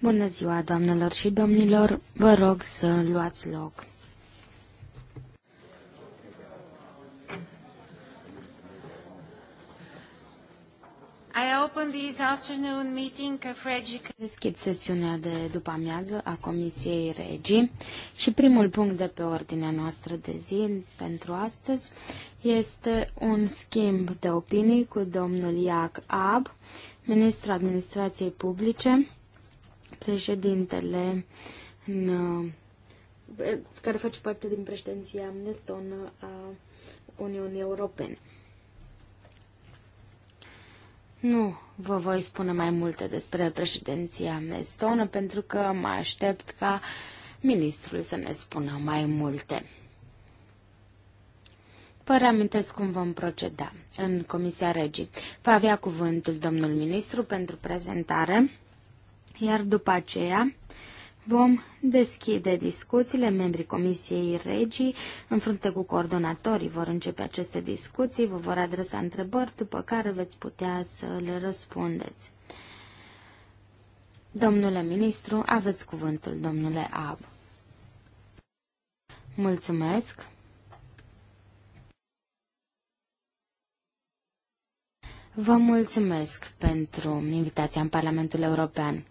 Bună ziua, doamnelor și domnilor. Vă rog să luați loc. this afternoon meeting of Regi. Deschid sesiunea de după amiază a Comisiei Regi și primul punct de pe ordinea noastră de zi pentru astăzi este un schimb de opinii cu domnul Iac Ab, ministrul administrației publice, președintele în, eh, care face parte din președinția Amneston a Uniunii Europene. Nu vă voi spune mai multe despre președinția estonă, pentru că mă aștept ca ministrul să ne spună mai multe. Vă reamintesc cum vom proceda în Comisia Regii. Va avea cuvântul domnul ministru pentru prezentare, iar după aceea Vom deschide discuțiile, membrii Comisiei Regii, frunte cu coordonatorii, vor începe aceste discuții, vă vor adresa întrebări, după care veți putea să le răspundeți. Domnule ministru, aveți cuvântul, domnule Ab. Mulțumesc. Vă mulțumesc pentru invitația în Parlamentul European.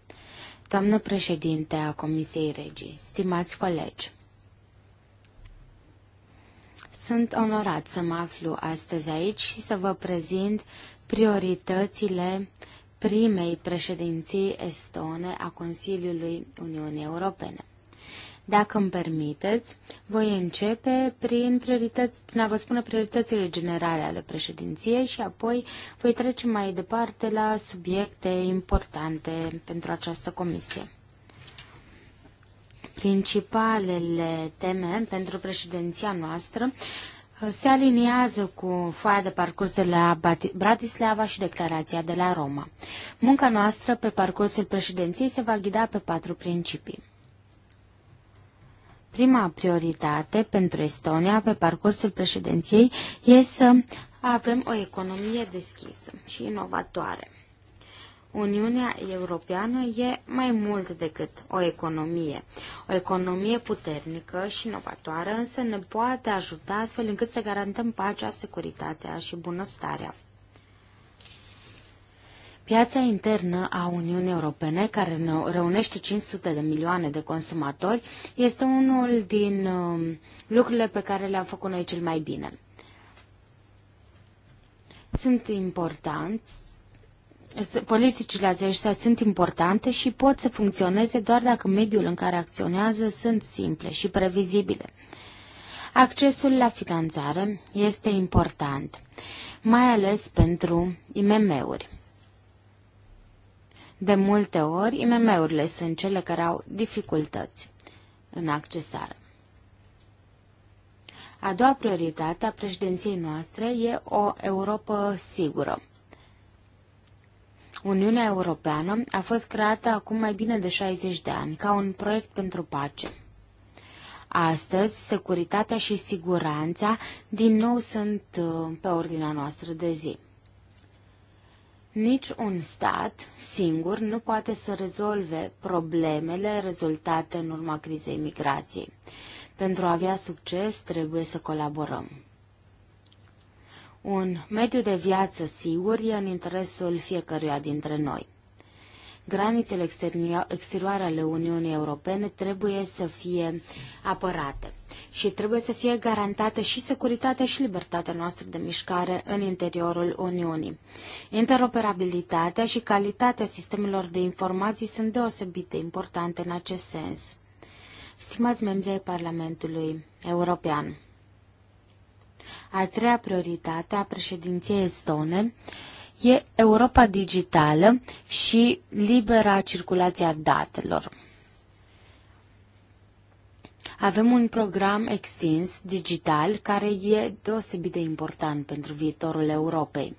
Doamnă președinte a Comisiei Regii, stimați colegi, sunt onorat să mă aflu astăzi aici și să vă prezint prioritățile primei președinții estone a Consiliului Uniunii Europene. Dacă îmi permiteți, voi începe prin, priorități, prin a vă spune prioritățile generale ale președinției și apoi voi trece mai departe la subiecte importante pentru această comisie. Principalele teme pentru președinția noastră uh, se aliniază cu foaia de parcurs de la Bratislava și declarația de la Roma. Munca noastră pe parcursul președinției se va ghida pe patru principii. Prima prioritate pentru Estonia pe parcursul președinției este să avem o economie deschisă și inovatoare. Uniunea Europeană e mai mult decât o economie. O economie puternică și inovatoare însă ne poate ajuta astfel încât să garantăm pacea, securitatea și bunăstarea. Piața internă a Uniunii Europene, care ne reunește 500 de milioane de consumatori, este unul din um, lucrurile pe care le-am făcut noi cel mai bine. Sunt importanți politicile acestea sunt importante și pot să funcționeze doar dacă mediul în care acționează sunt simple și previzibile. Accesul la finanțare este important, mai ales pentru IMM-uri. De multe ori, IMM-urile sunt cele care au dificultăți în accesare. A doua prioritate a președinției noastre e o Europa sigură. Uniunea Europeană a fost creată acum mai bine de 60 de ani ca un proiect pentru pace. Astăzi, securitatea și siguranța din nou sunt uh, pe ordinea noastră de zi. Nici un stat singur nu poate să rezolve problemele rezultate în urma crizei migrației. Pentru a avea succes, trebuie să colaborăm. Un mediu de viață sigur e în interesul fiecăruia dintre noi granițele exterioare ale Uniunii Europene trebuie să fie apărate și trebuie să fie garantată și securitatea și libertatea noastră de mișcare în interiorul Uniunii. Interoperabilitatea și calitatea sistemelor de informații sunt deosebit de importante în acest sens. Stimați membri ai Parlamentului European, a treia prioritate a președinției estone e Europa digitală și libera circulația datelor. Avem un program extins digital care e deosebit de important pentru viitorul Europei.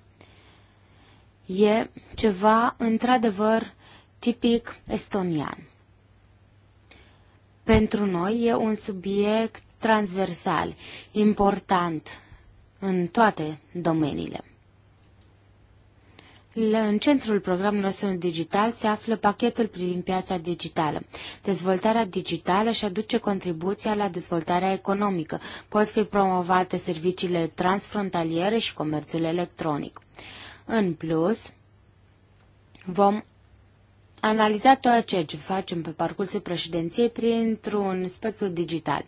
E ceva într-adevăr tipic estonian. Pentru noi e un subiect transversal, important în toate domeniile. În centrul programului nostru digital se află pachetul privind piața digitală. Dezvoltarea digitală și aduce contribuția la dezvoltarea economică. Pot fi promovate serviciile transfrontaliere și comerțul electronic. În plus, vom analizat tot ceea ce facem pe parcursul președinției printr-un spectru digital.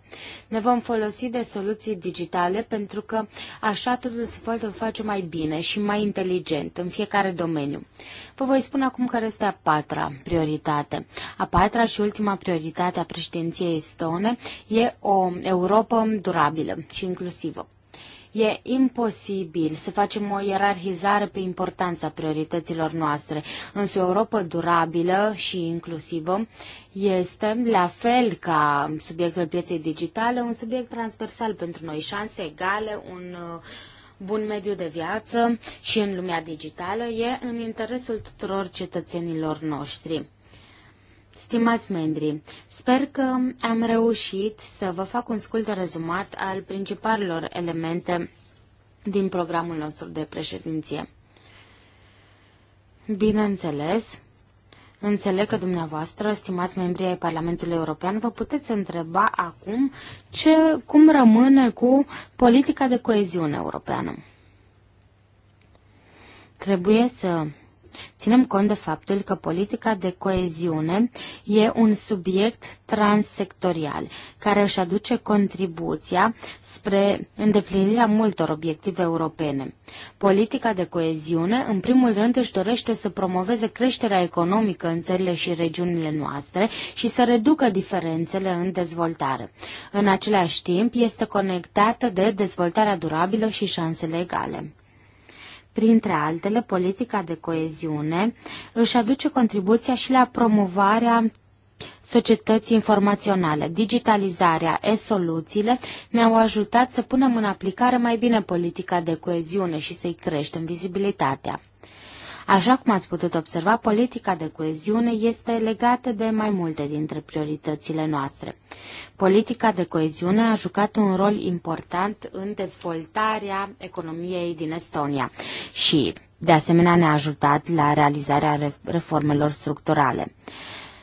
Ne vom folosi de soluții digitale pentru că așa totul se poate face mai bine și mai inteligent în fiecare domeniu. Vă voi spune acum care este a patra prioritate. A patra și ultima prioritate a președinției estone e o Europa durabilă și inclusivă. E imposibil să facem o ierarhizare pe importanța priorităților noastre, însă Europa durabilă și inclusivă este, la fel ca subiectul pieței digitale, un subiect transversal pentru noi, șanse egale, un uh, bun mediu de viață și în lumea digitală e în interesul tuturor cetățenilor noștri. Stimați membri, sper că am reușit să vă fac un scurt rezumat al principalelor elemente din programul nostru de președinție. Bineînțeles, Înțeleg că dumneavoastră, stimați membri ai Parlamentului European, vă puteți întreba acum ce, cum rămâne cu politica de coeziune europeană. Trebuie să Ținem cont de faptul că politica de coeziune e un subiect transsectorial care își aduce contribuția spre îndeplinirea multor obiective europene. Politica de coeziune, în primul rând, își dorește să promoveze creșterea economică în țările și regiunile noastre și să reducă diferențele în dezvoltare. În același timp, este conectată de dezvoltarea durabilă și șansele egale. Printre altele, politica de coeziune își aduce contribuția și la promovarea societății informaționale, digitalizarea, e-soluțiile ne-au ajutat să punem în aplicare mai bine politica de coeziune și să-i creștem vizibilitatea. Așa cum ați putut observa, politica de coeziune este legată de mai multe dintre prioritățile noastre. Politica de coeziune a jucat un rol important în dezvoltarea economiei din Estonia și, de asemenea, ne-a ajutat la realizarea reformelor structurale.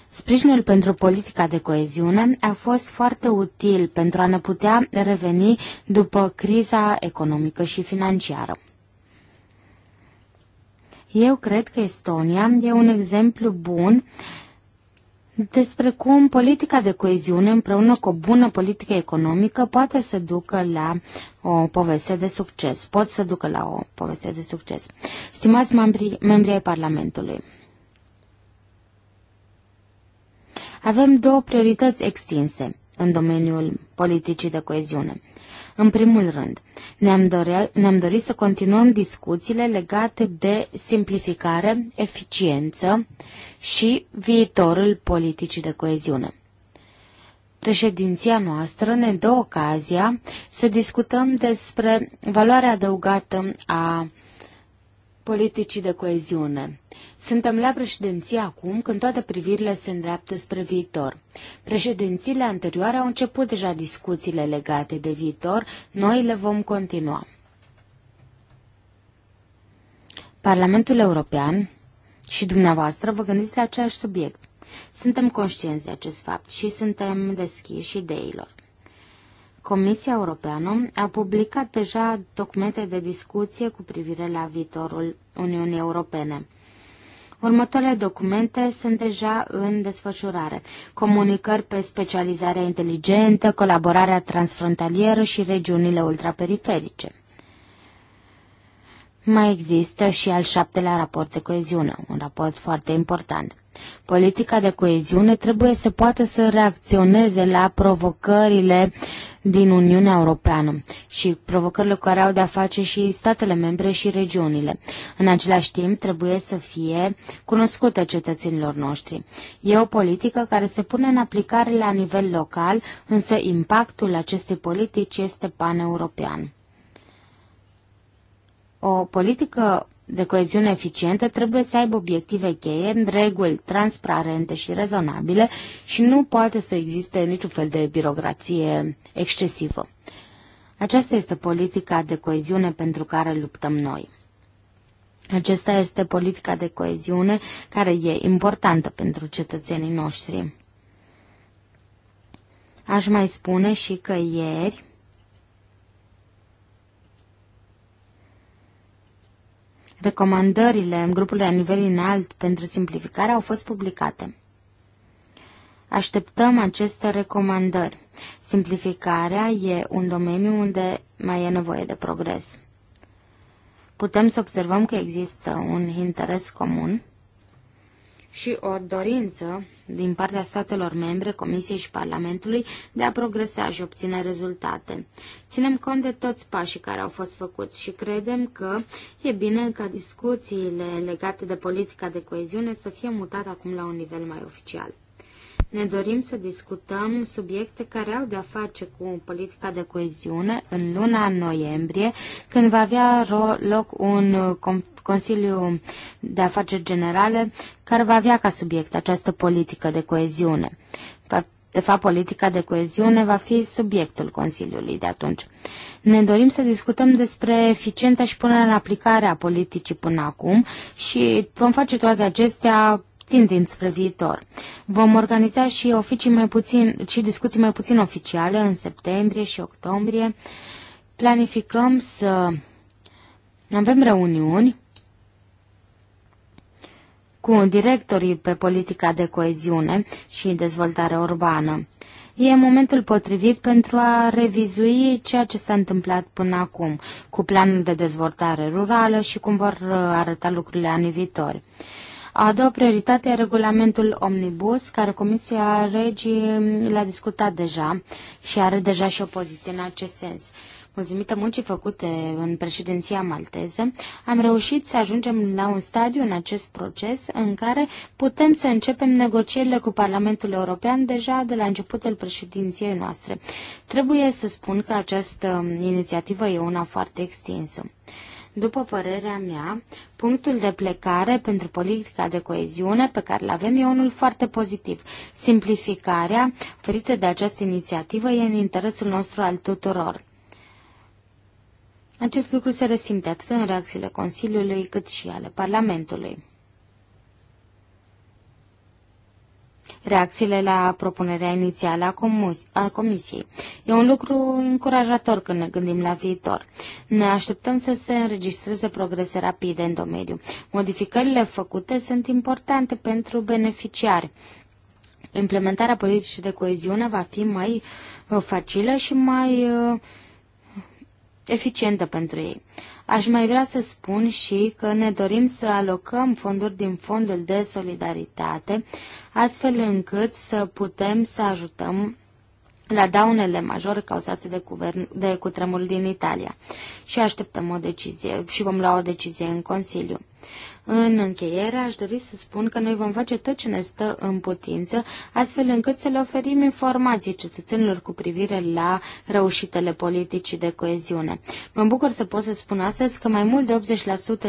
Sprijinul pentru politica de coeziune a fost foarte util pentru a ne putea reveni după criza economică și financiară. Eu cred că Estonia e un exemplu bun despre cum politica de coeziune împreună cu o bună politică economică poate să ducă la o poveste de succes, pot să ducă la o poveste de succes. Stimați membrii, membrii ai Parlamentului, avem două priorități extinse în domeniul politicii de coeziune. În primul rând, ne-am, dorea, ne-am dorit să continuăm discuțiile legate de simplificare, eficiență și viitorul politicii de coeziune. Președinția noastră ne dă ocazia să discutăm despre valoarea adăugată a politicii de coeziune. Suntem la președinție acum, când toate privirile se îndreaptă spre viitor. Președințiile anterioare au început deja discuțiile legate de viitor, noi le vom continua. Parlamentul European și dumneavoastră vă gândiți la același subiect. Suntem conștienți de acest fapt și suntem deschiși ideilor. Comisia Europeană a publicat deja documente de discuție cu privire la viitorul Uniunii Europene. Următoarele documente sunt deja în desfășurare. Comunicări pe specializarea inteligentă, colaborarea transfrontalieră și regiunile ultraperiferice. Mai există și al șaptelea raport de coeziune, un raport foarte important. Politica de coeziune trebuie să poată să reacționeze la provocările din Uniunea Europeană și provocările care au de-a face și statele membre și regiunile. În același timp, trebuie să fie cunoscută cetățenilor noștri. E o politică care se pune în aplicare la nivel local, însă impactul acestei politici este paneuropean. O politică de coeziune eficientă trebuie să aibă obiective cheie, reguli transparente și rezonabile și nu poate să existe niciun fel de birocrație excesivă. Aceasta este politica de coeziune pentru care luptăm noi. Acesta este politica de coeziune care e importantă pentru cetățenii noștri. Aș mai spune și că ieri Recomandările în grupului la nivel înalt pentru simplificare au fost publicate. Așteptăm aceste recomandări. Simplificarea e un domeniu unde mai e nevoie de progres. Putem să observăm că există un interes comun și o dorință din partea statelor membre, Comisiei și Parlamentului de a progresa și obține rezultate. Ținem cont de toți pașii care au fost făcuți și credem că e bine ca discuțiile legate de politica de coeziune să fie mutate acum la un nivel mai oficial. Ne dorim să discutăm subiecte care au de-a face cu politica de coeziune în luna noiembrie, când va avea loc un uh, Consiliu de Afaceri Generale care va avea ca subiect această politică de coeziune. De fapt, politica de coeziune va fi subiectul Consiliului de atunci. Ne dorim să discutăm despre eficiența și punerea în aplicare a politicii până acum și vom face toate acestea țintind spre viitor. Vom organiza și, oficii mai puțin, și discuții mai puțin oficiale în septembrie și octombrie. Planificăm să avem reuniuni cu directorii pe politica de coeziune și dezvoltare urbană. E momentul potrivit pentru a revizui ceea ce s-a întâmplat până acum cu planul de dezvoltare rurală și cum vor uh, arăta lucrurile anii viitori. A doua prioritate e regulamentul Omnibus, care Comisia Regii l-a discutat deja și are deja și o poziție în acest sens. Mulțumită muncii făcute în președinția malteză, am reușit să ajungem la un stadiu în acest proces în care putem să începem negocierile cu Parlamentul European deja de la începutul președinției noastre. Trebuie să spun că această inițiativă e una foarte extinsă. După părerea mea, punctul de plecare pentru politica de coeziune pe care îl avem e unul foarte pozitiv. Simplificarea oferită de această inițiativă e în interesul nostru al tuturor. Acest lucru se resimte atât în reacțiile Consiliului cât și ale Parlamentului. reacțiile la propunerea inițială a, comus, a Comisiei. E un lucru încurajator când ne gândim la viitor. Ne așteptăm să se înregistreze progrese rapide în domeniu. Modificările făcute sunt importante pentru beneficiari. Implementarea politicii de coeziune va fi mai uh, facilă și mai uh, eficientă pentru ei. Aș mai vrea să spun și că ne dorim să alocăm fonduri din fondul de solidaritate, astfel încât să putem să ajutăm la daunele majore cauzate de, guvern, de cutremurul din Italia. Și așteptăm o decizie și vom lua o decizie în Consiliu. În încheiere, aș dori să spun că noi vom face tot ce ne stă în putință, astfel încât să le oferim informații cetățenilor cu privire la reușitele politicii de coeziune. Mă bucur să pot să spun astăzi că mai mult de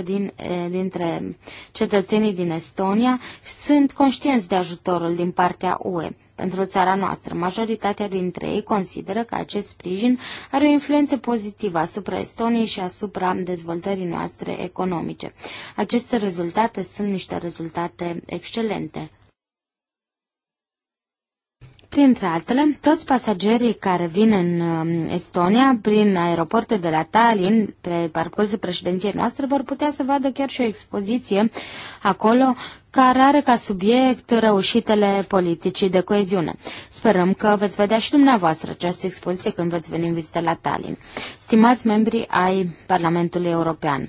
80% din, dintre cetățenii din Estonia sunt conștienți de ajutorul din partea UE. Pentru țara noastră, majoritatea dintre ei consideră că acest sprijin are o influență pozitivă asupra Estoniei și asupra dezvoltării noastre economice. Aceste rezultate sunt niște rezultate excelente. Printre altele, toți pasagerii care vin în um, Estonia prin aeroporte de la Tallinn pe parcursul președinției noastre vor putea să vadă chiar și o expoziție acolo care are ca subiect reușitele politicii de coeziune. Sperăm că veți vedea și dumneavoastră această expoziție când veți veni în vizită la Tallinn. Stimați membri ai Parlamentului European,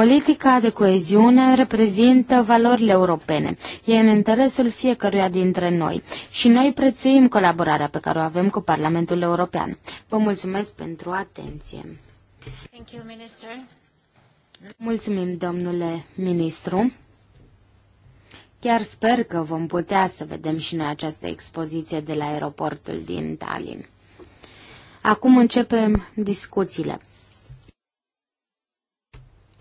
Politica de coeziune reprezintă valorile europene. E în interesul fiecăruia dintre noi și noi prețuim colaborarea pe care o avem cu Parlamentul European. Vă mulțumesc pentru atenție. Thank you, Minister. Mulțumim, domnule ministru. Chiar sper că vom putea să vedem și noi această expoziție de la aeroportul din Tallinn. Acum începem discuțiile.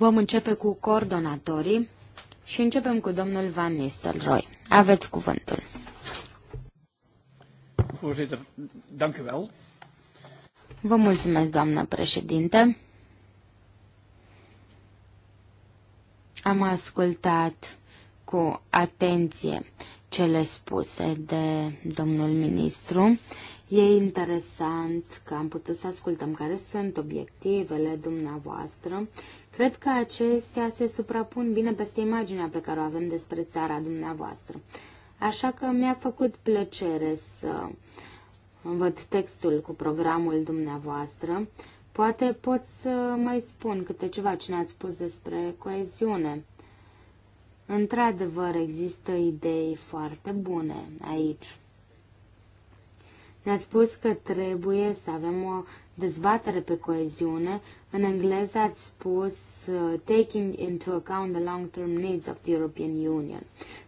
Vom începe cu coordonatorii și începem cu domnul Van Nistelrooy. Aveți cuvântul. Voorzitter, dank u wel. Vă mulțumesc, doamnă președinte. Am ascultat cu atenție cele spuse de domnul ministru. E interesant că am putut să ascultăm care sunt obiectivele dumneavoastră Cred că acestea se suprapun bine peste imaginea pe care o avem despre țara dumneavoastră. Așa că mi-a făcut plăcere să văd textul cu programul dumneavoastră. Poate pot să mai spun câte ceva ce ne-ați spus despre coeziune. Într-adevăr, există idei foarte bune aici. Ne-ați spus că trebuie să avem o dezbatere pe coeziune, în engleză ați spus uh, taking into account the long-term needs of the European Union.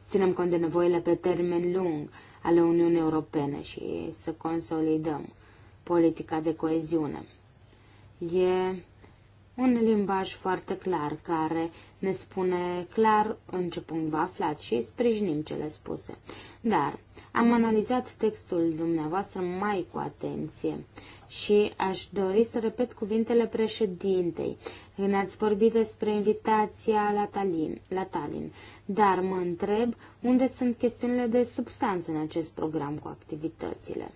Ținem cont de nevoile pe termen lung ale Uniunii Europene și să consolidăm politica de coeziune. E un limbaj foarte clar care ne spune clar în ce punct vă aflați și sprijinim cele spuse. Dar am analizat textul dumneavoastră mai cu atenție și aș dori să repet cuvintele președintei. Ne-ați vorbit despre invitația la Tallinn, la Tallinn, dar mă întreb unde sunt chestiunile de substanță în acest program cu activitățile.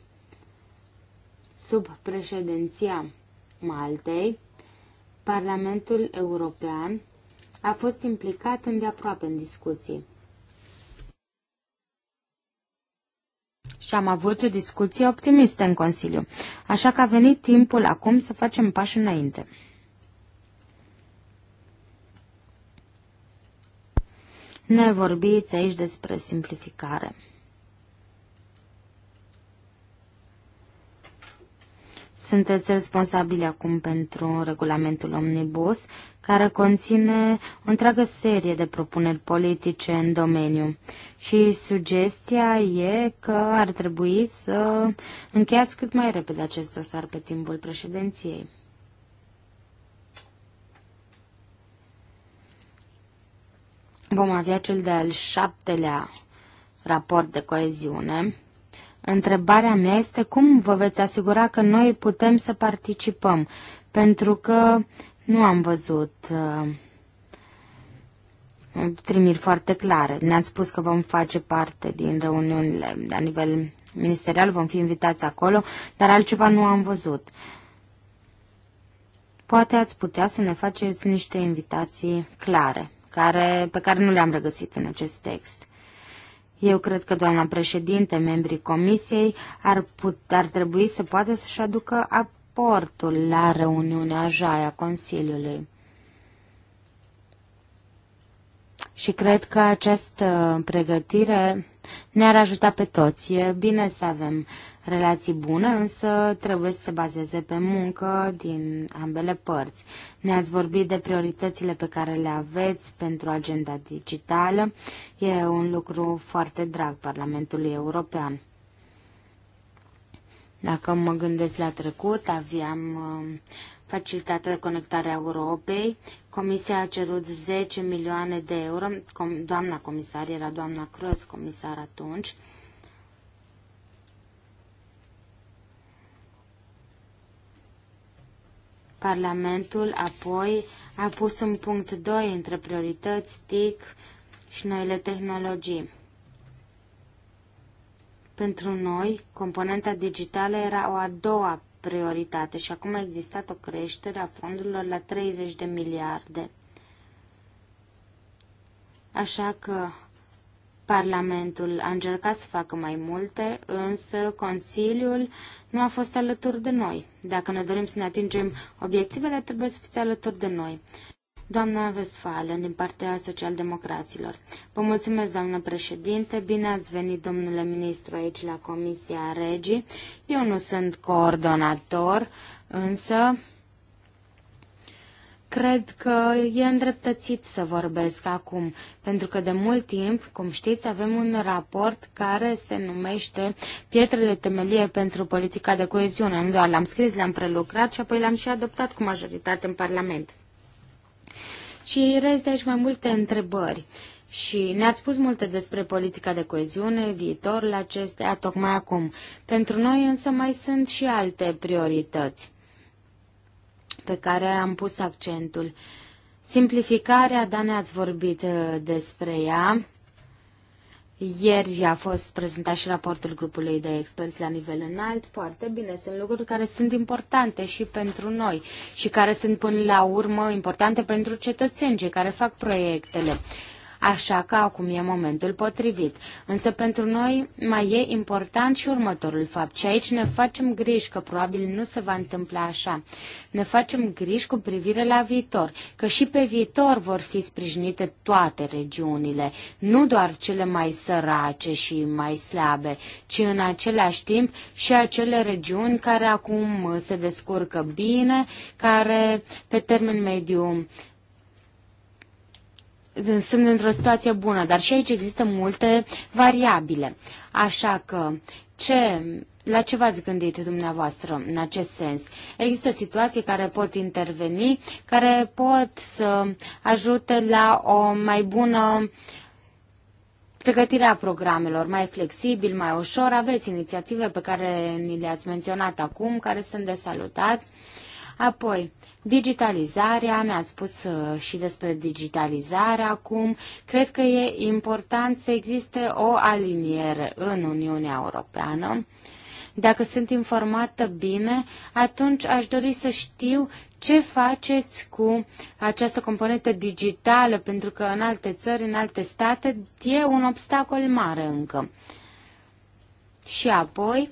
Sub președinția Maltei, Parlamentul European a fost implicat îndeaproape în discuții și am avut o discuție optimistă în Consiliu. Așa că a venit timpul acum să facem pași înainte. Ne vorbiți aici despre simplificare. sunteți responsabili acum pentru regulamentul Omnibus, care conține o întreagă serie de propuneri politice în domeniu. Și sugestia e că ar trebui să încheiați cât mai repede acest dosar pe timpul președinției. Vom avea cel de-al șaptelea raport de coeziune Întrebarea mea este cum vă veți asigura că noi putem să participăm, pentru că nu am văzut uh, trimiri foarte clare. Ne-ați spus că vom face parte din reuniunile la nivel ministerial, vom fi invitați acolo, dar altceva nu am văzut. Poate ați putea să ne faceți niște invitații clare, care, pe care nu le-am regăsit în acest text. Eu cred că doamna președinte, membrii comisiei ar, put, ar trebui să poată să-și aducă aportul la reuniunea JAIA Consiliului. Și cred că această pregătire ne-ar ajuta pe toți. E bine să avem relații bune, însă trebuie să se bazeze pe muncă din ambele părți. Ne-ați vorbit de prioritățile pe care le aveți pentru agenda digitală. E un lucru foarte drag Parlamentului European. Dacă mă gândesc la trecut, aveam uh, facilitatea de conectare a Europei. Comisia a cerut 10 milioane de euro. Doamna comisar era doamna Cruz, comisar atunci. Parlamentul apoi a pus un punct 2 între priorități, TIC și noile tehnologii. Pentru noi, componenta digitală era o a doua prioritate și acum a existat o creștere a fondurilor la 30 de miliarde. Așa că Parlamentul a încercat să facă mai multe, însă Consiliul nu a fost alături de noi. Dacă ne dorim să ne atingem obiectivele, trebuie să fiți alături de noi. Doamna Westfalen, din partea socialdemocraților. Vă mulțumesc, doamnă președinte. Bine ați venit, domnule ministru, aici la Comisia Regii. Eu nu sunt coordonator, însă Cred că e îndreptățit să vorbesc acum, pentru că de mult timp, cum știți, avem un raport care se numește Pietre de temelie pentru politica de coeziune. Nu doar l-am scris, l-am prelucrat și apoi l-am și adoptat cu majoritate în Parlament. Și rez de aici mai multe întrebări. Și ne-ați spus multe despre politica de coeziune, viitorul acestea, tocmai acum. Pentru noi însă mai sunt și alte priorități pe care am pus accentul. Simplificarea, da, ne-ați vorbit uh, despre ea. Ieri a fost prezentat și raportul grupului de experți la nivel înalt. Foarte bine, sunt lucruri care sunt importante și pentru noi și care sunt până la urmă importante pentru cetățenii care fac proiectele așa că acum e momentul potrivit. Însă pentru noi mai e important și următorul fapt și aici ne facem griji că probabil nu se va întâmpla așa. Ne facem griji cu privire la viitor, că și pe viitor vor fi sprijinite toate regiunile, nu doar cele mai sărace și mai slabe, ci în același timp și acele regiuni care acum se descurcă bine, care pe termen mediu sunt într-o situație bună, dar și aici există multe variabile. Așa că ce, la ce v-ați gândit dumneavoastră în acest sens? Există situații care pot interveni, care pot să ajute la o mai bună pregătirea programelor, mai flexibil, mai ușor. Aveți inițiative pe care ni le-ați menționat acum, care sunt de salutat. Apoi, uh, Digitalizarea, mi-ați spus uh, și despre digitalizare acum, cred că e important să existe o aliniere în Uniunea Europeană. Dacă sunt informată bine, atunci aș dori să știu ce faceți cu această componentă digitală, pentru că în alte țări, în alte state, e un obstacol mare încă. Și apoi,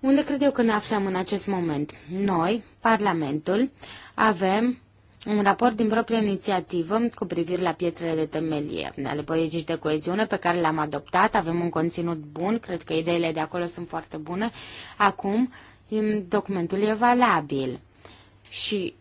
unde cred eu că ne aflăm în acest moment? Noi, Parlamentul, avem un raport din proprie inițiativă cu privire la pietrele de temelie ale politicii de coeziune pe care le-am adoptat. Avem un conținut bun, cred că ideile de acolo sunt foarte bune. Acum, documentul e valabil. Și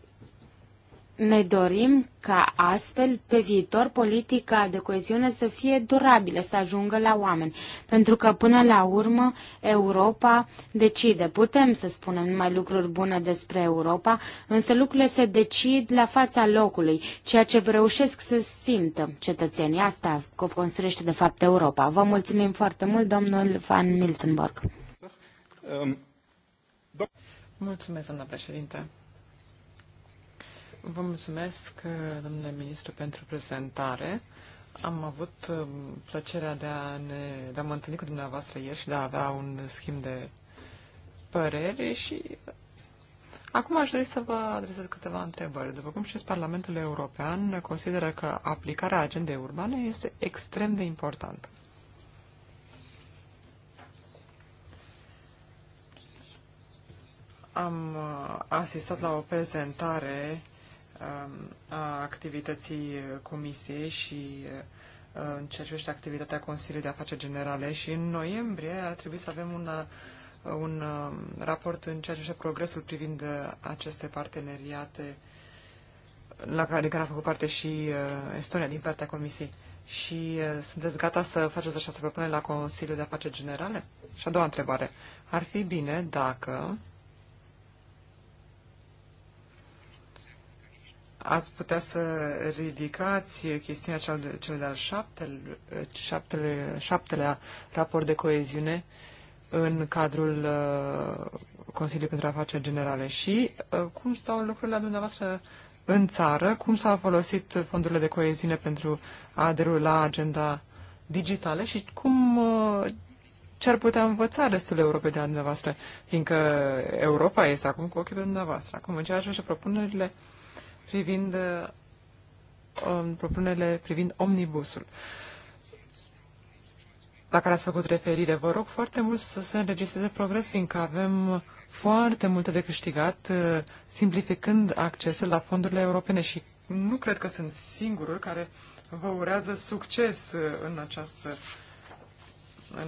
ne dorim ca astfel, pe viitor, politica de coeziune să fie durabilă, să ajungă la oameni. Pentru că, până la urmă, Europa decide. Putem să spunem numai lucruri bune despre Europa, însă lucrurile se decid la fața locului, ceea ce reușesc să simtă cetățenii. Asta construiește, de fapt, Europa. Vă mulțumim foarte mult, domnul Van Miltenborg. Um, Mulțumesc, doamnă președinte. Vă mulțumesc, domnule ministru, pentru prezentare. Am avut uh, plăcerea de a, ne, de a mă întâlni cu dumneavoastră ieri și de a avea un schimb de păreri și acum aș dori să vă adresez câteva întrebări. După cum știți, Parlamentul European consideră că aplicarea agendei urbane este extrem de importantă. Am uh, asistat la o prezentare Um, a activității comisiei și uh, în ceea ce privește activitatea Consiliului de Afaceri Generale și în noiembrie ar trebui să avem una, un uh, um, raport în ceea ce privește progresul privind uh, aceste parteneriate la care, din care a făcut parte și Estonia din partea Comisiei. Și sunteți gata să faceți așa să propune la Consiliul de Afaceri Generale? Și a doua întrebare. Ar fi bine dacă ați putea să ridicați chestiunea cel de, cel de-al șaptele, șaptele, șaptelea raport de coeziune în cadrul uh, Consiliului pentru Afaceri Generale și uh, cum stau lucrurile la dumneavoastră în țară, cum s-au folosit fondurile de coeziune pentru a derula agenda digitală și cum uh, ce ar putea învăța restul Europei de la dumneavoastră, fiindcă Europa este acum cu ochii pe dumneavoastră. Acum, în ceea ce propunerile uh, privind uh, um, propunerile privind omnibusul la care ați făcut referire. Vă rog foarte mult să se înregistreze progres, fiindcă avem foarte multe de câștigat uh, simplificând accesul la fondurile europene și nu cred că sunt singurul care vă urează succes uh, în, această,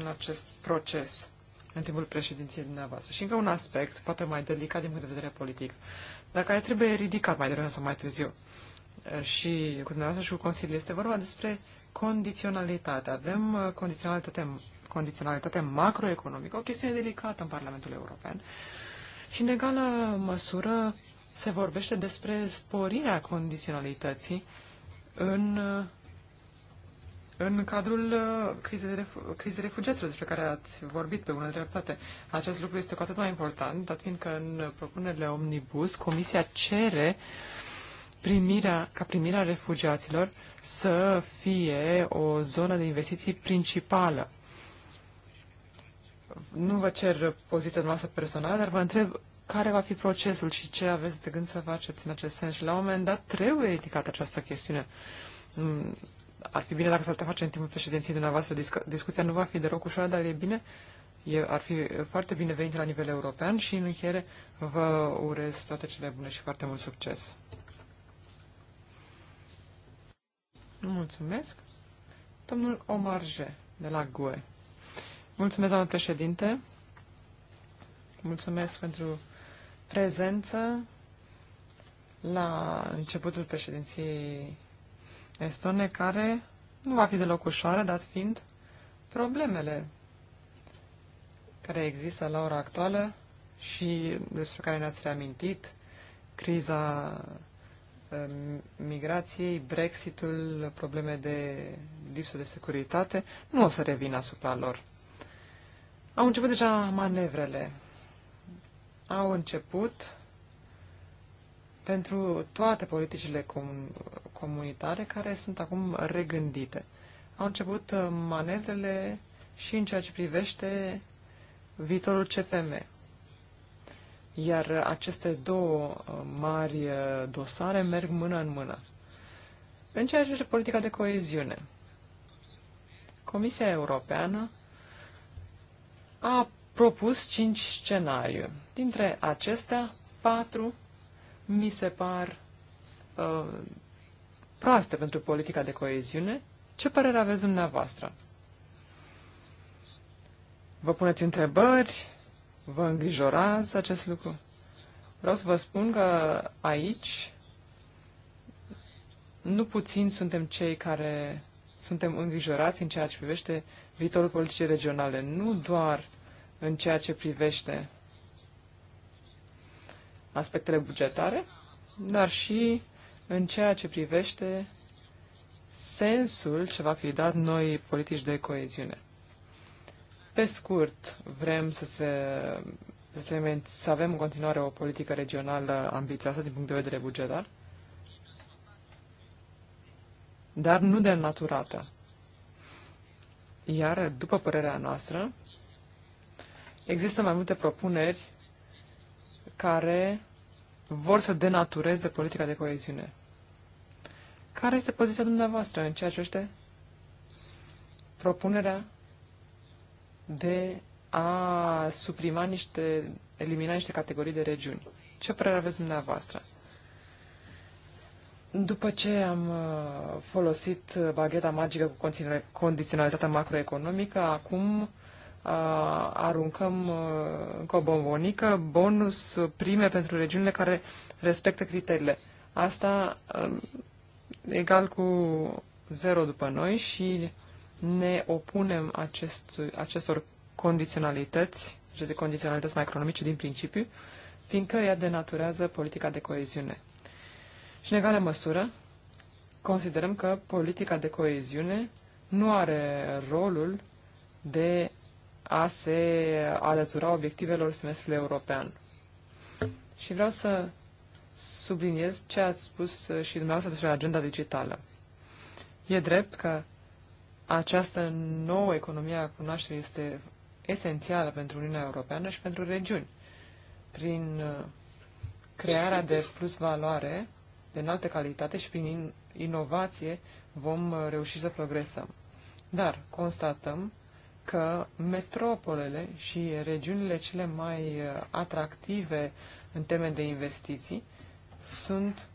în acest proces în timpul președinției dumneavoastră. Și încă un aspect, poate mai delicat din punct de vedere politic dar care trebuie ridicat mai devreme sau mai târziu. Și cu dumneavoastră și cu Consiliul este vorba despre condiționalitate. Avem condiționalitate, condiționalitate macroeconomică, o chestiune delicată în Parlamentul European. Și în egală măsură se vorbește despre sporirea condiționalității în în cadrul uh, crizei, refu- crizei refugiaților despre care ați vorbit pe unele dreptate. Acest lucru este cu atât mai important, dat fiindcă în propunerile Omnibus Comisia cere primirea, ca primirea refugiaților să fie o zonă de investiții principală. Nu vă cer poziția noastră personală, dar vă întreb care va fi procesul și ce aveți de gând să faceți în acest sens. Și la un moment dat trebuie ridicată această chestiune mm, ar fi bine dacă s-ar putea face în timpul președinției dumneavoastră. Discu- discuția nu va fi deloc ușoară, dar e bine, e, ar fi foarte bine venit la nivel european și în încheiere vă urez toate cele bune și foarte mult succes. Mulțumesc. Domnul Omarje, de la GUE. Mulțumesc, doamnă președinte. Mulțumesc pentru prezență la începutul președinției estone care nu va fi deloc ușoară, dat fiind problemele care există la ora actuală și despre care ne-ați reamintit, criza uh, migrației, Brexitul, probleme de lipsă de securitate, nu o să revin asupra lor. Au început deja manevrele. Au început pentru toate politicile comunitare care sunt acum regândite. Au început uh, manevrele și în ceea ce privește viitorul CFM. Iar aceste două uh, mari uh, dosare merg mână în mână. În ceea ce privește politica de coeziune, Comisia Europeană a propus cinci scenarii. Dintre acestea, patru mi se par uh, proaste pentru politica de coeziune. Ce părere aveți dumneavoastră? Vă puneți întrebări? Vă îngrijorați acest lucru? Vreau să vă spun că aici nu puțin suntem cei care suntem îngrijorați în ceea ce privește viitorul politicii regionale, nu doar în ceea ce privește aspectele bugetare, dar și în ceea ce privește sensul ce va fi dat noi politici de coeziune. Pe scurt, vrem să, se, să, se, să avem în continuare o politică regională ambițioasă din punct de vedere bugetar, dar nu de denaturată. Iar, după părerea noastră, există mai multe propuneri care vor să denatureze politica de coeziune. Care este poziția dumneavoastră în ceea ce este propunerea de a suprima niște, elimina niște categorii de regiuni? Ce părere aveți dumneavoastră? După ce am uh, folosit bagheta magică cu condiționalitatea macroeconomică, acum aruncăm încă o bombonică, bonus prime pentru regiunile care respectă criteriile. Asta egal cu zero după noi și ne opunem acest, acestor condiționalități, aceste condiționalități mai economice din principiu, fiindcă ea denaturează politica de coeziune. Și în egală măsură, considerăm că politica de coeziune nu are rolul de a se alătura obiectivelor semestrului european. Și vreau să subliniez ce ați spus și dumneavoastră despre agenda digitală. E drept că această nouă economie a cunoașterii este esențială pentru Uniunea Europeană și pentru regiuni. Prin uh, crearea de plus valoare de înaltă calitate și prin inovație vom uh, reuși să progresăm. Dar constatăm că metropolele și regiunile cele mai uh, atractive în teme de investiții sunt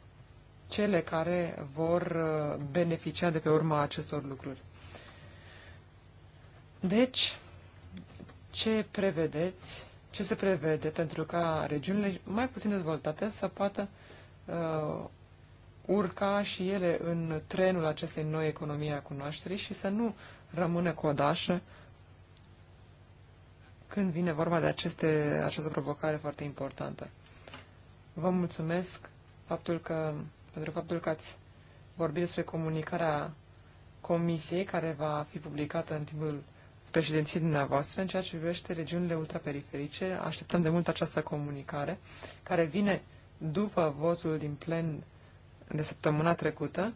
cele care vor uh, beneficia de pe urma acestor lucruri. Deci, ce prevedeți, ce se prevede pentru ca regiunile mai puțin dezvoltate să poată uh, urca și ele în trenul acestei noi economii a cunoașterii și să nu rămână uh, când vine vorba de aceste, această provocare foarte importantă. Vă mulțumesc faptul că, pentru faptul că ați vorbit despre comunicarea comisiei care va fi publicată în timpul președinției dumneavoastră în ceea ce privește regiunile ultraperiferice. Așteptăm de mult această comunicare care vine după votul din plen de săptămâna trecută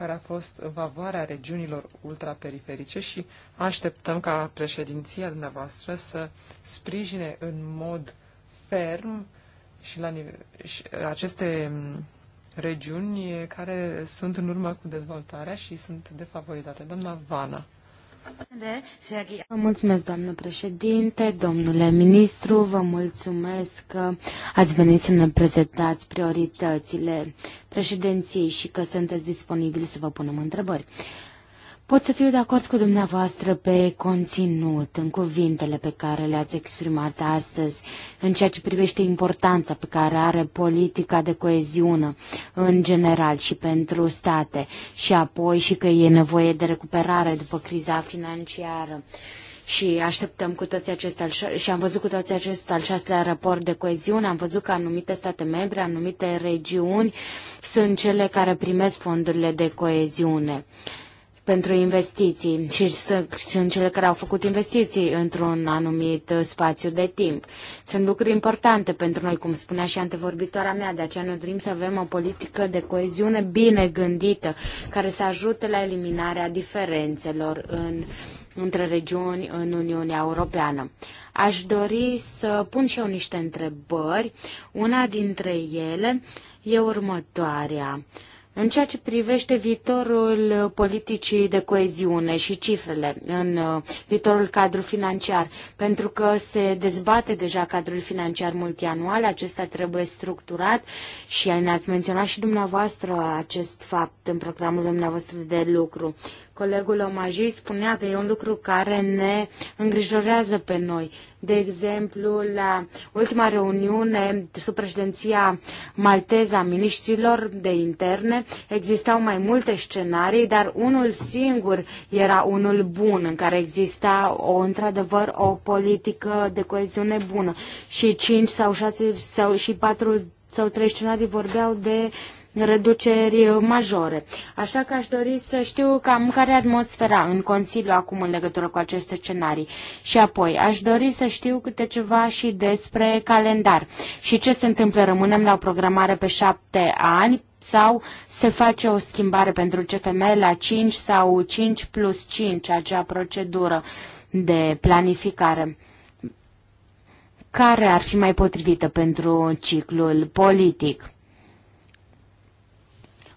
care a fost vavoarea regiunilor ultraperiferice și așteptăm ca președinția dumneavoastră să sprijine în mod ferm și la nivel, și aceste mm, regiuni care sunt în urmă cu dezvoltarea și sunt defavorizate. Doamna Vana. Vă mulțumesc, doamnă președinte, domnule ministru, vă mulțumesc că ați venit să ne prezentați prioritățile președinției și că sunteți disponibili să vă punem întrebări. Pot să fiu de acord cu dumneavoastră pe conținut, în cuvintele pe care le-ați exprimat astăzi, în ceea ce privește importanța pe care are politica de coeziune în general și pentru state și apoi și că e nevoie de recuperare după criza financiară și așteptăm cu toți acest al și am văzut cu toți acest al șaselea raport de coeziune, am văzut că anumite state membre, anumite regiuni sunt cele care primesc fondurile de coeziune pentru investiții și sunt cele care au făcut investiții într-un anumit spațiu de timp. Sunt lucruri importante pentru noi, cum spunea și antevorbitoarea mea, de aceea ne dorim să avem o politică de coeziune bine gândită, care să ajute la eliminarea diferențelor în, între regiuni în Uniunea Europeană. Aș dori să pun și eu niște întrebări. Una dintre ele e următoarea. Uh, în ceea ce privește viitorul politicii de coeziune și cifrele în uh, viitorul cadru financiar, pentru că se dezbate deja cadrul financiar multianual, acesta trebuie structurat și ne-ați menționat și dumneavoastră acest fapt în programul dumneavoastră de lucru. Colegul omajei spunea că e un lucru care ne îngrijorează pe noi. De exemplu, la ultima reuniune sub președinția malteză a miniștrilor de interne existau mai multe scenarii, dar unul singur era unul bun, în care exista o, într-adevăr o politică de coeziune bună. Și cinci sau șase sau și patru sau trei scenarii vorbeau de uh, reduceri majore. Așa că aș dori să știu cam care atmosfera în Consiliu acum în legătură cu aceste scenarii. Și apoi, aș dori să știu câte ceva și despre calendar și ce se întâmplă. Rămânem la o programare pe șapte ani sau se face o schimbare pentru CFM la 5 sau 5 plus 5, acea procedură de planificare care ar fi mai potrivită pentru ciclul politic.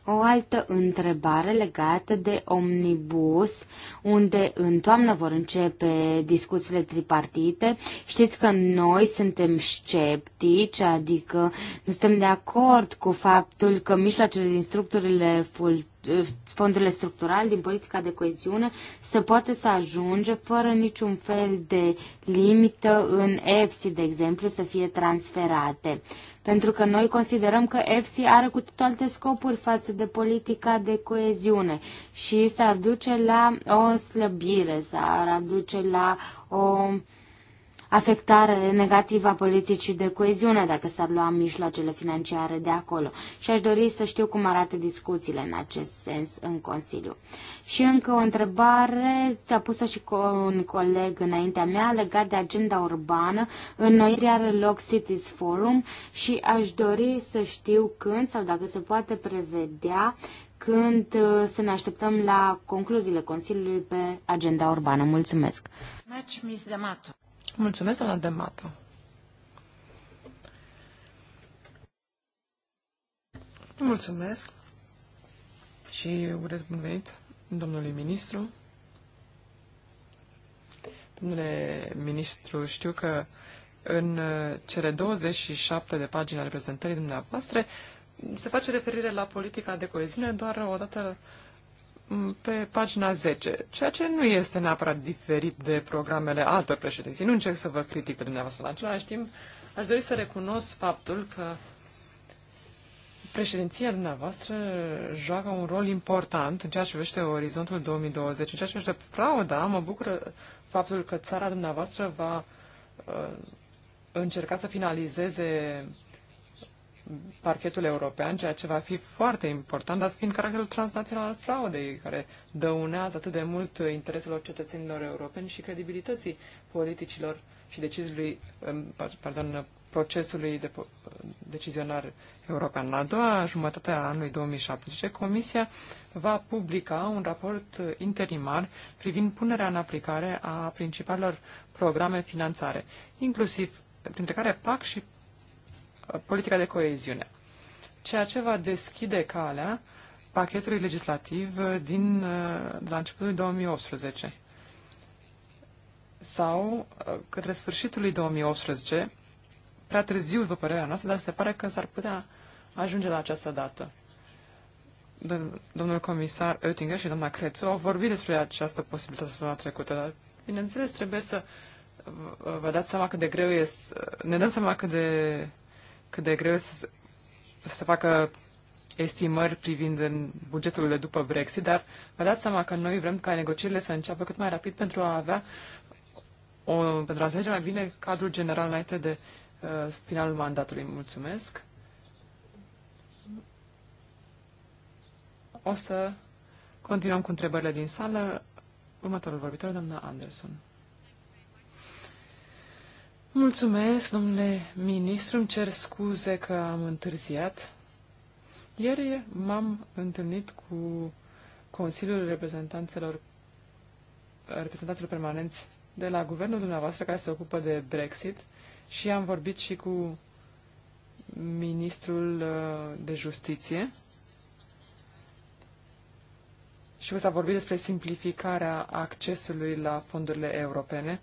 O altă întrebare legată de omnibus, unde în toamnă vor începe discuțiile tripartite. Știți că noi suntem sceptici, adică nu suntem de acord cu faptul că mijloacele din structurile fondurile structurale, din politica de coeziune, să poată să ajunge fără niciun fel de limită în EFSI, de exemplu, să fie transferate. Pentru că noi considerăm că EFSI are cu totul alte scopuri față de politica de coeziune și s-ar duce la o slăbire, s-ar aduce la o afectare negativă a politicii de coeziune dacă s-ar lua mijloacele financiare de acolo. Și aș dori să știu cum arată discuțiile în acest sens în Consiliu. Și încă o întrebare, s-a pusă și cu un coleg înaintea mea, legat de agenda urbană. În noiembrie are loc Cities Forum și aș dori să știu când sau dacă se poate prevedea când uh, să ne așteptăm la concluziile Consiliului pe agenda urbană. Mulțumesc! Mulțumesc, Mulțumesc, doamna Demato. Mulțumesc și urez bun venit domnului ministru. Domnule ministru, știu că în uh, cele 27 de pagini ale prezentării dumneavoastră se face referire la politica de coeziune doar o dată pe pagina 10, ceea ce nu este neapărat diferit de programele altor președinții. Nu încerc să vă critic pe dumneavoastră. În același timp, aș dori să recunosc faptul că președinția dumneavoastră joacă un rol important în ceea ce privește orizontul 2020. În ceea ce privește frauda, mă bucură faptul că țara dumneavoastră va uh, încerca să finalizeze parchetul european, ceea ce va fi foarte important, dar fiind caracterul transnațional al fraudei, care dăunează atât de mult intereselor cetățenilor europeni și credibilității politicilor și deciziului, um, pardon, procesului de, decizionar european. La a doua jumătate a anului 2017, Comisia va publica un raport interimar privind punerea în aplicare a principalelor programe finanțare, inclusiv printre care PAC și politica de coeziune, ceea ce va deschide calea pachetului legislativ uh, din, uh, de la începutul 2018 sau uh, către sfârșitul lui 2018, prea târziu, după părerea noastră, dar se pare că s-ar putea ajunge la această dată. Domnul comisar Oettinger și doamna Crețu au vorbit despre această posibilitate săptămâna trecută, dar, bineînțeles, trebuie să vă dați seama cât de greu este, ne dăm seama cât de cât de greu să, să se facă estimări privind în bugetul de după Brexit, dar vă dați seama că noi vrem ca negocierile să înceapă cât mai rapid pentru a avea o, pentru a înțelege mai bine cadrul general înainte de uh, finalul mandatului. Mulțumesc. O să continuăm cu întrebările din sală. Următorul vorbitor, doamna Anderson. Mulțumesc, domnule ministru, îmi cer scuze că am întârziat. Ieri m-am întâlnit cu Consiliul Reprezentanțelor reprezentanților permanenți de la guvernul dumneavoastră care se ocupă de Brexit și am vorbit și cu ministrul uh, de justiție și s-a vorbit despre simplificarea accesului la fondurile europene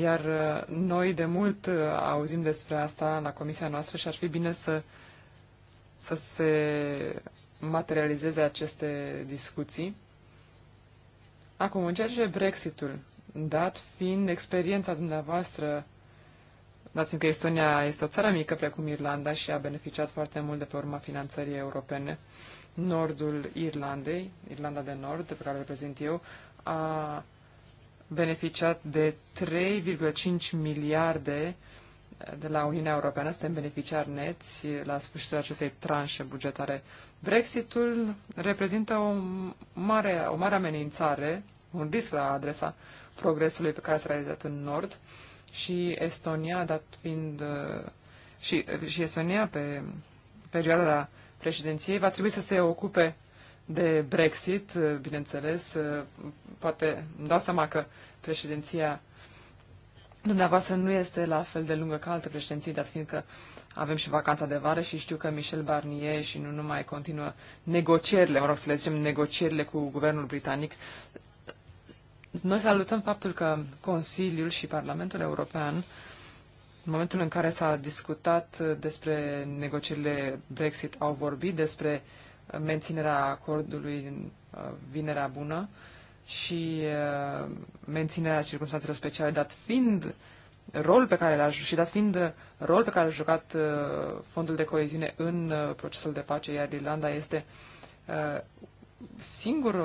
iar uh, noi de mult uh, auzim despre asta la comisia noastră și ar fi bine să, să se materializeze aceste discuții. Acum, în ceea ce Brexitul, dat fiind experiența dumneavoastră, dat fiind că Estonia este o țară mică precum Irlanda și a beneficiat foarte mult de pe urma finanțării europene, nordul Irlandei, Irlanda de Nord, pe care o reprezint eu, a beneficiat de 3,5 miliarde de la Uniunea Europeană, suntem beneficiari neți la sfârșitul acestei tranșe bugetare. Brexitul reprezintă o mare, o mare amenințare, un risc la adresa progresului pe care s-a realizat în Nord și Estonia, dat fiind uh, și, și Estonia pe perioada președinției va trebui să se ocupe de Brexit, bineînțeles, poate îmi dau seama că președinția dumneavoastră nu este la fel de lungă ca alte președinții, dar fiindcă avem și vacanța de vară și știu că Michel Barnier și nu numai continuă negocierile, mă rog să le zicem negocierile cu guvernul britanic. Noi salutăm faptul că Consiliul și Parlamentul European, în momentul în care s-a discutat despre negocierile Brexit, au vorbit despre uh, menținerea acordului din uh, Vinerea Bună și uh, menținerea circunstanțelor speciale, dat fiind rol pe care l-a și dat fiind rol pe care a jucat uh, fondul de coeziune în procesul de pace, iar Irlanda este singur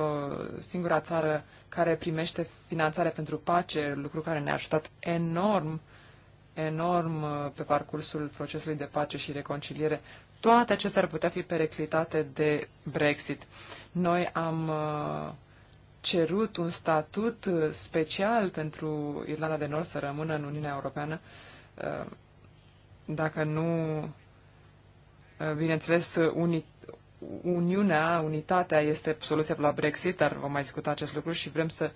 singura țară care primește finanțare pentru pace, lucru care ne-a ajutat enorm enorm pe parcursul procesului de pace și reconciliere toate acestea ar putea fi pereclitate de Brexit. Noi am uh, cerut un statut uh, special pentru Irlanda de Nord să rămână în Uniunea Europeană, uh, dacă nu, bineînțeles, uni, Uniunea, unitatea este soluția la Brexit, dar vom mai discuta acest lucru și vrem să,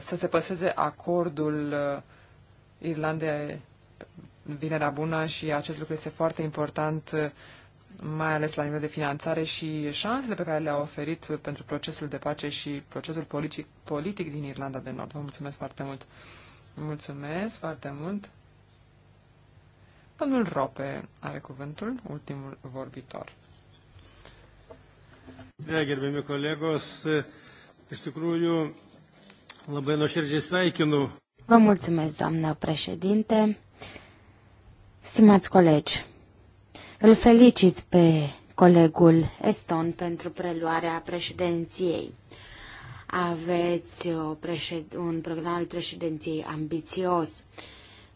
să se păstreze acordul Irlandei vinerea bună și acest lucru este foarte important, uh, mai ales la nivel de finanțare și șansele pe care le-a oferit pentru procesul de pace și procesul politic, politic din Irlanda de Nord. Vă mulțumesc foarte mult! Mulțumesc foarte mult! Domnul Rope are cuvântul, ultimul vorbitor. Da, gerbimi colegos, iš tikrųjų labai nuoširdžiai sveikinu. Vă mulțumesc, doamnă președinte. Stimați colegi, îl felicit pe colegul Eston pentru preluarea președinției. Aveți o președ... un program al președinției ambițios.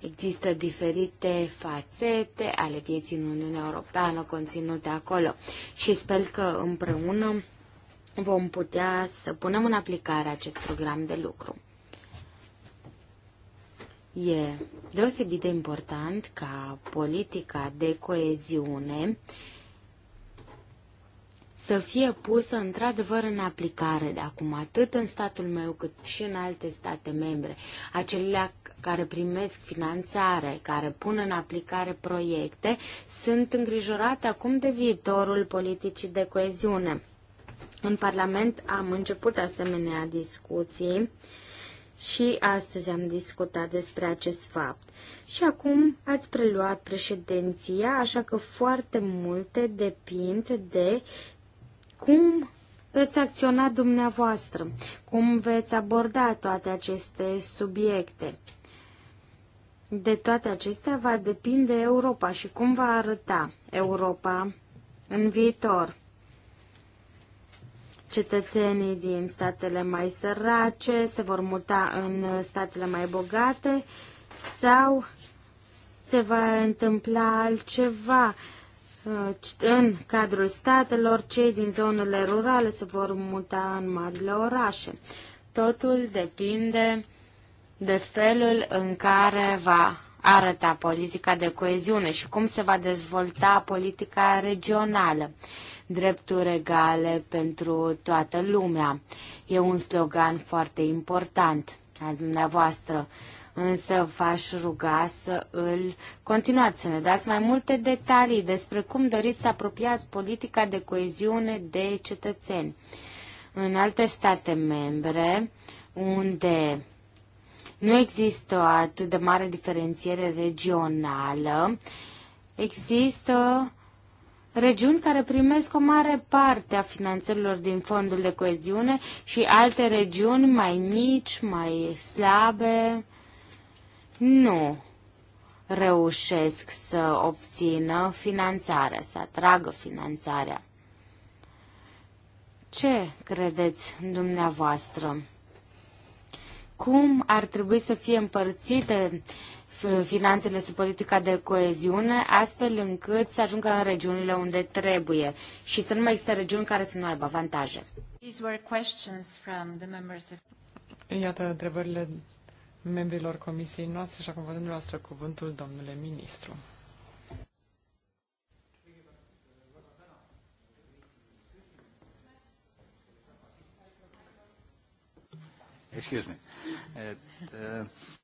Există diferite fațete ale vieții în Uniunea Europeană conținute acolo și sper că împreună vom putea să punem în aplicare acest program de lucru. E deosebit de important ca politica de coeziune să fie pusă într-adevăr în aplicare de acum, atât în statul meu cât și în alte state membre. Acelea care primesc finanțare, care pun în aplicare proiecte, sunt îngrijorate acum de viitorul politicii de coeziune. În Parlament am început asemenea discuții și astăzi am discutat despre acest fapt. Și acum ați preluat președinția, așa că foarte multe depind de cum veți acționa dumneavoastră, cum veți aborda toate aceste subiecte. De toate acestea va depinde Europa și cum va arăta Europa în viitor. Cetățenii din statele mai sărace se vor muta în statele mai bogate sau se va întâmpla altceva. Uh, în cadrul statelor, cei din zonele rurale se vor muta în marile orașe. Totul depinde de felul în care va arăta politica de coeziune și cum se va dezvolta politica regională drepturi egale pentru toată lumea. E un slogan foarte important al dumneavoastră, însă v-aș ruga să îl continuați, să ne dați mai multe detalii despre cum doriți să apropiați politica de coeziune de cetățeni. În alte state membre, unde nu există atât de mare diferențiere regională, există regiuni care primesc o mare parte a finanțelor din fondul de coeziune și alte regiuni mai mici, mai slabe, nu reușesc să obțină finanțarea, să atragă finanțarea. Ce credeți dumneavoastră? Cum ar trebui să fie împărțite uh, finanțele sub politica de coeziune, astfel încât să ajungă în regiunile unde trebuie și să nu mai există regiuni care să nu aibă avantaje. Iată întrebările membrilor comisiei noastre și acum vă dăm cuvântul, domnule ministru. Excuse me. Uh, uh...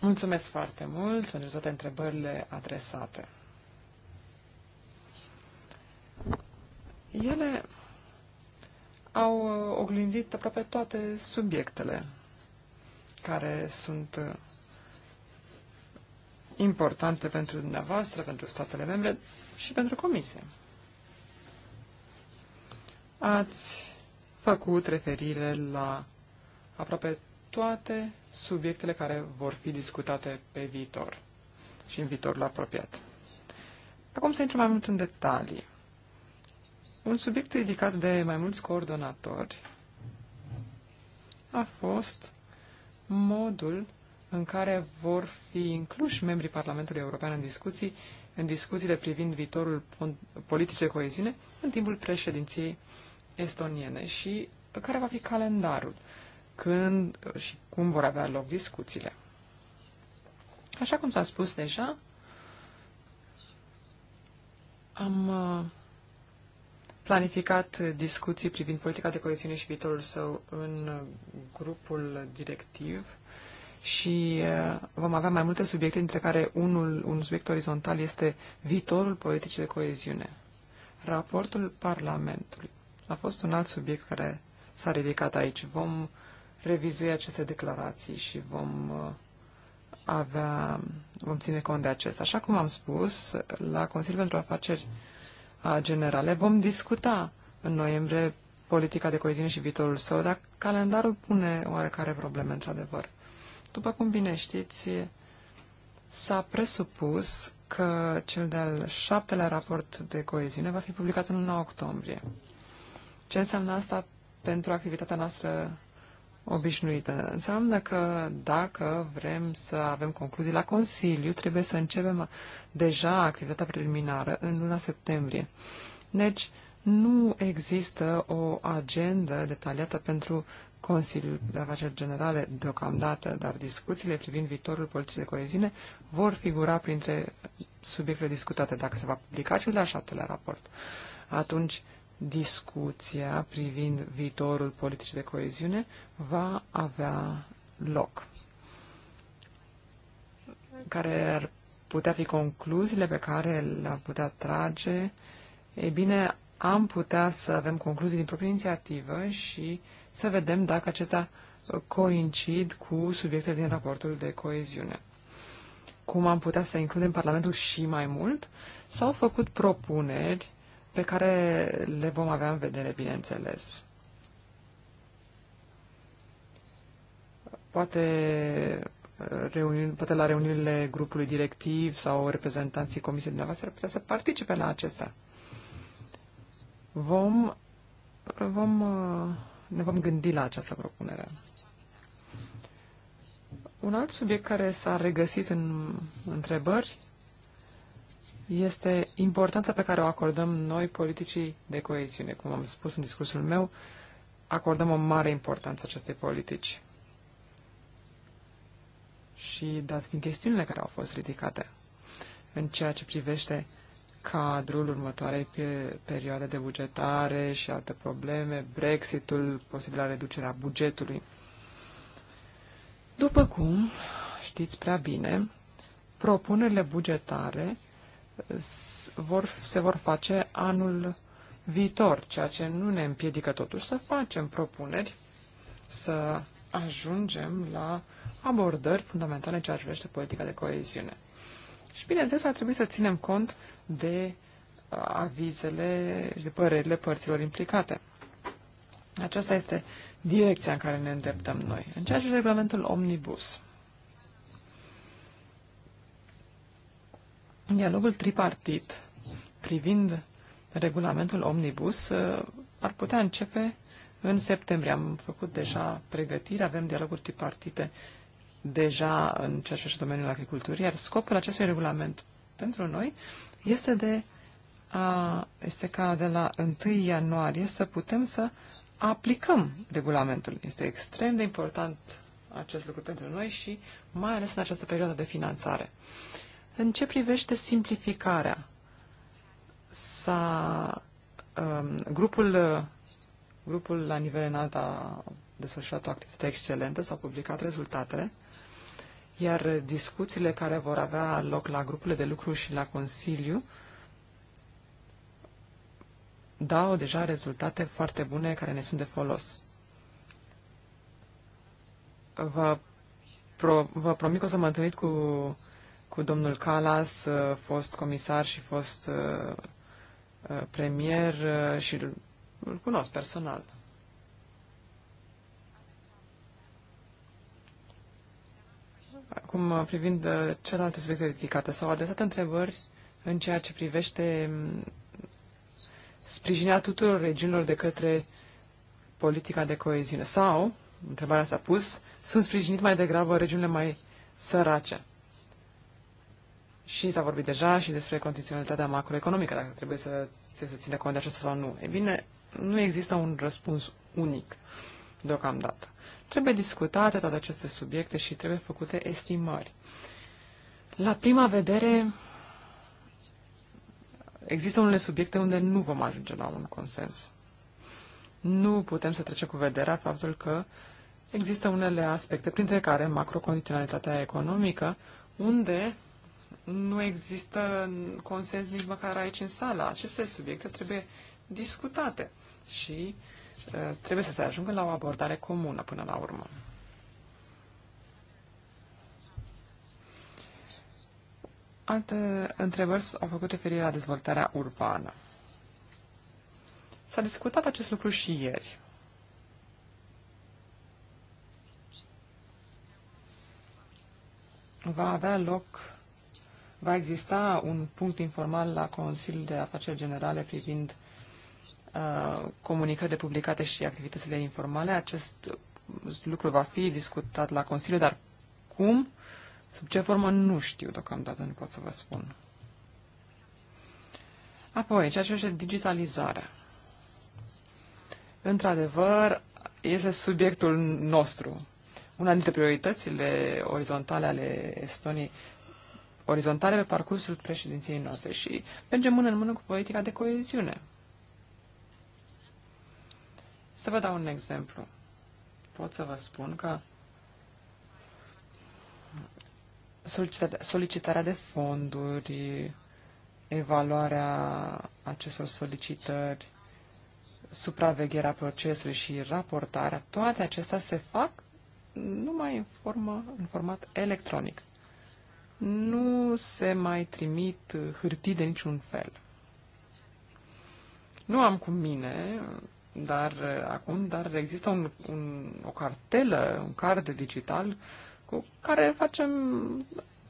Mulțumesc foarte mult pentru toate întrebările adresate. Ele au oglindit aproape toate subiectele care sunt importante pentru dumneavoastră, pentru statele membre și pentru comisie. Ați făcut referire la aproape toate subiectele care vor fi discutate pe viitor și în viitorul apropiat. Acum să intru mai mult în detalii. Un subiect ridicat de mai mulți coordonatori a fost modul în care vor fi incluși membrii Parlamentului European în discuții, în discuțiile privind viitorul politic de coeziune în timpul președinției estoniene și care va fi calendarul când și cum vor avea loc discuțiile. Așa cum s-a spus deja, am uh, planificat discuții privind politica de coeziune și viitorul său în grupul directiv și uh, vom avea mai multe subiecte, dintre care unul, un subiect orizontal este viitorul politicii de coeziune. Raportul Parlamentului a fost un alt subiect care s-a ridicat aici. Vom previzui aceste declarații și vom uh, avea, vom ține cont de acest. Așa cum am spus, la Consiliul pentru Afaceri Generale vom discuta în noiembrie politica de coeziune și viitorul său, dar calendarul pune oarecare probleme, într-adevăr. După cum bine știți, s-a presupus că cel de-al șaptelea raport de coeziune va fi publicat în 1 octombrie. Ce înseamnă asta pentru activitatea noastră obișnuită. Înseamnă că dacă vrem să avem concluzii la Consiliu, trebuie să începem deja activitatea preliminară în luna septembrie. Deci, nu există o agendă detaliată pentru Consiliul de Afaceri Generale deocamdată, dar discuțiile privind viitorul politicii de coeziune vor figura printre subiectele discutate dacă se va publica cel de-al șaptelea raport. Atunci, discuția privind viitorul politicii de coeziune va avea loc. Care ar putea fi concluziile pe care le-am putea trage? Ei bine, am putea să avem concluzii din proprie inițiativă și să vedem dacă acestea coincid cu subiectele din raportul de coeziune. Cum am putea să includem Parlamentul și mai mult? S-au făcut propuneri pe care le vom avea în vedere, bineînțeles. Poate, uh, reuniuni, poate la reuniunile grupului directiv sau reprezentanții comisiei dumneavoastră putea să participe la acestea. Vom, vom, uh, ne vom gândi la această propunere. Un alt subiect care s-a regăsit în întrebări este importanța pe care o acordăm noi politicii de coeziune. Cum am spus în discursul meu, acordăm o mare importanță acestei politici. Și dați fiind chestiunile care au fost ridicate în ceea ce privește cadrul următoarei pe perioade de bugetare și alte probleme, Brexitul, posibila reducerea bugetului. După cum știți prea bine, propunerile bugetare vor, se vor face anul viitor, ceea ce nu ne împiedică totuși să facem propuneri, să ajungem la abordări fundamentale în ceea ce privește politica de coeziune. Și bineînțeles ar trebui să ținem cont de uh, avizele și de părerile părților implicate. Aceasta este direcția în care ne îndreptăm noi. În ceea ce regulamentul Omnibus. Dialogul tripartit privind regulamentul omnibus uh, ar putea începe în septembrie. Am făcut deja pregătiri, avem dialoguri tripartite deja în ceea ce domeniul agriculturii, iar scopul acestui regulament pentru noi este de a, este ca de la 1 ianuarie să putem să aplicăm regulamentul. Este extrem de important acest lucru pentru noi și mai ales în această perioadă de finanțare. În ce privește simplificarea, s-a, um, grupul, grupul la nivel înalt a desfășurat o activitate excelentă, s-au publicat rezultatele, iar discuțiile care vor avea loc la grupurile de lucru și la Consiliu dau deja rezultate foarte bune care ne sunt de folos. Vă, pro, vă promit că o să mă întâlnit cu cu domnul Calas, uh, fost comisar și fost uh, uh, premier și îl cunosc personal. Acum, privind celelalte subiecte ridicate, s-au adresat întrebări în ceea ce privește mm, sprijinirea tuturor regiunilor de către politica de coeziune. Sau, întrebarea s-a pus, sunt sprijinit mai degrabă regiunile mai sărace. Și s-a vorbit deja și despre condiționalitatea macroeconomică, dacă trebuie să se, se ține cont de acesta sau nu. E bine, nu există un răspuns unic deocamdată. Trebuie discutate toate aceste subiecte și trebuie făcute estimări. La prima vedere, există unele subiecte unde nu vom ajunge la un consens. Nu putem să trecem cu vederea faptul că există unele aspecte, printre care macrocondiționalitatea economică, unde nu există consens nici măcar aici în sală. Aceste subiecte trebuie discutate și uh, trebuie să se ajungă la o abordare comună până la urmă. Alte întrebări au făcut referire la dezvoltarea urbană. S-a discutat acest lucru și ieri. Va avea loc va exista un punct informal la Consiliul de Afaceri Generale privind uh, de publicate și activitățile informale. Acest lucru va fi discutat la Consiliu, dar cum, sub ce formă, nu știu deocamdată, nu pot să vă spun. Apoi, ceea ce este digitalizarea. Într-adevăr, este subiectul nostru. Una dintre prioritățile orizontale ale Estoniei orizontale pe parcursul președinției noastre și mergem mână în mână cu politica de coeziune. Să vă dau un exemplu. Pot să vă spun că solicitarea de fonduri, evaluarea acestor solicitări, supravegherea procesului și raportarea, toate acestea se fac numai în, formă, în format electronic nu se mai trimit hârtii de niciun fel. Nu am cu mine, dar uh, acum, dar există un, un, o cartelă, un card digital cu care facem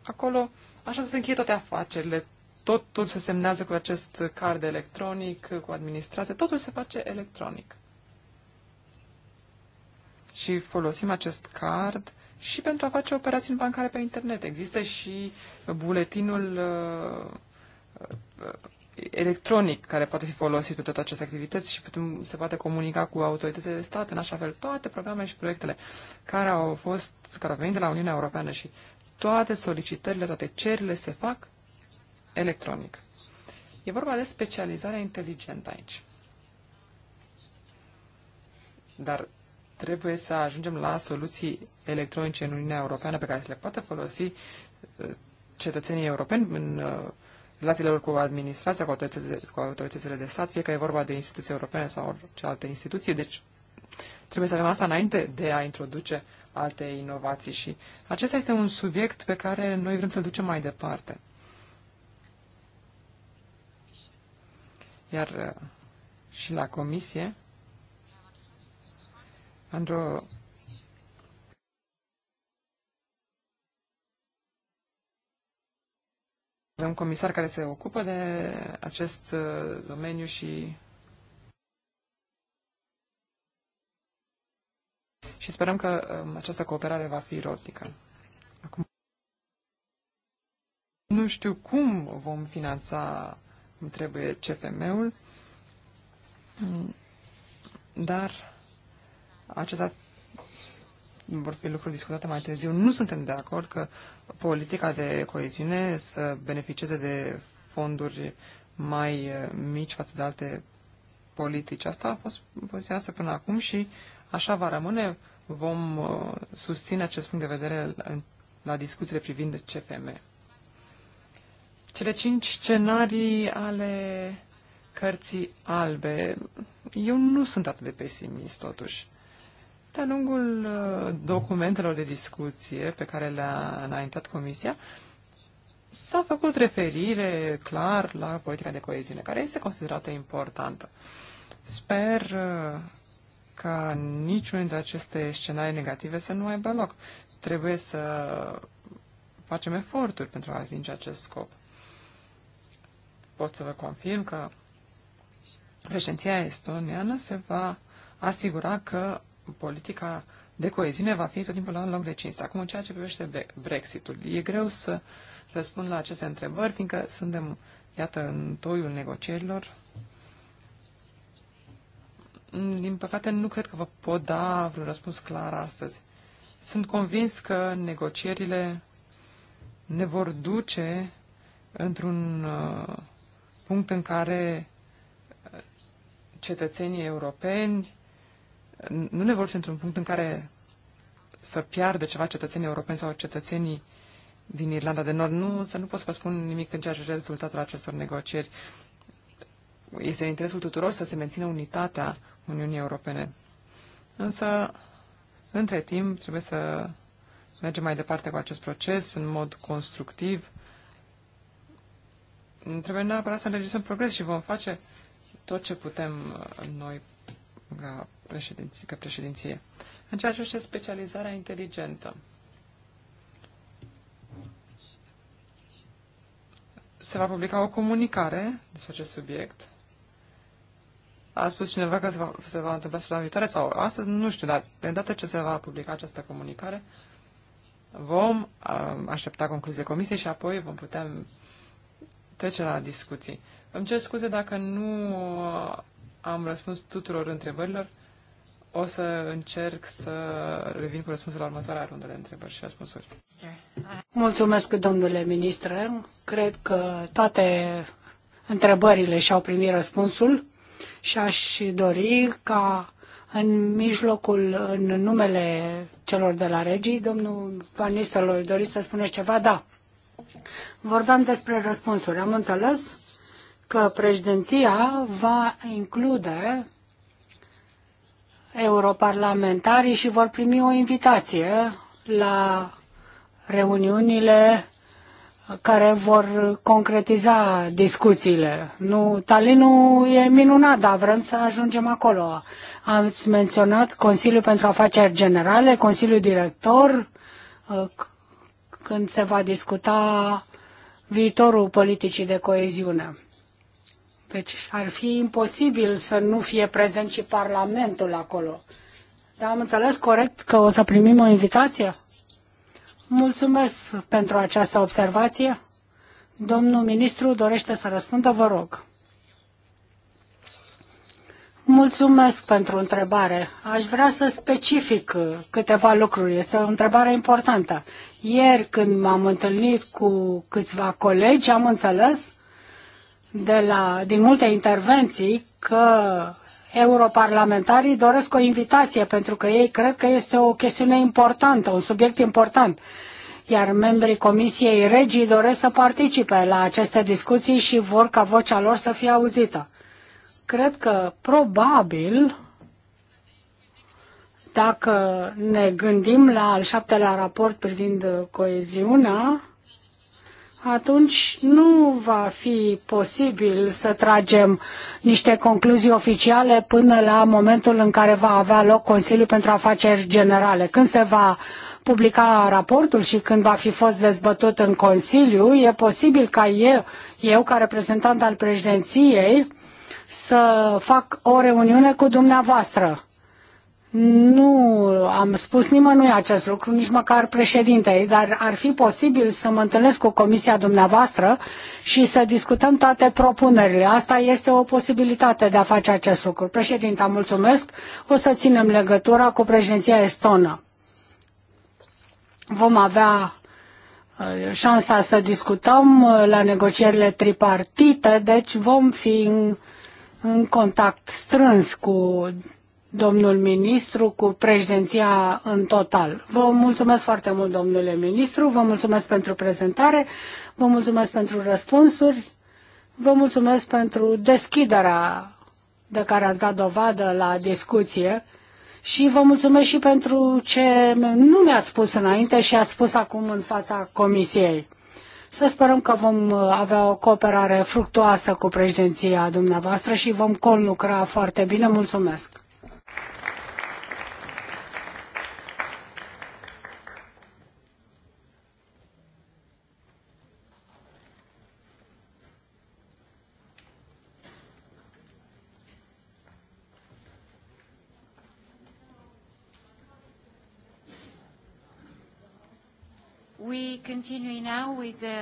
acolo, așa se încheie toate afacerile, totul se semnează cu acest card electronic, cu administrație, totul se face electronic. Și folosim acest card și pentru a face operațiuni bancare pe internet. Există și buletinul uh, uh, electronic care poate fi folosit pentru toate aceste activități și putem, se poate comunica cu autoritățile de stat în așa fel. Toate programele și proiectele care au fost, care au venit de la Uniunea Europeană și toate solicitările, toate cerile se fac electronic. E vorba de specializarea inteligentă aici. Dar trebuie să ajungem la soluții electronice în Uniunea Europeană pe care să le poată folosi uh, cetățenii europeni în uh, relațiile lor cu administrația, cu autoritățile, cu autoritățile de stat, fie că e vorba de instituții europene sau orice alte instituții. Deci trebuie să avem asta înainte de a introduce alte inovații și acesta este un subiect pe care noi vrem să-l ducem mai departe. Iar uh, și la comisie, într-o un comisar care se ocupă de acest uh, domeniu și și sperăm că um, această cooperare va fi rotică. Acum, nu știu cum vom finanța cum trebuie CFM-ul, mm, dar acestea vor fi lucruri discutate mai târziu. Nu suntem de acord că politica de coeziune să beneficieze de fonduri mai eh, mici față de alte politici. Asta a fost poziția până acum și așa va rămâne. Vom eh, susține acest punct de vedere la discuțiile privind CFM. Cele cinci scenarii ale cărții albe. Eu nu sunt atât de pesimist, totuși. De-a lungul uh, documentelor de discuție pe care le-a înaintat Comisia, s-a făcut referire clar la politica de coeziune, care este considerată importantă. Sper uh, ca niciun dintre aceste scenarii negative să nu aibă loc. Trebuie să facem eforturi pentru a atinge acest scop. Pot să vă confirm că președinția estoniană se va asigura că politica de coeziune va fi tot timpul la un loc de cinste. Acum, în ceea ce privește Brexitul, e greu să răspund la aceste întrebări, fiindcă suntem, iată, în toiul negocierilor. Din păcate, nu cred că vă pot da vreun răspuns clar astăzi. Sunt convins că negocierile ne vor duce într-un uh, punct în care uh, cetățenii europeni nu ne vor fi într-un punct în care să piardă ceva cetățenii europeni sau cetățenii din Irlanda de Nord. Nu, să nu pot să vă spun nimic în ceea ce rezultatul acestor negocieri. Este în interesul tuturor să se mențină unitatea Uniunii Europene. Însă, între timp, trebuie să mergem mai departe cu acest proces în mod constructiv. Trebuie neapărat să înregistrăm progres și vom face tot ce putem uh, noi la președinție, ca președinție. În ceea ce este specializarea inteligentă, se va publica o comunicare despre acest subiect. A spus cineva că se va, se va întâmpla la viitoare sau astăzi, nu știu, dar de data ce se va publica această comunicare, vom um, aștepta concluziile comisiei și apoi vom putea trece la discuții. Îmi cer scuze dacă nu am răspuns tuturor întrebărilor. O să încerc să revin cu răspunsul la următoarea rundă de întrebări și răspunsuri. Mulțumesc, domnule ministru. Cred că toate întrebările și-au primit răspunsul și aș dori ca în mijlocul, în numele celor de la regii, domnul Van Nistelrooy, doriți să spuneți ceva? Da. Vorbeam despre răspunsuri. Am înțeles că președinția va include europarlamentarii și vor primi o invitație la reuniunile care vor concretiza discuțiile. Nu, Talinul e minunat, dar vrem să ajungem acolo. Ați menționat Consiliul pentru Afaceri Generale, Consiliul Director, când se va discuta viitorul politicii de coeziune. Deci ar fi imposibil să nu fie prezent și Parlamentul acolo. Dar am înțeles corect că o să primim o invitație? Mulțumesc pentru această observație. Domnul ministru dorește să răspundă, vă rog. Mulțumesc pentru întrebare. Aș vrea să specific câteva lucruri. Este o întrebare importantă. Ieri, când m-am întâlnit cu câțiva colegi, am înțeles de la, din multe intervenții că europarlamentarii doresc o invitație pentru că ei cred că este o chestiune importantă, un subiect important. Iar membrii Comisiei Regii doresc să participe la aceste discuții și vor ca vocea lor să fie auzită. Cred că probabil, dacă ne gândim la al șaptelea raport privind coeziunea, atunci nu va fi posibil să tragem niște concluzii oficiale până la momentul în care va avea loc Consiliul pentru Afaceri Generale. Când se va publica raportul și când va fi fost dezbătut în Consiliu, e posibil ca eu, eu ca reprezentant al președinției, să fac o reuniune cu dumneavoastră nu am spus nimănui acest lucru, nici măcar președintei, dar ar fi posibil să mă întâlnesc cu comisia dumneavoastră și să discutăm toate propunerile. Asta este o posibilitate de a face acest lucru. Președinta, mulțumesc. O să ținem legătura cu președinția estonă. Vom avea uh, șansa să discutăm uh, la negocierile tripartite, deci vom fi în, în contact strâns cu domnul ministru cu președinția în total. Vă mulțumesc foarte mult, domnule ministru, vă mulțumesc pentru prezentare, vă mulțumesc pentru răspunsuri, vă mulțumesc pentru deschiderea de care ați dat dovadă la discuție și vă mulțumesc și pentru ce nu mi-ați spus înainte și ați spus acum în fața comisiei. Să sperăm că vom avea o cooperare fructuoasă cu președinția dumneavoastră și vom conlucra foarte bine. Mulțumesc!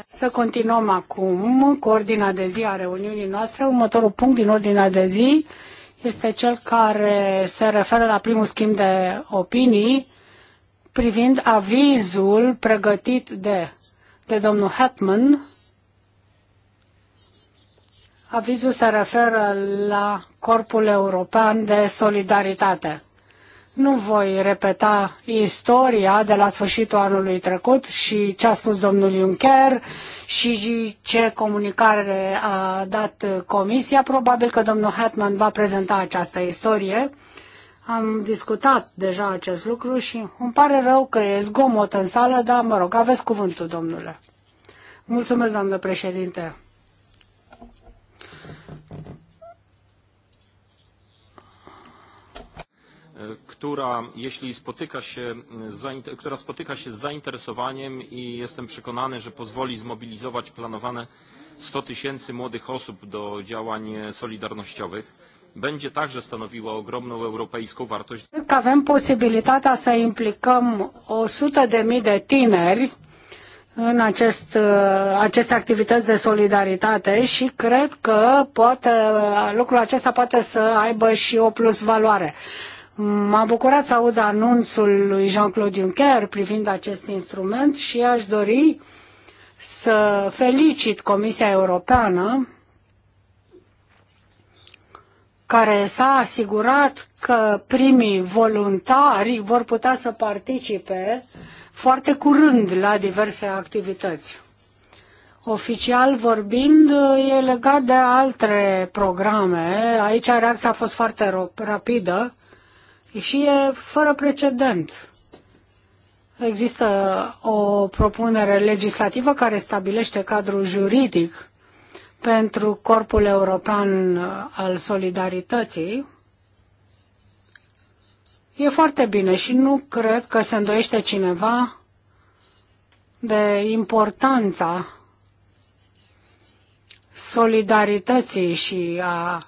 Să continuăm acum cu ordinea de zi a reuniunii noastre. Următorul punct din ordinea de zi este cel care se referă la primul schimb de opinii privind avizul pregătit de, de domnul Hetman. Avizul se referă la Corpul European de Solidaritate. Nu voi repeta istoria de la sfârșitul anului trecut și ce a spus domnul Juncker și ce comunicare a dat comisia. Probabil că domnul Hetman va prezenta această istorie. Am discutat deja acest lucru și îmi pare rău că e zgomot în sală, dar mă rog, aveți cuvântul, domnule. Mulțumesc, doamnă președinte. która jeśli spotyka się, która spotyka się z zainteresowaniem i jestem przekonany, że pozwoli zmobilizować planowane 100 tysięcy młodych osób do działań solidarnościowych. Będzie także stanowiła ogromną europejską wartość. avem posibilitatea să implicăm 100 de mii de tineri în acest, aceste activități de solidaritate și cred că poate, lucrul acesta poate să aibă și o plus valoare. M-a bucurat să aud anunțul lui Jean-Claude Juncker privind acest instrument și aș dori să felicit Comisia Europeană care s-a asigurat că primii voluntari vor putea să participe foarte curând la diverse activități. Oficial vorbind, e legat de alte programe. Aici reacția a fost foarte rapidă și e fără precedent. Există o propunere legislativă care stabilește cadrul juridic pentru Corpul European al Solidarității. E foarte bine și nu cred că se îndoiește cineva de importanța solidarității și a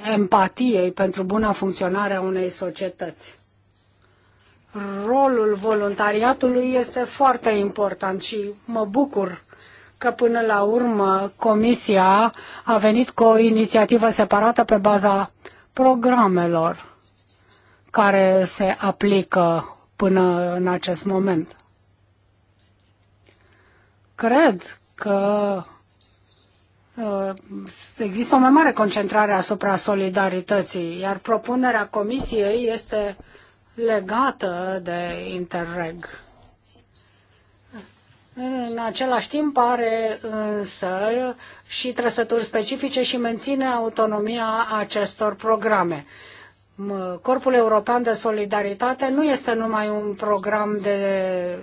empatiei pentru buna funcționare a unei societăți. Rolul voluntariatului este foarte important și mă bucur că până la urmă Comisia a venit cu o inițiativă separată pe baza programelor care se aplică până în acest moment. Cred că Uh, există o mai mare concentrare asupra solidarității, iar propunerea Comisiei este legată de Interreg. În același timp are însă și trăsături specifice și menține autonomia acestor programe. Corpul European de Solidaritate nu este numai un program de,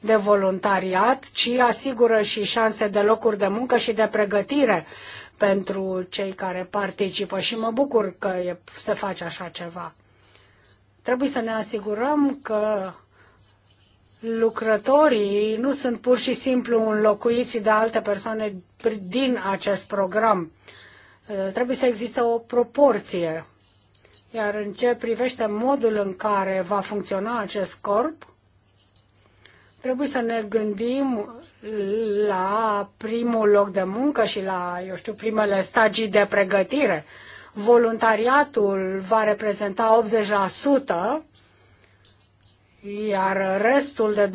de voluntariat, ci asigură și șanse de locuri de muncă și de pregătire pentru cei care participă și mă bucur că e, se face așa ceva. Trebuie să ne asigurăm că lucrătorii nu sunt pur și simplu înlocuiți de alte persoane din acest program. Trebuie să existe o proporție iar în ce privește modul în care va funcționa acest corp, trebuie să ne gândim la primul loc de muncă și la, eu știu, primele stagii de pregătire. Voluntariatul va reprezenta 80%, iar restul de 20%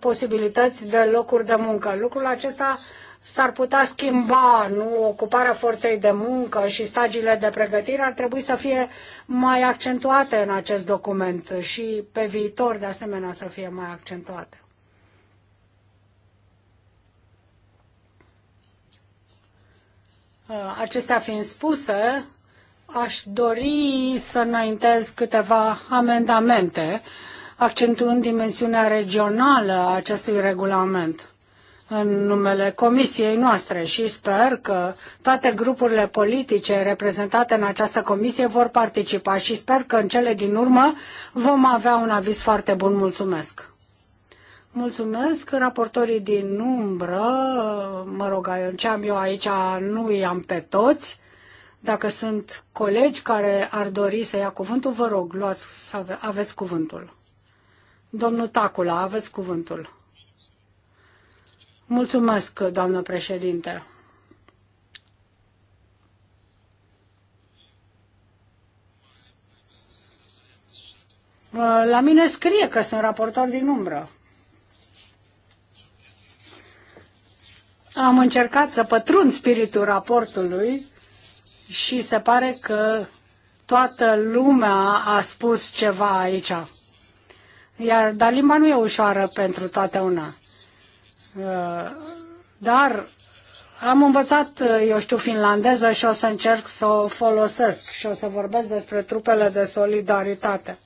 posibilități de locuri de muncă. Lucrul acesta s-ar putea schimba, nu ocuparea forței de muncă și stagiile de pregătire ar trebui să fie mai accentuate în acest document și pe viitor de asemenea să fie mai accentuate. Uh, acestea fiind spuse, aș dori să înaintez câteva amendamente accentuând dimensiunea regională a acestui regulament în numele comisiei noastre și sper că toate grupurile politice reprezentate în această comisie vor participa și sper că în cele din urmă vom avea un aviz foarte bun. Mulțumesc! Mulțumesc, raportorii din umbră, mă rog, ce am eu aici nu i-am pe toți. Dacă sunt colegi care ar dori să ia cuvântul, vă rog, luați, ave, aveți cuvântul. Domnul Tacula, aveți cuvântul. Mulțumesc, doamnă președinte. La mine scrie că sunt raportor din umbră. Am încercat să pătrund spiritul raportului și se pare că toată lumea a spus ceva aici. Iar, dar limba nu e ușoară pentru toată una. Uh, dar am învățat, uh, eu știu, finlandeză și o să încerc să o folosesc și o să vorbesc despre trupele de solidaritate.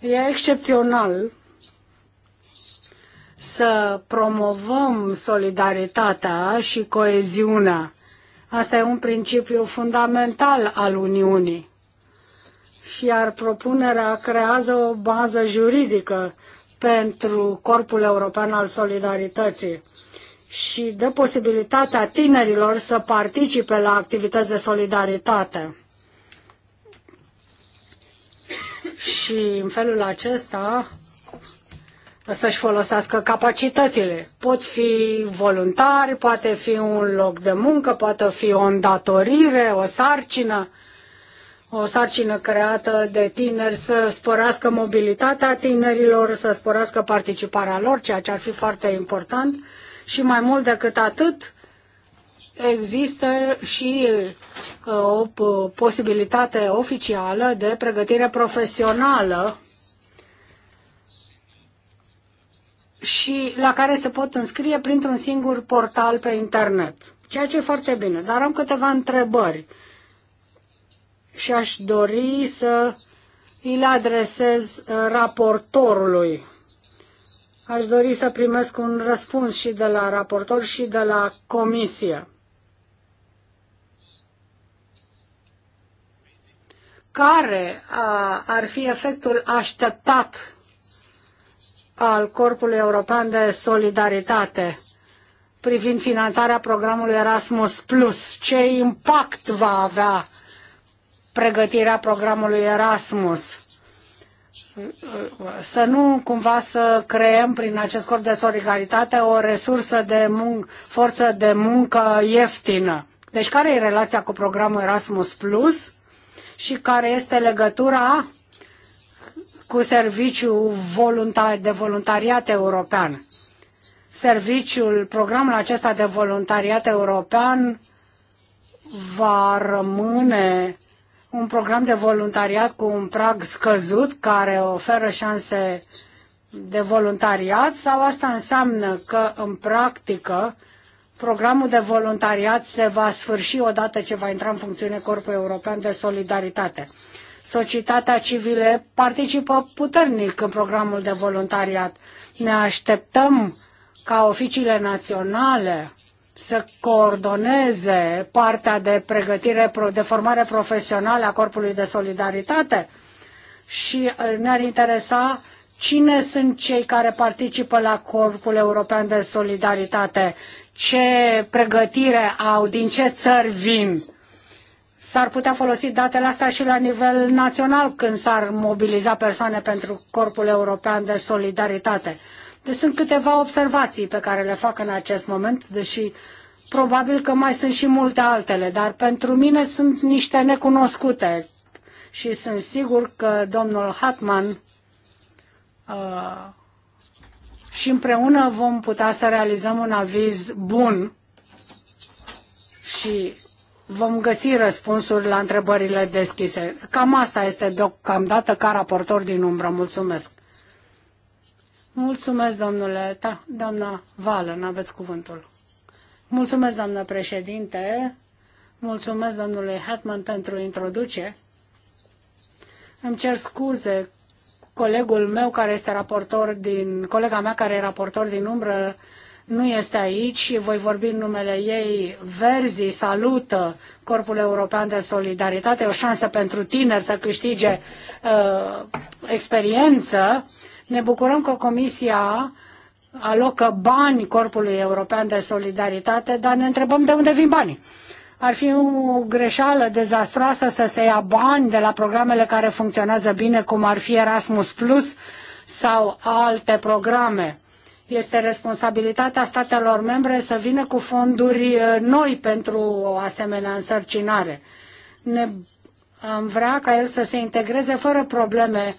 E excepțional să promovăm solidaritatea și coeziunea. Asta e un principiu fundamental al Uniunii. Și iar propunerea creează o bază juridică pentru Corpul European al Solidarității și dă posibilitatea tinerilor să participe la activități de solidaritate. Și în felul acesta să-și folosească capacitățile. Pot fi voluntari, poate fi un loc de muncă, poate fi o îndatorire, o sarcină o sarcină creată de tineri să sporească mobilitatea tinerilor, să sporească participarea lor, ceea ce ar fi foarte important. Și mai mult decât atât, există și uh, o posibilitate oficială de pregătire profesională și la care se pot înscrie printr-un singur portal pe internet, ceea ce e foarte bine. Dar am câteva întrebări și aș dori să îl adresez uh, raportorului. Aș dori să primesc un răspuns și de la raportor și de la comisie. Care uh, ar fi efectul așteptat al Corpului European de Solidaritate privind finanțarea programului Erasmus+. Ce impact va avea pregătirea programului Erasmus. Să nu cumva să creăm prin acest corp de solidaritate o resursă de mun- forță de muncă ieftină. Deci care e relația cu programul Erasmus Plus și care este legătura cu serviciul voluntar, de voluntariat european? Serviciul, programul acesta de voluntariat european va rămâne un program de voluntariat cu un prag scăzut care oferă șanse de voluntariat sau asta înseamnă că în practică programul de voluntariat se va sfârși odată ce va intra în funcțiune Corpul European de Solidaritate. Societatea civilă participă puternic în programul de voluntariat. Ne așteptăm ca oficiile naționale să coordoneze partea de pregătire, de formare profesională a Corpului de Solidaritate și uh, ne-ar interesa cine sunt cei care participă la Corpul European de Solidaritate, ce pregătire au, din ce țări vin. S-ar putea folosi datele astea și la nivel național când s-ar mobiliza persoane pentru Corpul European de Solidaritate. Deci sunt câteva observații pe care le fac în acest moment, deși probabil că mai sunt și multe altele, dar pentru mine sunt niște necunoscute și sunt sigur că domnul Hatman uh, și împreună vom putea să realizăm un aviz bun și vom găsi răspunsuri la întrebările deschise. Cam asta este deocamdată ca raportor din umbră. Mulțumesc! Mulțumesc, domnule, da, doamna Valen, aveți cuvântul. Mulțumesc, doamnă președinte. Mulțumesc, domnule Hatman, pentru introducere. Îmi cer scuze colegul meu care este raportor din, colega mea care e raportor din umbră, nu este aici, voi vorbi în numele ei, Verzi salută Corpul European de Solidaritate, o șansă pentru tineri să câștige uh, experiență ne bucurăm că Comisia alocă bani Corpului European de Solidaritate, dar ne întrebăm de unde vin banii. Ar fi o greșeală dezastroasă să se ia bani de la programele care funcționează bine, cum ar fi Erasmus Plus sau alte programe. Este responsabilitatea statelor membre să vină cu fonduri eh, noi pentru o asemenea însărcinare. Ne am vrea ca el să se integreze fără probleme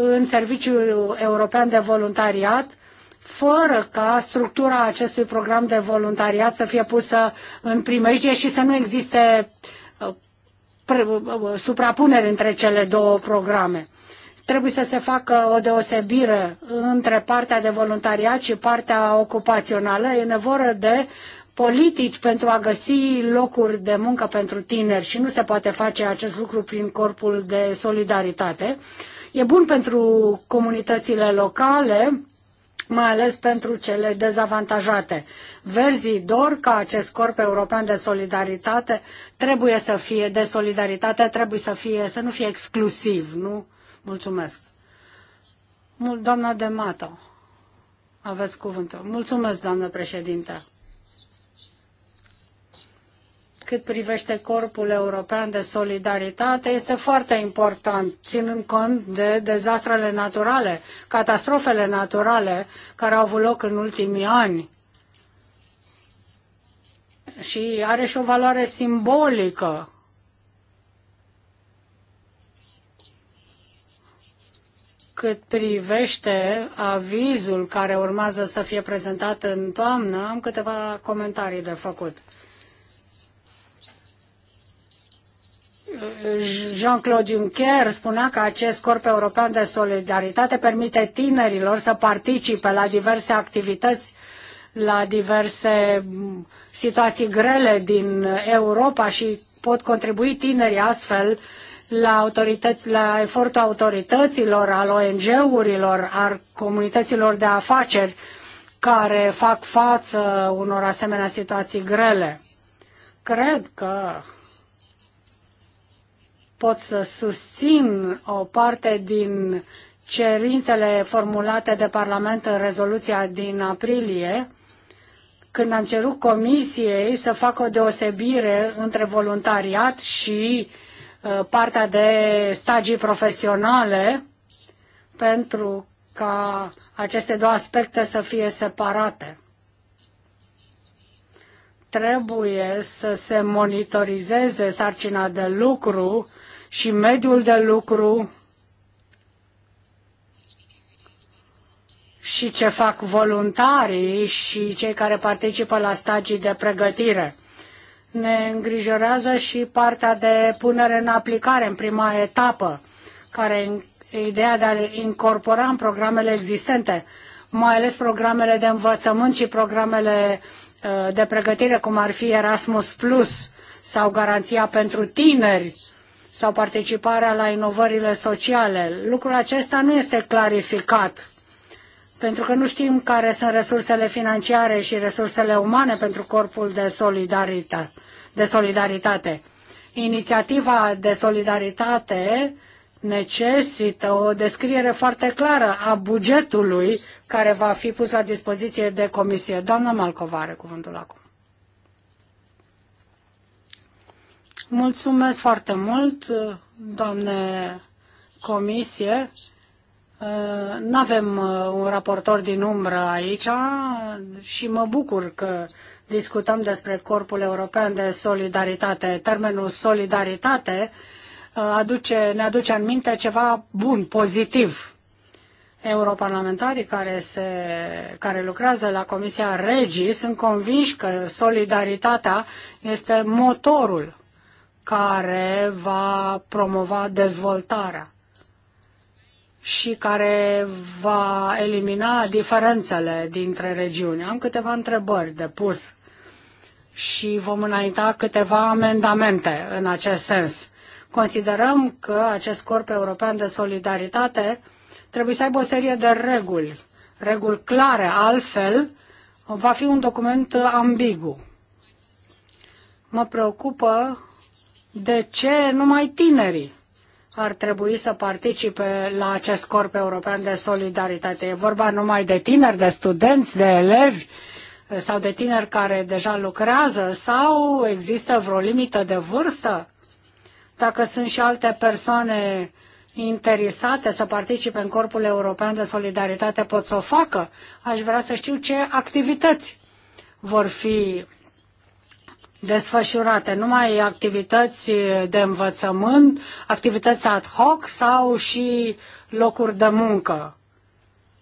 în Serviciul European de Voluntariat, fără ca structura acestui program de voluntariat să fie pusă în primejdie și să nu existe uh, uh, uh, suprapunere între cele două programe. Trebuie să se facă o deosebire între partea de voluntariat și partea ocupațională. E nevoie de politici pentru a găsi locuri de muncă pentru tineri și nu se poate face acest lucru prin corpul de solidaritate. Uh, E bun pentru comunitățile locale, mai ales pentru cele dezavantajate. Verzii dor ca acest corp european de solidaritate trebuie să fie de solidaritate, trebuie să fie să nu fie exclusiv, nu? Mulțumesc. Doamna Demato, aveți cuvântul. Mulțumesc, doamnă președinte cât privește Corpul European de Solidaritate este foarte important, ținând cont de dezastrele naturale, catastrofele naturale care au avut loc în ultimii ani. Și are și o valoare simbolică. Cât privește avizul care urmează să fie prezentat în toamnă, am câteva comentarii de făcut. Jean-Claude Juncker spunea că acest corp european de solidaritate permite tinerilor să participe la diverse activități, la diverse mm, situații grele din Europa și pot contribui tinerii astfel la, autorități, la efortul autorităților, al ONG-urilor, al comunităților de afaceri care fac față unor asemenea situații grele. Cred că pot să susțin o parte din cerințele formulate de Parlament în rezoluția din aprilie, când am cerut Comisiei să facă o deosebire între voluntariat și uh, partea de stagii profesionale, pentru ca aceste două aspecte să fie separate. Trebuie să se monitorizeze sarcina de lucru și mediul de lucru și ce fac voluntarii și cei care participă la stagii de pregătire. Ne îngrijorează și partea de punere în aplicare în prima etapă, care e ideea de a incorpora în programele existente, mai ales programele de învățământ și programele uh, de pregătire, cum ar fi Erasmus Plus sau Garanția pentru tineri, sau participarea la inovările sociale. Lucrul acesta nu este clarificat pentru că nu știm care sunt resursele financiare și resursele umane pentru corpul de solidaritate. De solidaritate. Inițiativa de solidaritate necesită o descriere foarte clară a bugetului care va fi pus la dispoziție de comisie. Doamna Malcova are cuvântul acum. Mulțumesc foarte mult, doamne comisie. Nu avem uh, un raportor din umbră aici și mă bucur că discutăm despre Corpul European de Solidaritate. Termenul solidaritate uh, aduce, ne aduce în minte ceva bun, pozitiv. Europarlamentarii care, se, care lucrează la Comisia Regii sunt convinși că solidaritatea este motorul care va promova dezvoltarea și care va elimina diferențele dintre regiuni. Am câteva întrebări de pus și vom înainta câteva amendamente în acest sens. Considerăm că acest corp european de solidaritate trebuie să aibă o serie de reguli, reguli clare, altfel va fi un document ambigu. Mă preocupă de ce numai tinerii ar trebui să participe la acest corp european de solidaritate. E vorba numai de tineri, de studenți, de elevi eh, sau de tineri care deja lucrează sau există vreo limită de vârstă? Dacă sunt și alte persoane interesate să participe în Corpul European de Solidaritate pot să o facă. Aș vrea să știu ce activități vor fi desfășurate, numai activități de învățământ, activități ad hoc sau și locuri de muncă.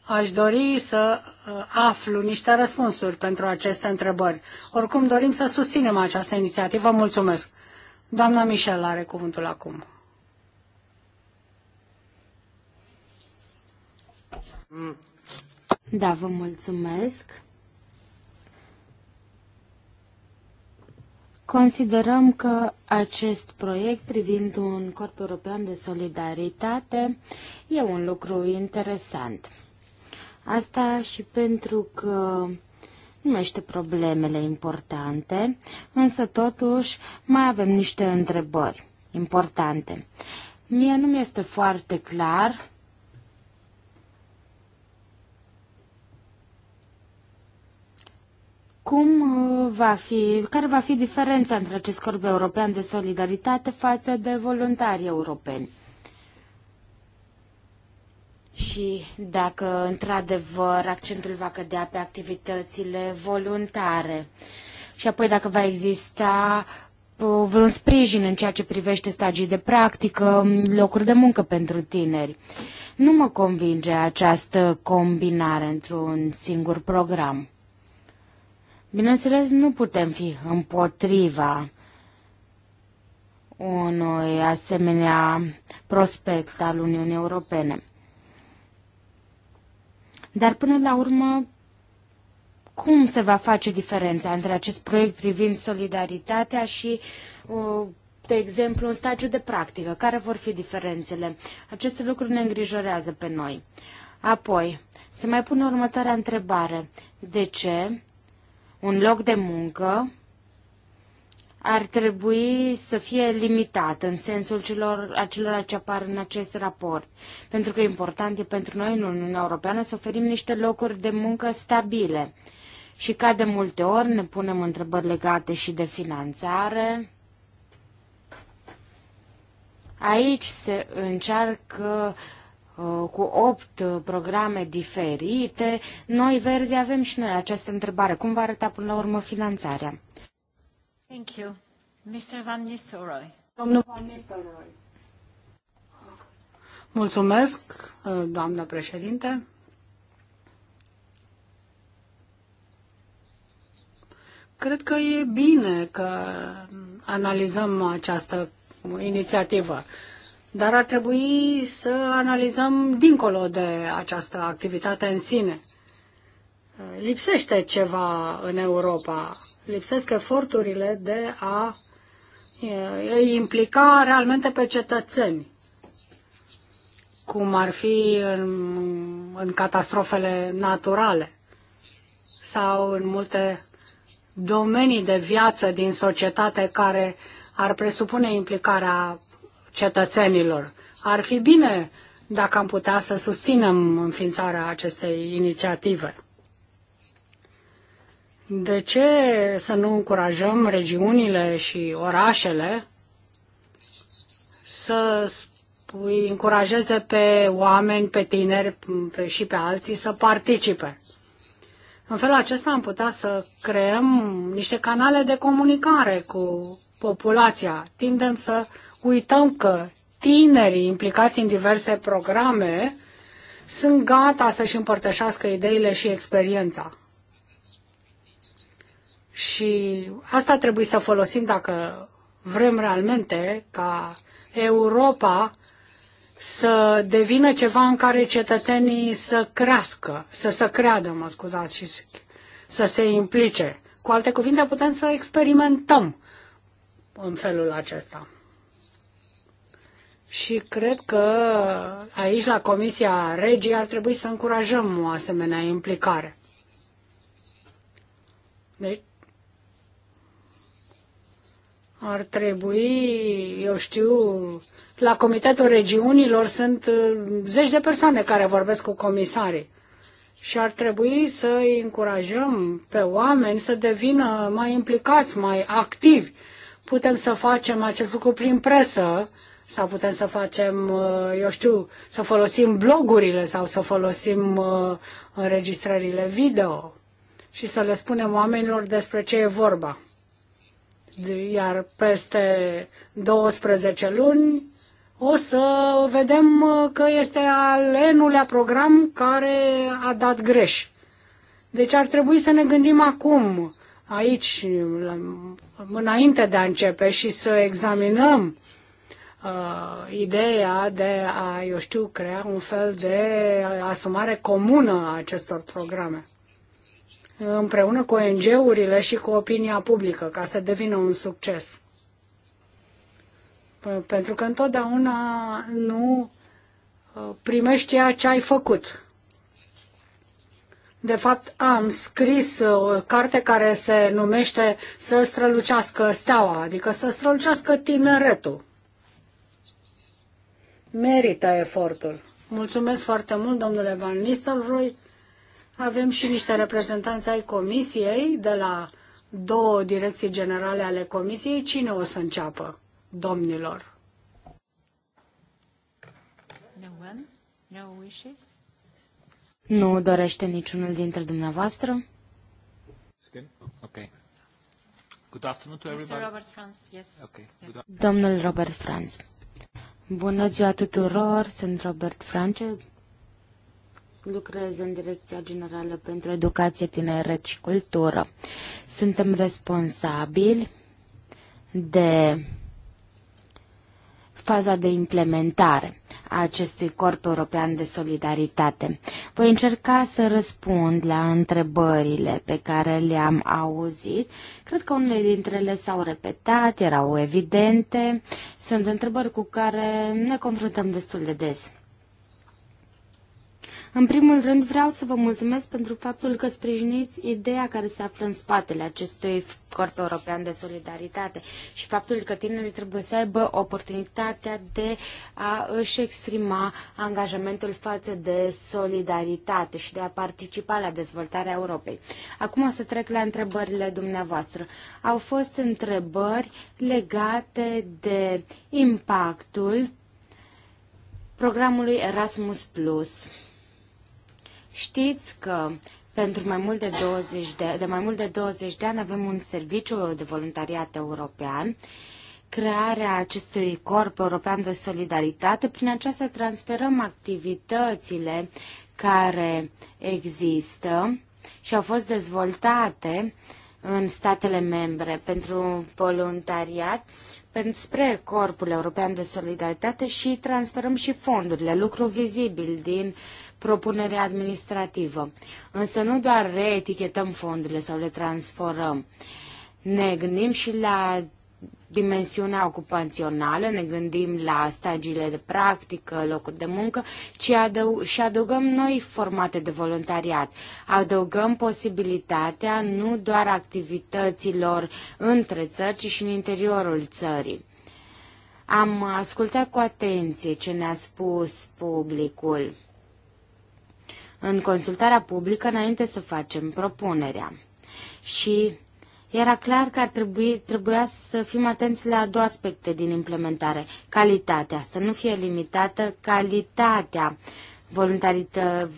Aș dori să uh, aflu niște răspunsuri pentru aceste întrebări. Oricum dorim să susținem această inițiativă. Mulțumesc. Doamna Michel are cuvântul acum. Da, vă mulțumesc. Considerăm că acest proiect privind un corp european de solidaritate e un lucru interesant. Asta și pentru că numește problemele importante, însă totuși mai avem niște întrebări importante. Mie nu mi este foarte clar Cum uh, va fi, care va fi diferența între acest corp european de solidaritate față de voluntari europeni? Și dacă, într-adevăr, accentul va cădea pe activitățile voluntare? Și apoi dacă va exista uh, vreun sprijin în ceea ce privește stagii de practică, locuri de muncă pentru tineri. Nu mă convinge această combinare într-un singur program. Bineînțeles, nu putem fi împotriva unui asemenea prospect al Uniunii Europene. Dar până la urmă, cum se va face diferența între acest proiect privind solidaritatea și, uh, de exemplu, un stagiu de practică? Care vor fi diferențele? Aceste lucruri ne îngrijorează pe noi. Apoi, se mai pune următoarea întrebare. De ce un loc de muncă ar trebui să fie limitat în sensul celor, acelora ce apar în acest raport. Pentru că important e pentru noi în Uniunea Europeană să oferim niște locuri de muncă stabile. Și ca de multe ori ne punem întrebări legate și de finanțare. Aici se încearcă Uh, cu opt uh, programe diferite. Noi verzi avem și noi această întrebare. Cum va arăta până la urmă finanțarea? Thank you. Mr. Van Nistelrooy. Domnul Van Nistelrooy. Mulțumesc, uh, doamnă președinte. Cred că e bine că analizăm această inițiativă dar ar trebui să analizăm dincolo de această activitate în sine. Lipsește ceva în Europa, lipsesc eforturile de a îi implica realmente pe cetățeni, cum ar fi în, în catastrofele naturale sau în multe domenii de viață din societate care ar presupune implicarea cetățenilor. Ar fi bine dacă am putea să susținem înființarea acestei inițiative. De ce să nu încurajăm regiunile și orașele să îi încurajeze pe oameni, pe tineri și pe alții să participe? În felul acesta am putea să creăm niște canale de comunicare cu populația. Tindem să uităm că tinerii implicați în diverse programe sunt gata să-și împărtășească ideile și experiența. Și asta trebuie să folosim dacă vrem realmente ca Europa să devină ceva în care cetățenii să crească, să se creadă, mă scuzați, și să se implice. Cu alte cuvinte, putem să experimentăm în felul acesta. Și cred că aici, la Comisia Regii, ar trebui să încurajăm o asemenea implicare. Deci, ar trebui, eu știu, la Comitetul Regiunilor sunt uh, zeci de persoane care vorbesc cu comisarii și ar trebui să îi încurajăm pe oameni să devină mai implicați, mai activi. Putem să facem acest lucru prin presă, sau putem să facem, uh, eu știu, să folosim blogurile sau să folosim uh, înregistrările video și să le spunem oamenilor despre ce e vorba. Iar peste 12 luni o să vedem uh, că este al enulea program care a dat greș. Deci ar trebui să ne gândim acum, aici, înainte de a începe și să examinăm uh, ideea de a, eu știu, crea un fel de asumare comună a acestor programe împreună cu ONG-urile și cu opinia publică ca să devină un succes. Pentru că întotdeauna nu uh, primești ceea ce ai făcut. De fapt, am scris uh, o carte care se numește Să strălucească steaua, adică să strălucească tineretul merită efortul. Mulțumesc foarte mult, domnule Van Nistelrooy. Avem și niște reprezentanți ai comisiei de la două direcții generale ale comisiei. Cine o să înceapă, domnilor? Nu dorește niciunul dintre dumneavoastră? Okay. Good afternoon to everybody. Mr. Robert Franz, yes. Okay. Yeah. Domnul Robert Franz. Bună ziua tuturor, sunt Robert France, lucrez în Direcția Generală pentru Educație, Tineret și Cultură. Suntem responsabili de faza de implementare a acestui Corp European de Solidaritate. Voi încerca să răspund la întrebările pe care le-am auzit. Cred că unele dintre ele s-au repetat, erau evidente. Sunt întrebări cu care ne confruntăm destul de des. În primul rând vreau să vă mulțumesc pentru faptul că sprijiniți ideea care se află în spatele acestui Corp European de Solidaritate și faptul că tinerii trebuie să aibă oportunitatea de a își exprima angajamentul față de solidaritate și de a participa la dezvoltarea Europei. Acum o să trec la întrebările dumneavoastră. Au fost întrebări legate de impactul programului Erasmus Plus. Știți că pentru mai mult de 20 de, de mai mult de 20 de ani avem un serviciu de voluntariat european crearea acestui corp european de solidaritate. Prin aceasta transferăm activitățile care există și au fost dezvoltate în statele membre pentru voluntariat spre Corpul European de Solidaritate și transferăm și fondurile, lucru vizibil din uh, propunere administrativă. Însă nu doar reetichetăm fondurile sau le transformăm. Ne gândim și la dimensiunea ocupațională, ne gândim la stagiile de practică, locuri de muncă, ci adău- și adăugăm noi formate de voluntariat. Adăugăm posibilitatea nu doar activităților între țări, ci și în interiorul țării. Am ascultat cu atenție ce ne-a spus publicul în consultarea publică înainte să facem propunerea. Și era clar că ar trebui, trebuia să fim atenți la două aspecte din implementare. Calitatea, să nu fie limitată calitatea voluntarită,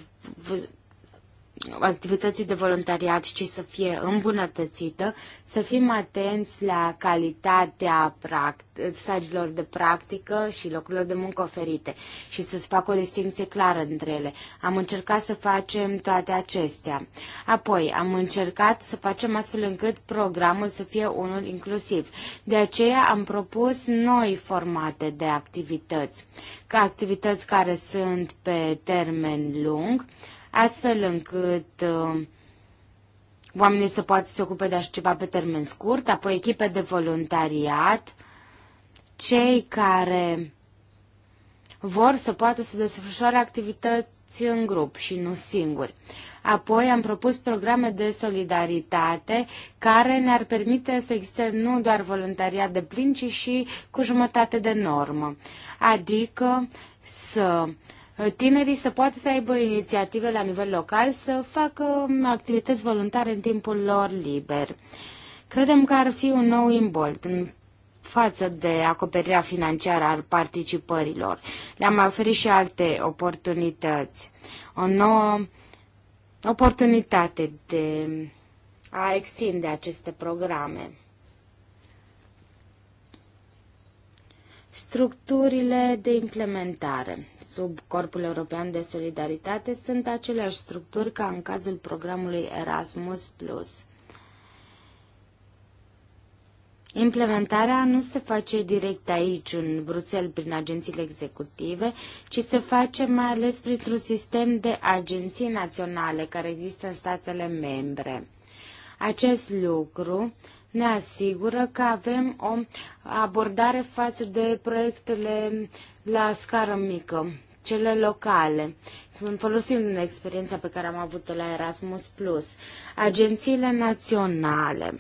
activității de voluntariat, ci să fie îmbunătățită, să fim atenți la calitatea stagiilor de practică și locurilor de muncă oferite și să se facă o distinție clară între ele. Am încercat să facem toate acestea. Apoi, am încercat să facem astfel încât programul să fie unul inclusiv. De aceea am propus noi formate de activități, ca activități care sunt pe termen lung, astfel încât uh, oamenii să poată se ocupe de așa ceva pe termen scurt, apoi echipe de voluntariat, cei care vor să poată să desfășoare activități în grup și nu singuri. Apoi am propus programe de solidaritate care ne-ar permite să existe nu doar voluntariat de plin, ci și cu jumătate de normă. Adică să uh, tinerii să poată să aibă inițiative la nivel local, să facă activități voluntare în timpul lor liber. Credem că ar fi un nou imbolt în față de acoperirea financiară a participărilor. Le-am oferit și alte oportunități. O nouă oportunitate de a extinde aceste programe. Structurile de implementare sub Corpul European de Solidaritate sunt aceleași structuri ca în cazul programului Erasmus+. Implementarea nu se face direct aici, în Bruxelles, prin agențiile executive, ci se face mai ales printr-un sistem de agenții naționale care există în statele membre. Acest lucru ne asigură că avem o abordare față de proiectele la scară mică cele locale. Folosim experiența pe care am avut-o la Erasmus+, Plus, agențiile naționale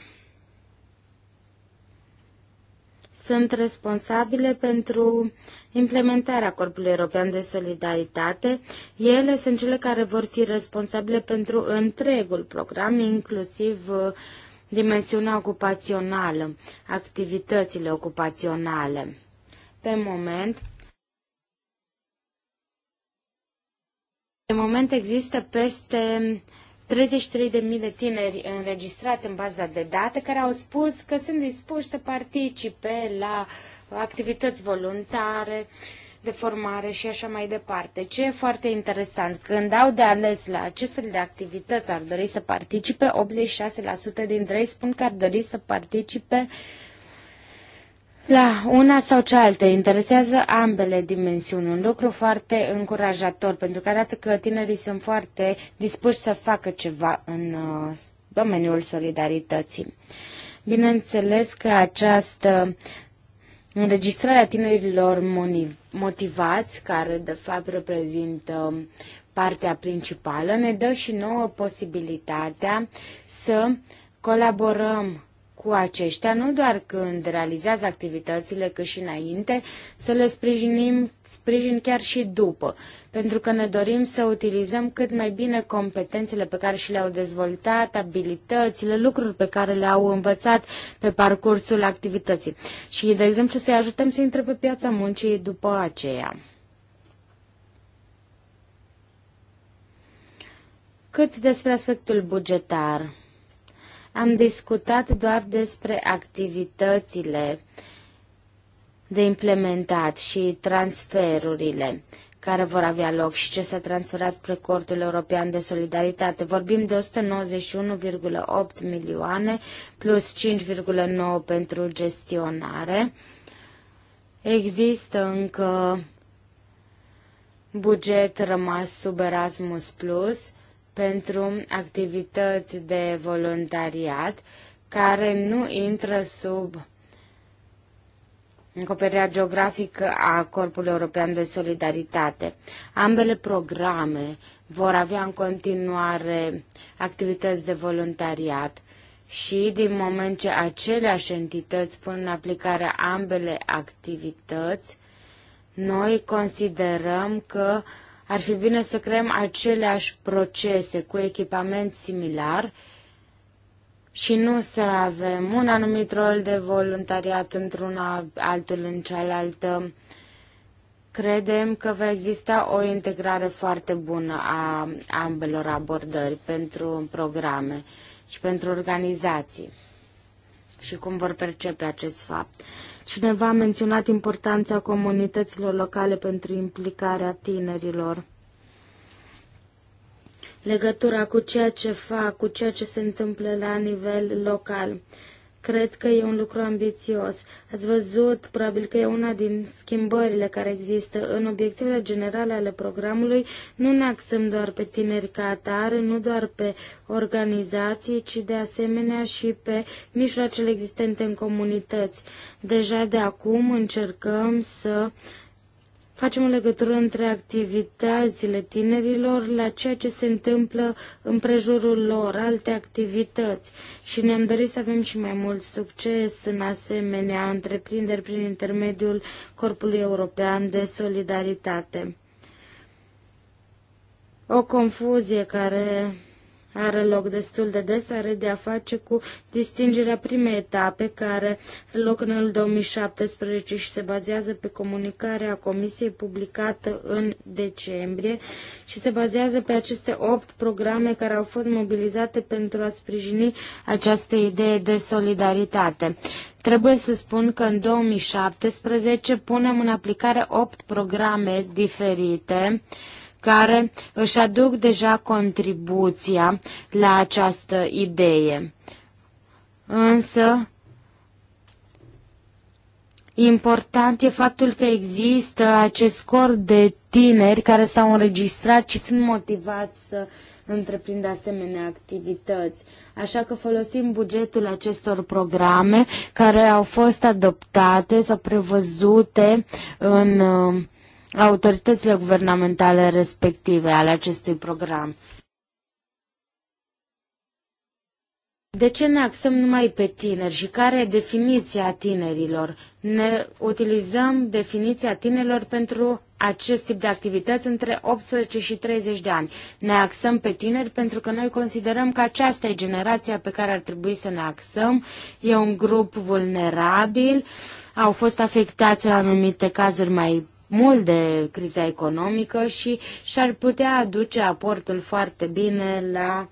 sunt responsabile pentru implementarea Corpului European de Solidaritate. Ele sunt cele care vor fi responsabile pentru întregul program, inclusiv uh, dimensiunea ocupațională, activitățile ocupaționale. Pe moment, De moment există peste 33.000 de tineri înregistrați în baza de date care au spus că sunt dispuși să participe la activități voluntare, de formare și așa mai departe. Ce e foarte interesant, când au de ales la ce fel de activități ar dori să participe, 86% dintre ei spun că ar dori să participe uh, la una sau cealaltă interesează ambele dimensiuni, un lucru foarte încurajator, pentru că arată că tinerii sunt foarte dispuși să facă ceva în uh, domeniul solidarității. Bineînțeles că această înregistrare a tinerilor motivați, care de fapt reprezintă partea principală, ne dă și nouă posibilitatea să colaborăm cu aceștia, nu doar când realizează activitățile, cât și înainte, să le sprijinim, sprijin chiar și după, pentru că ne dorim să utilizăm cât mai bine competențele pe care și le-au dezvoltat, abilitățile, lucruri pe care le-au învățat pe parcursul activității și, de exemplu, să-i ajutăm să intre pe piața muncii după aceea. Cât despre aspectul bugetar, am discutat doar despre activitățile de implementat și transferurile care vor avea loc și ce s-a transferat spre Cortul European de Solidaritate. Vorbim de 191,8 milioane plus 5,9 pentru gestionare. Există încă buget rămas sub Erasmus Plus pentru activități de voluntariat care nu intră sub încoperirea geografică a Corpului European de Solidaritate. Ambele programe vor avea în continuare activități de voluntariat și din moment ce aceleași entități pun în aplicare ambele activități, noi considerăm că uh, ar fi bine să creăm aceleași procese cu echipament similar și nu să avem un anumit rol de voluntariat într-una, altul în cealaltă. Credem că va exista o integrare foarte bună a ambelor abordări pentru programe și pentru organizații și cum vor percepe acest fapt. Cineva a menționat importanța comunităților locale pentru implicarea tinerilor. Legătura cu ceea ce fac, cu ceea ce se întâmplă la nivel local. Cred că e un lucru ambițios. Ați văzut, probabil că e una din schimbările care există. În obiectivele generale ale programului nu ne axăm doar pe tineri ca atare, nu doar pe organizații, ci de asemenea și pe mijloacele existente în comunități. Deja de acum încercăm să uh, Facem o legătură între activitățile tinerilor la ceea ce se întâmplă în prejurul lor, alte activități și ne-am dorit să avem și mai mult succes în asemenea întreprinderi prin intermediul Corpului European de Solidaritate. O confuzie care are loc destul de des, are de a face cu distingerea primei etape, care are loc în anul 2017 și se bazează pe comunicarea Comisiei publicată în decembrie și se bazează pe aceste opt programe care au fost mobilizate pentru a sprijini această idee de solidaritate. Trebuie să spun că în 2017 punem în aplicare opt programe diferite uh, care își aduc deja contribuția la această idee. Însă, important e faptul că există acest cor de tineri care s-au înregistrat și sunt motivați să întreprind asemenea activități. Așa că folosim bugetul acestor programe care au fost adoptate sau prevăzute în uh, autoritățile guvernamentale respective ale acestui program. De ce ne axăm numai pe tineri și care e definiția tinerilor? Ne utilizăm definiția tinerilor pentru acest tip de activități între 18 și 30 de ani. Ne axăm pe tineri pentru că noi considerăm că aceasta e generația pe care ar trebui să ne axăm. E un grup vulnerabil, au fost afectați în anumite cazuri mai mult de criza economică și și-ar putea aduce aportul foarte bine la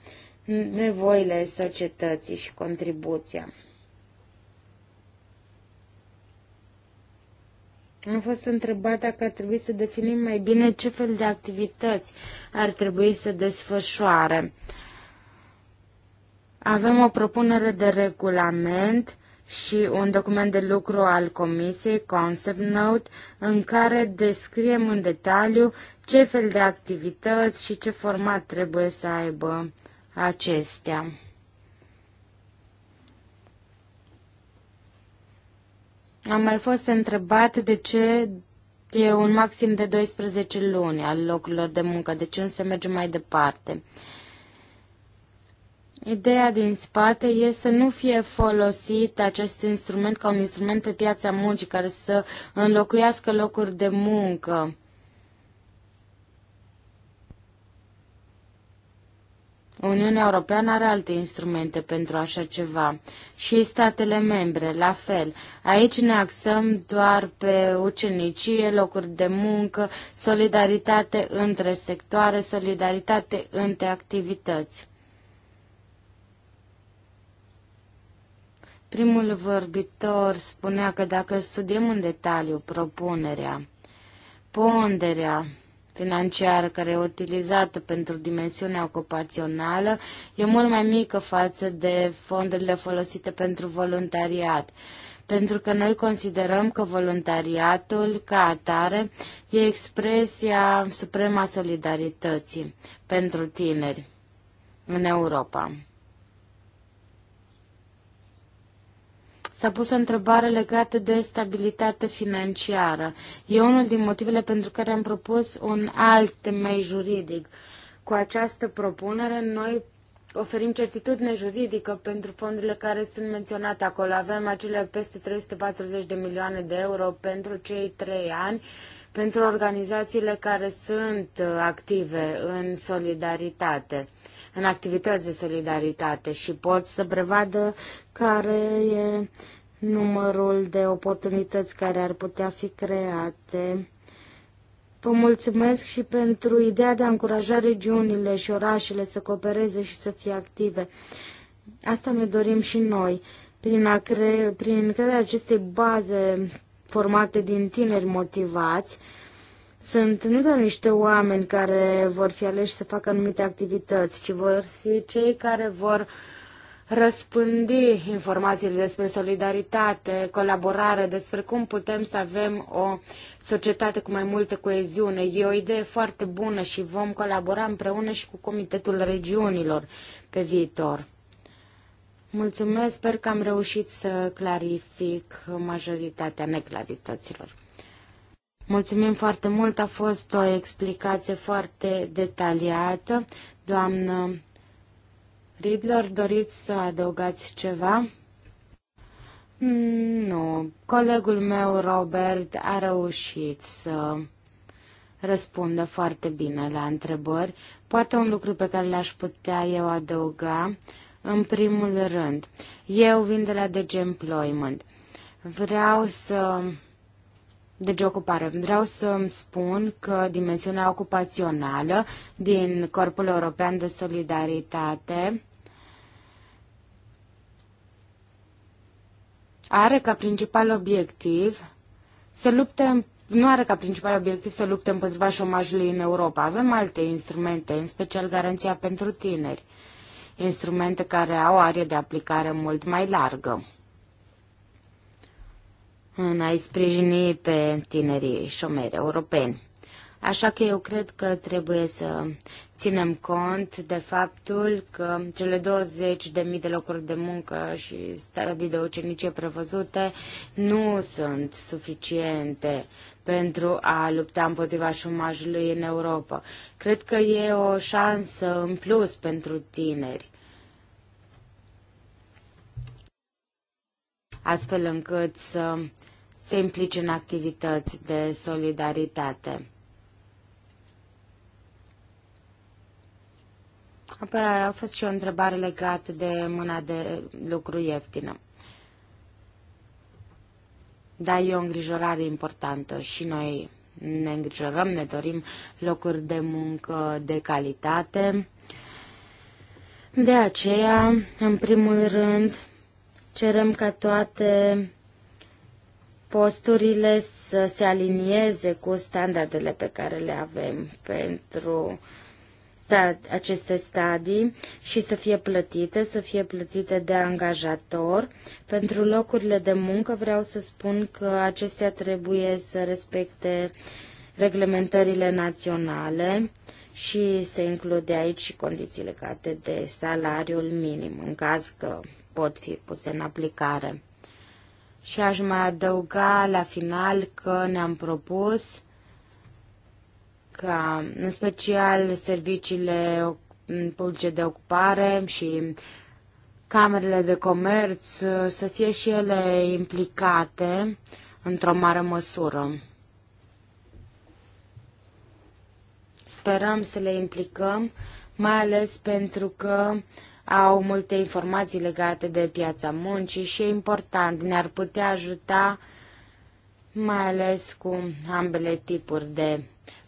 nevoile societății și contribuția. Am fost întrebat dacă ar trebui să definim mai bine ce fel de activități ar trebui să desfășoare. Avem o propunere de regulament și un document de lucru al Comisiei, Concept Note, în care descriem în detaliu ce fel de activități și ce format trebuie să aibă acestea. Am mai fost întrebat de ce e un maxim de 12 luni al locurilor de muncă, de ce nu se merge mai departe. Uh, Ideea din spate e să nu fie folosit acest instrument ca un instrument pe piața muncii care să înlocuiască locuri de muncă. Uniunea Europeană are alte instrumente pentru așa ceva și statele membre, la fel. Aici ne axăm doar pe ucenicie, locuri de muncă, solidaritate între sectoare, solidaritate între activități. Primul vorbitor spunea că dacă studiem în detaliu propunerea, ponderea financiară care e utilizată pentru dimensiunea ocupațională e mult mai mică față de fondurile folosite pentru voluntariat pentru că noi considerăm că voluntariatul ca atare e expresia suprema solidarității pentru tineri în Europa. S-a pus o întrebare legată de stabilitate financiară. E unul din motivele pentru care am propus un alt temei juridic. Cu această propunere, noi oferim certitudine juridică pentru fondurile care sunt menționate acolo. Avem acele peste 340 de milioane de euro pentru cei trei ani, pentru organizațiile care sunt uh, active în solidaritate în activități de solidaritate și pot să prevadă care e numărul de oportunități care ar putea fi create. Vă mulțumesc și pentru ideea de a încuraja regiunile și orașele să coopereze și să fie active. Asta ne dorim și noi, prin, a cre- prin crearea acestei baze formate din tineri motivați, sunt nu doar niște oameni care vor fi aleși să facă anumite activități, ci vor fi cei care vor răspândi informațiile despre solidaritate, colaborare, despre cum putem să avem o societate cu mai multă coeziune. E o idee foarte bună și vom colabora împreună și cu Comitetul Regiunilor pe viitor. Mulțumesc, sper că am reușit să clarific majoritatea neclarităților. Mulțumim foarte mult, a fost o explicație foarte detaliată. Doamnă Ridler, doriți să adăugați ceva? Mm, nu, colegul meu Robert a reușit să răspundă foarte bine la întrebări. Poate un lucru pe care l-aș putea eu adăuga, în primul rând, eu vin de la DG Employment. Vreau să deci ocupare. Vreau să îmi spun că dimensiunea ocupațională din Corpul European de Solidaritate are ca principal obiectiv să lupte nu are ca principal obiectiv să lupte împotriva șomajului în Europa. Avem alte instrumente, în special garanția pentru tineri, instrumente care au arie de aplicare mult mai largă în a-i sprijini pe tinerii șomeri europeni. Așa că eu cred că trebuie să ținem cont de faptul că cele 20.000 de mii de locuri de muncă și stadii de ucenicie prevăzute nu sunt suficiente pentru a lupta împotriva șomajului în Europa. Cred că e o șansă în plus pentru tineri. Astfel încât să se implice în activități de solidaritate. Apoi a fost și o întrebare legată de mâna de lucru ieftină. Da, e o îngrijorare importantă și noi ne îngrijorăm, ne dorim locuri de muncă de calitate. De aceea, în primul rând, cerem ca toate posturile să se alinieze cu standardele pe care le avem pentru aceste stadii și să fie plătite, să fie plătite de angajator. Pentru locurile de muncă vreau să spun că acestea trebuie să respecte reglementările naționale și se include aici și condiții legate de salariul minim, în caz că pot fi puse în aplicare. Și aș mai adăuga la final că ne-am propus ca în special serviciile publice de ocupare și camerele de comerț uh, să fie și ele implicate într-o mare măsură. Sperăm să le implicăm, mai ales pentru că au multe informații legate de piața muncii și e important, ne-ar putea ajuta mai ales cu ambele tipuri de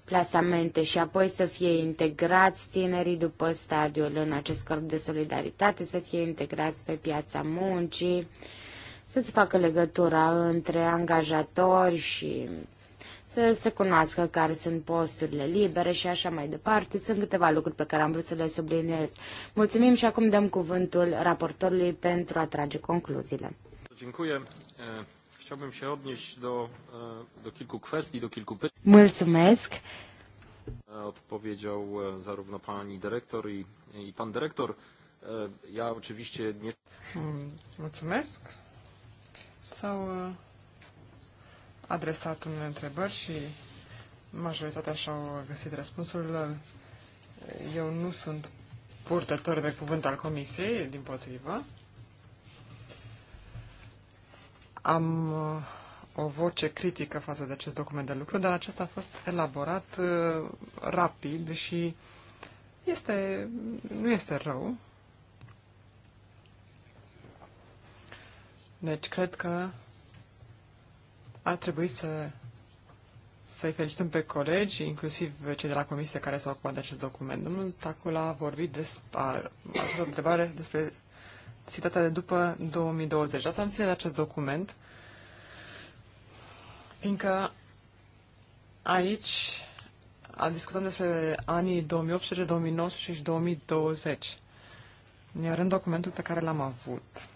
plasamente și apoi să fie integrați tinerii după stadiul în acest corp de solidaritate, să fie integrați pe piața muncii, să se facă legătura între angajatori și să se cunoască care sunt posturile libere și așa mai departe. Sunt câteva lucruri pe care am vrut să le subliniez. Mulțumim și acum dăm cuvântul raportorului pentru a trage concluziile. Dziękuję. Chciałbym się odnieść do, do kilku kwestii, do kilku pytań. Mulțumesc. Odpowiedział zarówno pani dyrektor i, i pan dyrektor. Ja oczywiście nie... Mm, mulțumesc. uh adresat unele întrebări și majoritatea și-au găsit răspunsul. Eu nu sunt purtător de cuvânt al comisiei, din potrivă. Am uh, o voce critică față de acest document de lucru, dar acesta a fost elaborat uh, rapid și este, nu este rău. Deci cred că a trebui să să-i felicităm pe colegi, inclusiv cei de la comisie care s-au ocupat de acest document. Domnul Tacul a vorbit despre o întrebare despre situația de după 2020. Asta nu ține de acest document, fiindcă aici discutăm despre anii 2018, 2019 și 2020. Iar în documentul pe care l-am avut,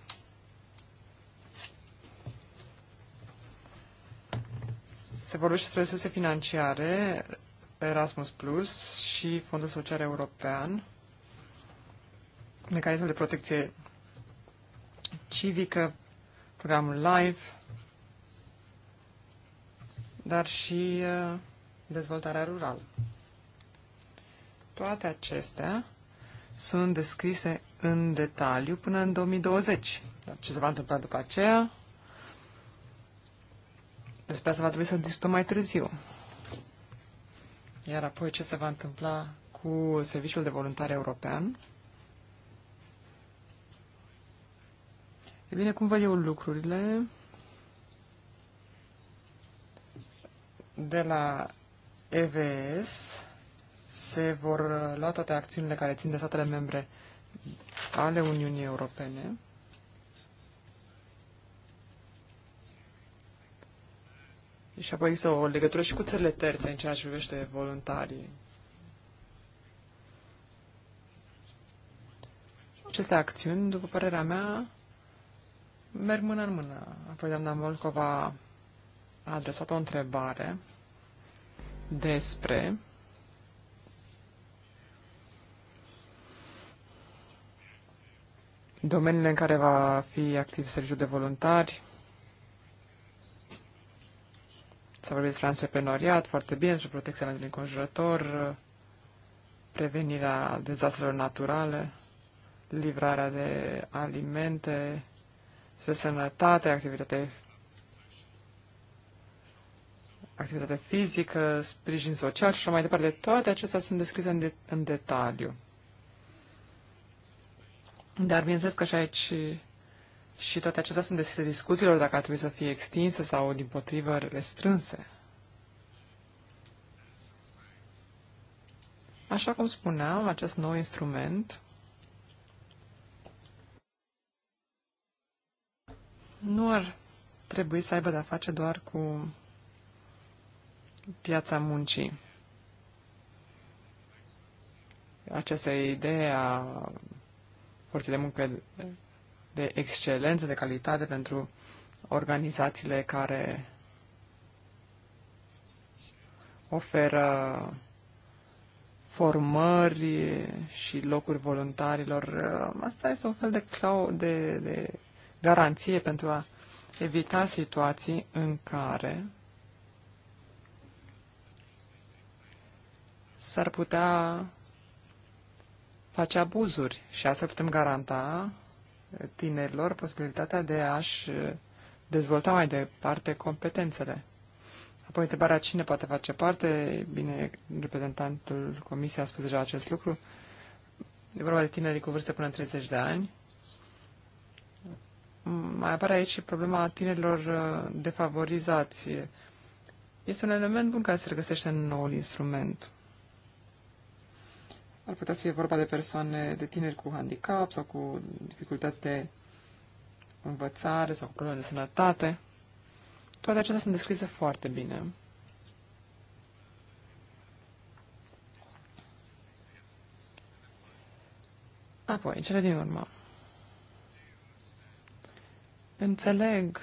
se vorbește despre resurse financiare, Erasmus Plus și Fondul Social European, mecanismul de protecție civică, programul LIFE, dar și uh, dezvoltarea rurală. Toate acestea sunt descrise în detaliu până în 2020. Dar ce se va întâmpla după aceea despre asta va trebui să discutăm mai târziu. Iar apoi ce se va întâmpla cu Serviciul de Voluntar European? E bine, cum văd eu lucrurile, de la EVS se vor lua toate acțiunile care țin de statele membre ale Uniunii Europene Și apoi există o legătură și cu țările terțe în ceea ce privește voluntarii. Aceste acțiuni, după părerea mea, merg mână în mână. Apoi doamna Molcova a adresat o întrebare despre domeniile în care va fi activ serviciul de voluntari, Să vorbim despre antreprenoriat, foarte bine, despre protecția mediului înconjurător, prevenirea dezastrelor naturale, livrarea de alimente, despre sănătate, activitate, activitate fizică, sprijin social și așa mai departe. Toate acestea sunt descrise în, de, în detaliu. Dar bineînțeles că și aici și toate acestea sunt deschise discuțiilor dacă ar trebui să fie extinse sau, din potrivă, restrânse. Așa cum spuneam, acest nou instrument nu ar trebui să aibă de-a face doar cu piața muncii. Această idee a forței de muncă de excelență, de calitate pentru organizațiile care oferă formări și locuri voluntarilor. Asta este un fel de, clau, de, de garanție pentru a evita situații în care s-ar putea face abuzuri și asta putem garanta tinerilor posibilitatea de a-și uh, dezvolta mai departe competențele. Apoi întrebarea cine poate face parte, bine, reprezentantul Comisiei a spus deja acest lucru, e vorba de tinerii cu vârste până în 30 de ani. Mai apare aici și problema tinerilor uh, defavorizați. Este un element bun care se regăsește în noul instrument. Ar putea să fie vorba de persoane, de tineri cu handicap sau cu dificultăți de învățare sau cu probleme de sănătate. Toate acestea sunt descrise foarte bine. Apoi, cele din urmă. Înțeleg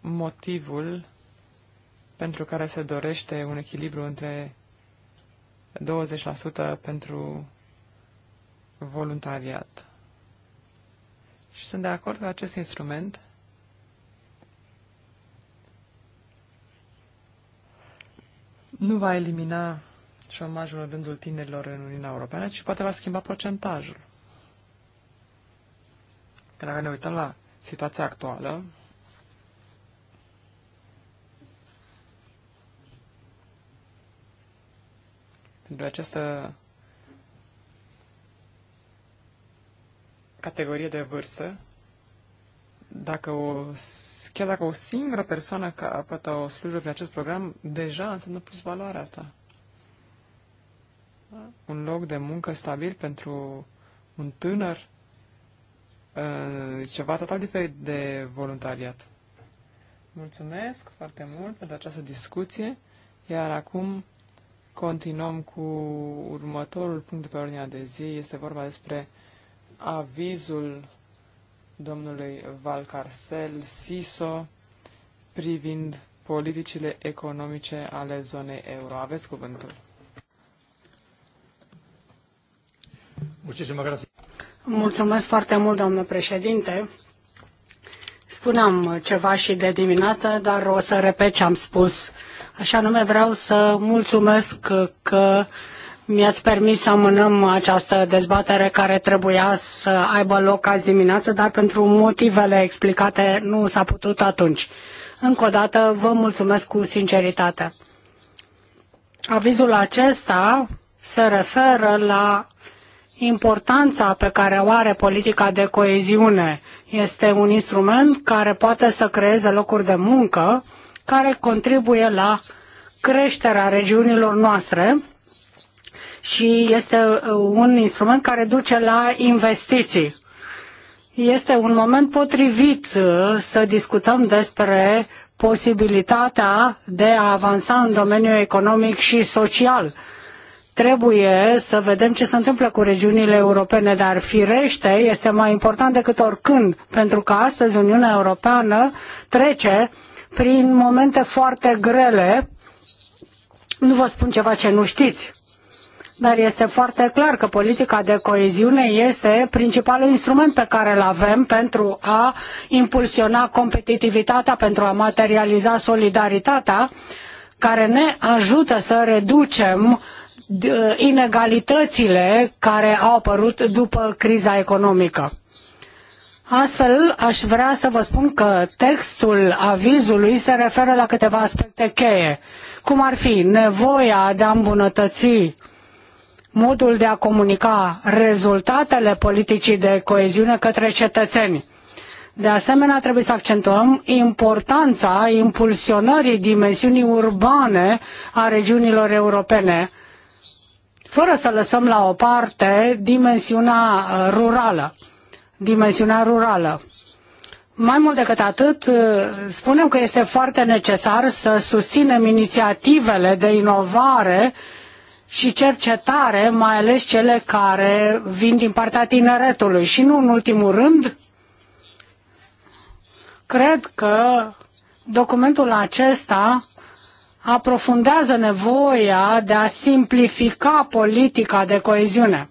motivul pentru care se dorește un echilibru între 20% pentru voluntariat. Și sunt de acord că acest instrument nu va elimina șomajul în rândul tinerilor în Uniunea Europeană, ci poate va schimba procentajul. Că dacă ne uităm la situația actuală, pentru această categorie de vârstă, dacă o, chiar dacă o singură persoană capătă o slujbă prin acest program, deja înseamnă plus valoarea asta. Un loc de muncă stabil pentru un tânăr, uh, ceva total diferit de voluntariat. Mulțumesc foarte mult pentru această discuție, iar acum Continuăm cu următorul punct de pe ordinea de zi. Este vorba despre avizul domnului Valcarcel Siso privind politicile economice ale zonei euro. Aveți cuvântul. Mulțumesc foarte mult, doamnă președinte. Spuneam ceva și de dimineață, dar o să repet ce am spus. Așa nume vreau să mulțumesc că mi-ați permis să amânăm această dezbatere care trebuia să aibă loc azi dimineață, dar pentru motivele explicate nu s-a putut atunci. Încă o dată vă mulțumesc cu sinceritate. Avizul acesta se referă la importanța pe care o are politica de coeziune. Este un instrument care poate să creeze locuri de muncă care contribuie la creșterea regiunilor noastre și este uh, un instrument care duce la investiții. Este un moment potrivit uh, să discutăm despre posibilitatea de a avansa în domeniul economic și social Trebuie să vedem ce se întâmplă cu regiunile europene, dar firește este mai important decât oricând, pentru că astăzi Uniunea Europeană trece prin momente foarte grele. Nu vă spun ceva ce nu știți, dar este foarte clar că politica de coeziune este principalul instrument pe care îl avem pentru a impulsiona competitivitatea, pentru a materializa solidaritatea, care ne ajută să reducem inegalitățile care au apărut după criza economică. Astfel, aș vrea să vă spun că textul avizului se referă la câteva aspecte cheie, cum ar fi nevoia de a îmbunătăți modul de a comunica rezultatele politicii de coeziune către cetățeni. De asemenea, trebuie să accentuăm importanța impulsionării dimensiunii urbane a regiunilor europene fără să lăsăm la o parte dimensiunea uh, rurală. Dimensiunea rurală. Mai mult decât atât, uh, spunem că este foarte necesar să susținem inițiativele de inovare și cercetare, mai ales cele care vin din partea tineretului. Și nu în ultimul rând, cred că documentul acesta aprofundează nevoia de a simplifica politica de coeziune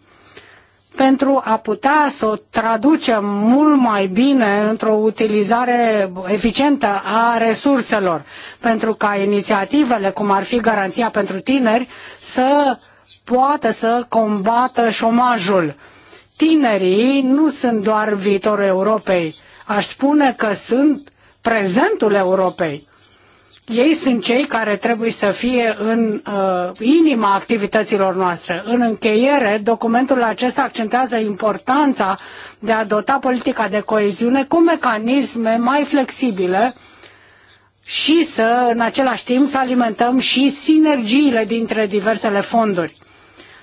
pentru a putea să o traducem mult mai bine într-o utilizare eficientă a resurselor, pentru ca inițiativele, cum ar fi garanția pentru tineri, să poată să combată șomajul. Tinerii nu sunt doar viitorul Europei, aș spune că sunt prezentul Europei. Ei sunt cei care trebuie să fie în uh, inima activităților noastre. În încheiere, documentul acesta accentează importanța de a dota politica de coeziune cu mecanisme mai flexibile și să, în același timp, să alimentăm și sinergiile dintre diversele fonduri.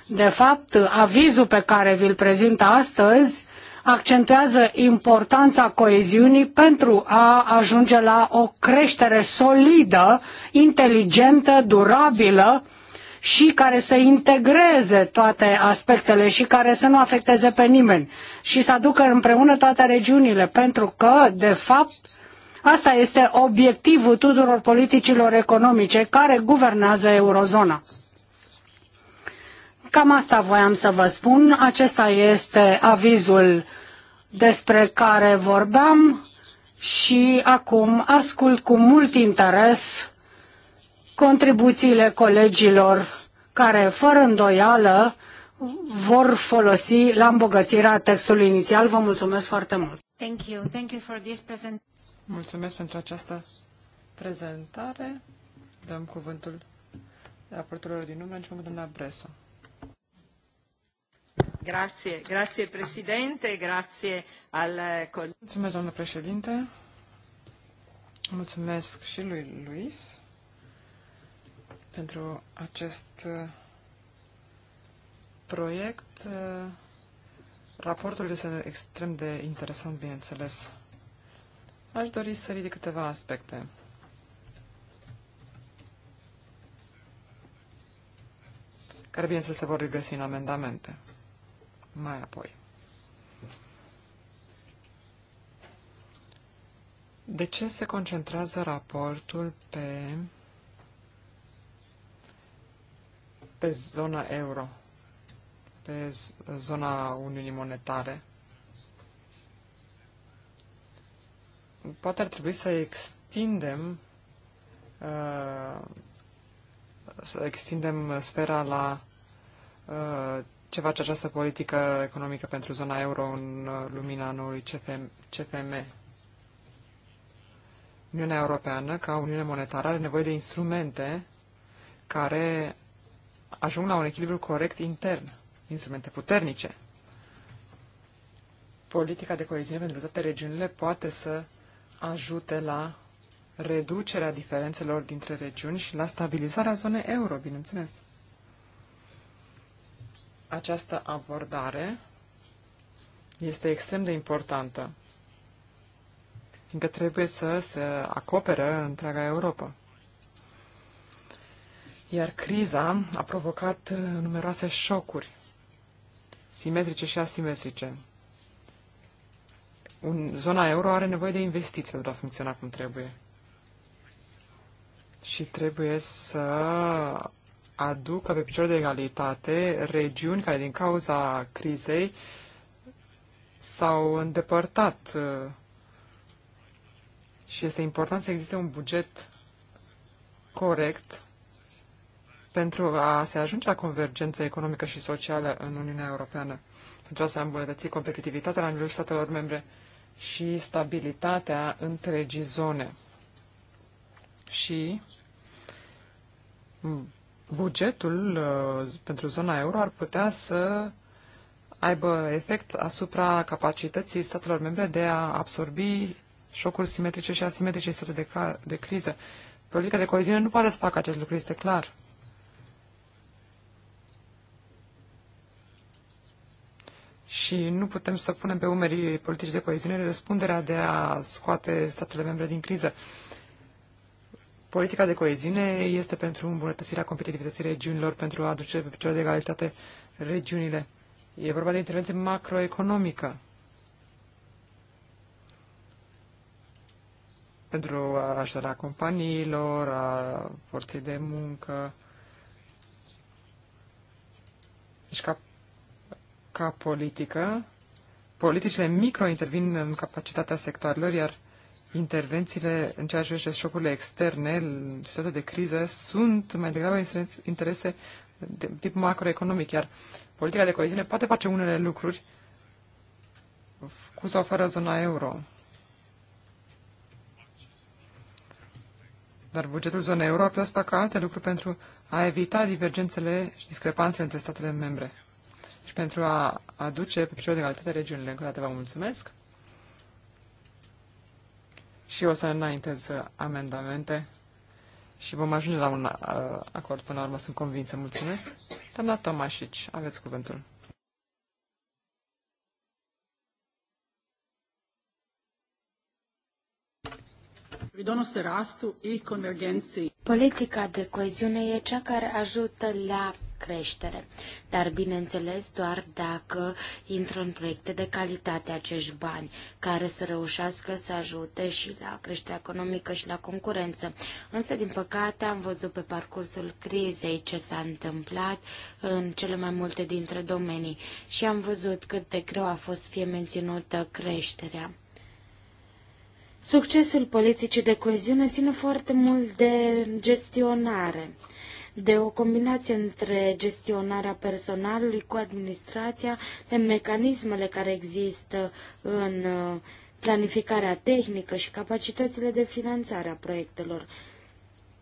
De fapt, avizul pe care vi-l prezint astăzi accentuează importanța coeziunii pentru a ajunge la o creștere solidă, inteligentă, durabilă și care să integreze toate aspectele și care să nu afecteze pe nimeni și să aducă împreună toate regiunile, pentru că, de fapt, asta este obiectivul tuturor politicilor economice care guvernează eurozona. Cam asta voiam să vă spun. Acesta este avizul despre care vorbeam și acum ascult cu mult interes contribuțiile colegilor care, fără îndoială, vor folosi la îmbogățirea textului inițial. Vă mulțumesc foarte mult. Thank you. Thank you for this present... Mulțumesc pentru această prezentare. Dăm cuvântul raportorilor din urmă, începând cu doamna Breso. Grazie, grazie Presidente, grazie al Mulțumesc, doamnă președinte. Mulțumesc și lui Luis pentru acest uh, proiect. Uh, raportul este extrem de interesant, bineînțeles. Aș dori să ridic câteva aspecte. care bineînțeles se vor regăsi în amendamente mai apoi. De ce se concentrează raportul pe, pe zona euro, pe zona Uniunii Monetare? Poate ar trebui să extindem uh, să extindem sfera la uh, ce face această politică economică pentru zona euro în uh, lumina noului CFM, CFM. Uniunea Europeană, ca Uniune Monetară, are nevoie de instrumente care ajung la un echilibru corect intern, instrumente puternice. Politica de coeziune pentru toate regiunile poate să ajute la reducerea diferențelor dintre regiuni și la stabilizarea zonei euro, bineînțeles. Această abordare este extrem de importantă, fiindcă trebuie să se acopere întreaga Europa. Iar criza a provocat numeroase șocuri, simetrice și asimetrice. Un, zona euro are nevoie de investiții pentru a funcționa cum trebuie. Și trebuie să aducă pe picior de egalitate regiuni care din cauza crizei s-au îndepărtat și este important să existe un buget corect pentru a se ajunge la convergență economică și socială în Uniunea Europeană, pentru a se îmbunătăți competitivitatea la nivelul statelor membre și stabilitatea întregii zone. Și bugetul uh, pentru zona euro ar putea să aibă efect asupra capacității statelor membre de a absorbi șocuri simetrice și asimetrice în situații de, de criză. Politica de coeziune nu poate să facă acest lucru, este clar. Și nu putem să punem pe umerii politici de coeziune răspunderea de a scoate statele membre din criză. Uh, Politica de coeziune este pentru îmbunătățirea competitivității regiunilor, pentru a aduce pe picioare de egalitate regiunile. E vorba de intervenție macroeconomică. Pentru ajutarea companiilor, a forței de muncă. Deci ca, ca politică, politicile micro intervin în capacitatea sectoarelor, iar intervențiile în ceea ce privește șocurile externe, situația de criză, sunt mai degrabă interese de tip macroeconomic, iar politica de coeziune poate face unele lucruri cu sau fără zona euro. Dar bugetul zonei euro ar putea să facă alte lucruri pentru a evita divergențele și discrepanțele între statele membre și pentru a aduce pe picior de egalitate regiunile. Încă o dată vă mulțumesc și o să înaintez amendamente și vom ajunge la un uh, acord până la urmă, sunt convinsă. Mulțumesc. Doamna Tomașici, aveți cuvântul. Politica de coeziune e cea care ajută la creștere. Dar, bineînțeles, doar dacă intră în proiecte de calitate acești bani, care să reușească să ajute și la creșterea economică și la concurență. Însă, din păcate, am văzut pe parcursul crizei ce s-a întâmplat în cele mai multe dintre domenii și am văzut cât de greu a fost fie menținută creșterea. Succesul politicii de coeziune ține foarte mult de gestionare de o combinație între gestionarea personalului cu administrația, pe mecanismele care există în uh, planificarea tehnică și capacitățile de finanțare a proiectelor.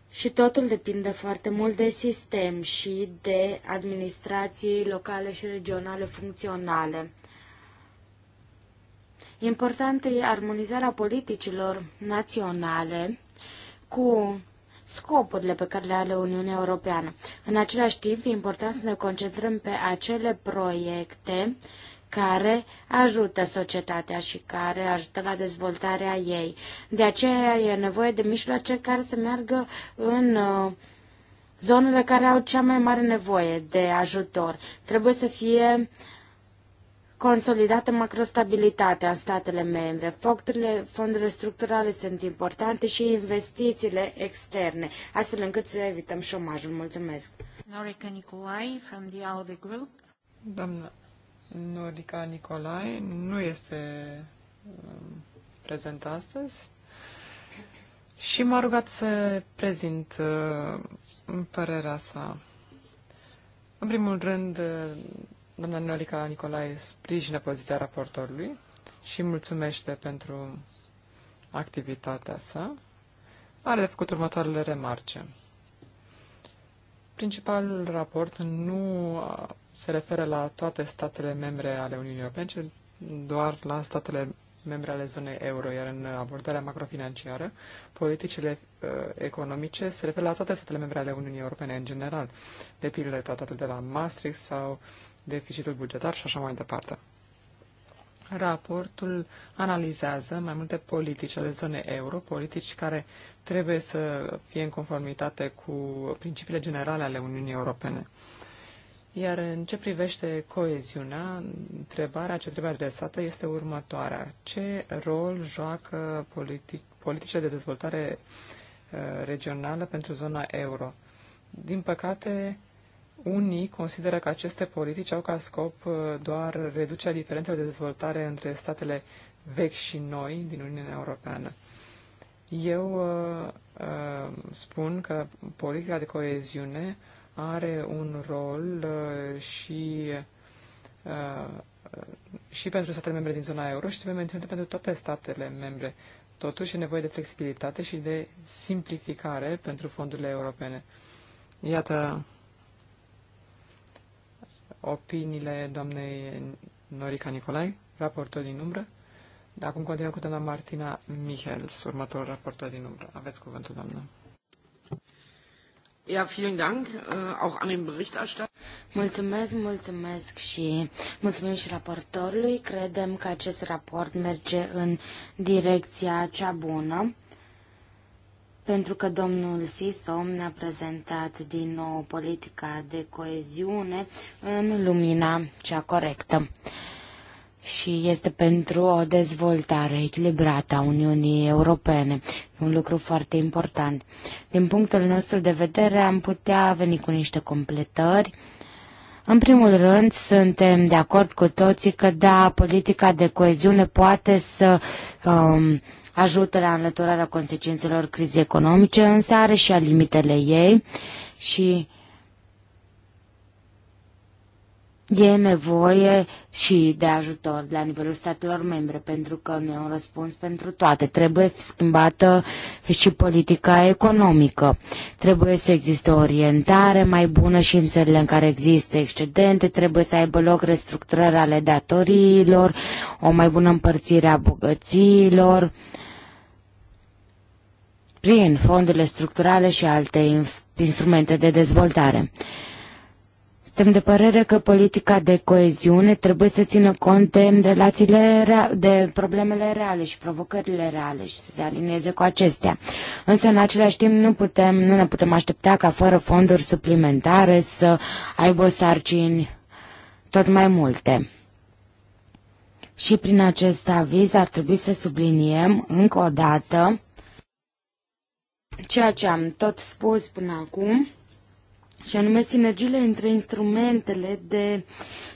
Și totul depinde foarte mult de sistem și de administrații locale și regionale funcționale. Importantă e armonizarea politicilor naționale cu scopurile pe care le are Uniunea Europeană. În același timp, e important să ne concentrăm pe acele proiecte care ajută societatea și care ajută la dezvoltarea ei. De aceea e nevoie de mijloace care să meargă în uh, zonele care au cea mai mare nevoie de ajutor. Trebuie să fie uh, consolidată macrostabilitatea în statele membre. Fondurile, fondurile structurale sunt importante și investițiile externe, astfel încât să evităm șomajul. Mulțumesc! Norica Nicolai, from the Audi Group. Doamna Norica Nicolai nu este um, prezent astăzi și m-a rugat să prezint uh, părerea sa. În primul rând, uh, Doamna Nolica Nicolae sprijină poziția raportorului și mulțumește pentru activitatea sa. Are de făcut următoarele remarce. Principalul raport nu se referă la toate statele membre ale Uniunii Europene, ci doar la statele membre ale zonei euro, iar în abordarea macrofinanciară, politicile uh, economice se referă la toate statele membre ale Uniunii Europene în general, de pildă tratatul de la Maastricht sau deficitul bugetar și așa mai departe. Raportul analizează mai multe politici ale zonei euro, politici care trebuie să fie în conformitate cu principiile generale ale Uniunii Europene. Iar în ce privește coeziunea, întrebarea ce trebuie adresată este următoarea. Ce rol joacă politic, politicile de dezvoltare uh, regională pentru zona euro? Din păcate, unii consideră că aceste politici au ca scop uh, doar reducerea diferențelor de dezvoltare între statele vechi și noi din Uniunea Europeană. Eu uh, uh, spun că politica de coeziune are un rol uh, și, uh, și pentru statele membre din zona euro și trebuie menționată pentru toate statele membre. Totuși e nevoie de flexibilitate și de simplificare pentru fondurile europene. Iată opiniile doamnei Norica Nicolai, raportor din umbră. Acum continuăm cu doamna Martina Michels, următorul raportor din umbră. Aveți cuvântul, doamnă. Ja, vielen Dank, uh, auch an den Berichterstatter. Mulțumesc, mulțumesc și mulțumim și raportorului. Credem că acest raport merge în direcția cea bună pentru că domnul Sisom ne-a prezentat din nou politica de coeziune în lumina cea corectă și este pentru o dezvoltare echilibrată a Uniunii Europene. Un lucru foarte important. Din punctul nostru de vedere am putea veni cu niște completări. În primul rând, suntem de acord cu toții că, da, politica de coeziune poate să um, ajută la înlăturarea consecințelor crizei economice, însă are și a limitele ei și e nevoie și de ajutor la nivelul statelor membre, pentru că nu e un răspuns pentru toate. Trebuie schimbată și politica economică. Trebuie să existe o orientare mai bună și în țările în care există excedente, trebuie să aibă loc restructurări ale datoriilor, o mai bună împărțire a bogățiilor. Uh, prin fondurile structurale și alte instrumente de dezvoltare. Suntem de părere că politica de coeziune trebuie să țină cont de relațiile de problemele reale și provocările reale și să se alinieze cu acestea. Însă, în același timp, nu, putem, nu ne putem aștepta ca fără fonduri suplimentare să aibă sarcini tot mai multe. Și prin acest aviz ar trebui să subliniem încă o dată ceea ce am tot spus până acum, și anume sinergiile între instrumentele de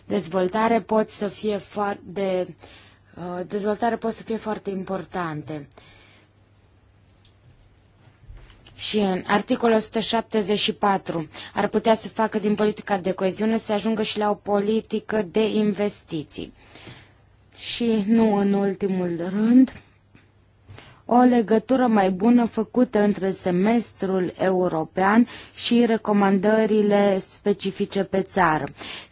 dezvoltare pot să fie de uh, dezvoltare pot să fie foarte importante. Și în articolul 174 ar putea să facă din politica de coeziune să ajungă și la o politică de investiții. Și nu în ultimul rând, o legătură mai bună făcută între semestrul european și recomandările specifice pe țară.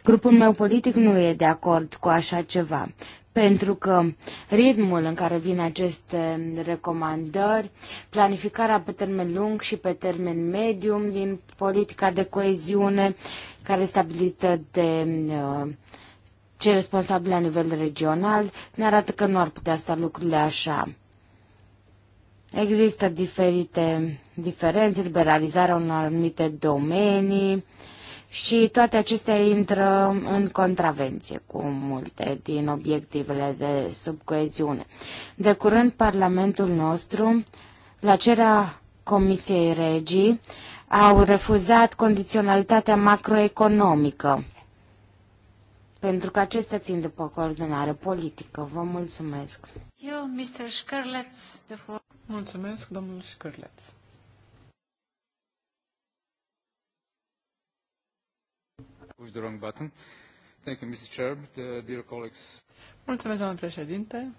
Grupul meu politic nu e de acord cu așa ceva, pentru că ritmul în care vin aceste recomandări, planificarea pe termen lung și pe termen mediu din politica de coeziune, care e stabilită de uh, cei responsabili la nivel regional, ne arată că nu ar putea sta lucrurile așa. Există diferite diferențe, liberalizarea unor anumite domenii și toate acestea intră în contravenție cu multe din obiectivele de subcoeziune. De curând, Parlamentul nostru, la cererea Comisiei Regii, au refuzat condiționalitatea macroeconomică, pentru că acestea țin după coordonare politică. Vă mulțumesc. Eu, Mr. Scarlett, before... Mulțumesc, domnul Șcârleț. Push the wrong button. Thank you, Mr. Chair, uh, dear colleagues. Mulțumesc, domnule președinte.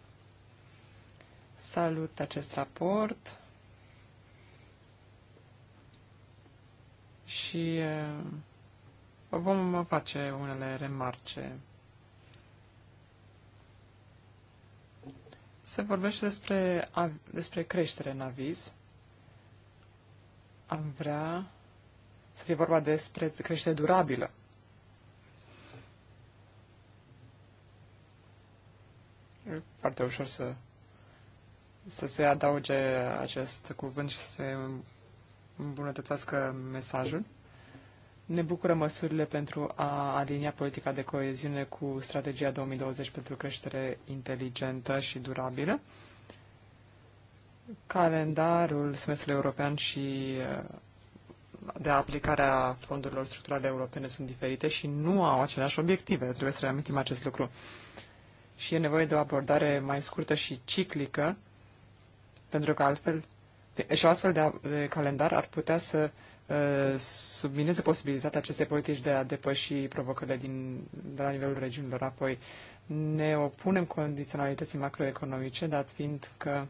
Salut acest raport. Și uh, vom face unele remarce Se vorbește despre, despre creștere în aviz. Am vrea să fie vorba despre creștere durabilă. E foarte ușor să, să se adauge acest cuvânt și să se îmbunătățească mesajul. Ne bucură măsurile pentru a alinia politica de coeziune cu strategia 2020 pentru creștere inteligentă și durabilă, calendarul semestrului european și uh, de aplicare a fondurilor structurale europene sunt diferite și nu au aceleași obiective. Trebuie să reamintim acest lucru. Și e nevoie de o abordare mai scurtă și ciclică, pentru că altfel, și o astfel de, de calendar ar putea să Uh, submineze posibilitatea acestei politici de a depăși provocările din, de la nivelul regiunilor. Apoi ne opunem condiționalității macroeconomice, dat fiind că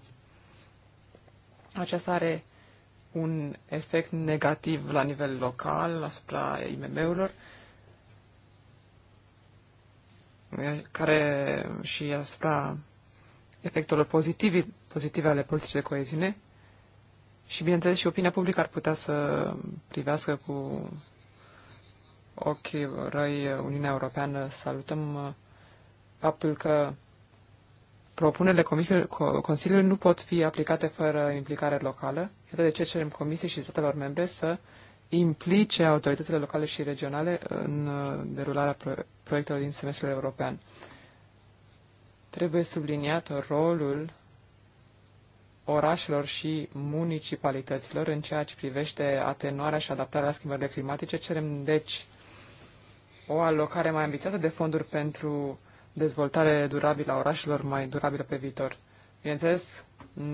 aceasta are un efect negativ la nivel local asupra IMM-urilor, care și asupra efectelor pozitive, pozitive ale politicii de coeziune, și, bineînțeles, și opinia publică ar putea să privească cu ochii răi Uniunea Europeană. Salutăm uh, faptul că propunerile Consiliului nu pot fi aplicate fără implicare locală. Iată de ce cerem Comisiei și statelor membre să implice autoritățile locale și regionale în uh, derularea proiectelor din semestrul european. Trebuie subliniat rolul orașelor și municipalităților în ceea ce privește atenuarea și adaptarea la schimbările climatice. Cerem, deci, o alocare mai ambițioasă de fonduri pentru dezvoltare durabilă a orașelor mai durabilă pe viitor. Bineînțeles,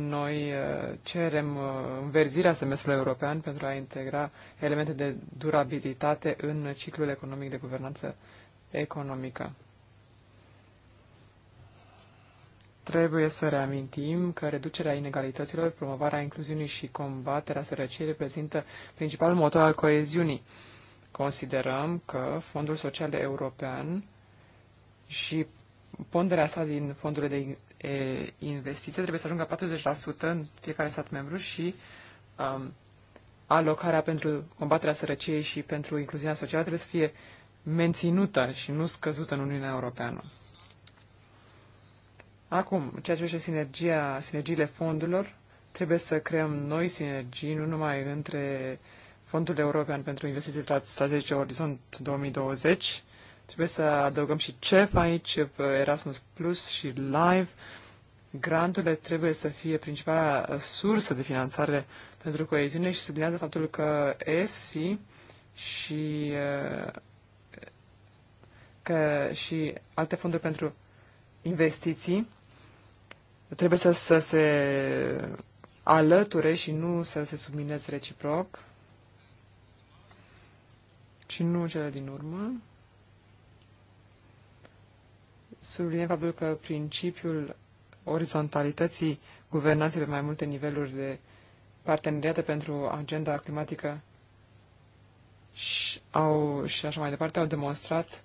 noi uh, cerem uh, înverzirea semestrului european pentru a integra elemente de durabilitate în ciclul economic de guvernanță economică. Trebuie să reamintim că reducerea inegalităților, promovarea incluziunii și combaterea sărăciei reprezintă principalul motor al coeziunii. Considerăm că Fondul Social European și ponderea sa din fondurile de investiție trebuie să ajungă 40% în fiecare stat membru și um, alocarea pentru combaterea sărăciei și pentru incluziunea socială trebuie să fie menținută și nu scăzută în Uniunea Europeană. Acum, ceea ce este sinergia, sinergiile fondurilor, trebuie să creăm noi sinergii, nu numai între Fondul European pentru Investiții Strategice Orizont 2020, trebuie să adăugăm și CEF aici, Erasmus Plus și Live. Granturile trebuie să fie principala sursă de finanțare pentru coeziune și sublinează faptul că EFSI și, uh, că și alte fonduri pentru investiții trebuie să, să se alăture și nu să se submineze reciproc, și nu cele din urmă. Subliniem faptul că principiul orizontalității guvernanței pe mai multe niveluri de parteneriate pentru agenda climatică și, au, și așa mai departe au demonstrat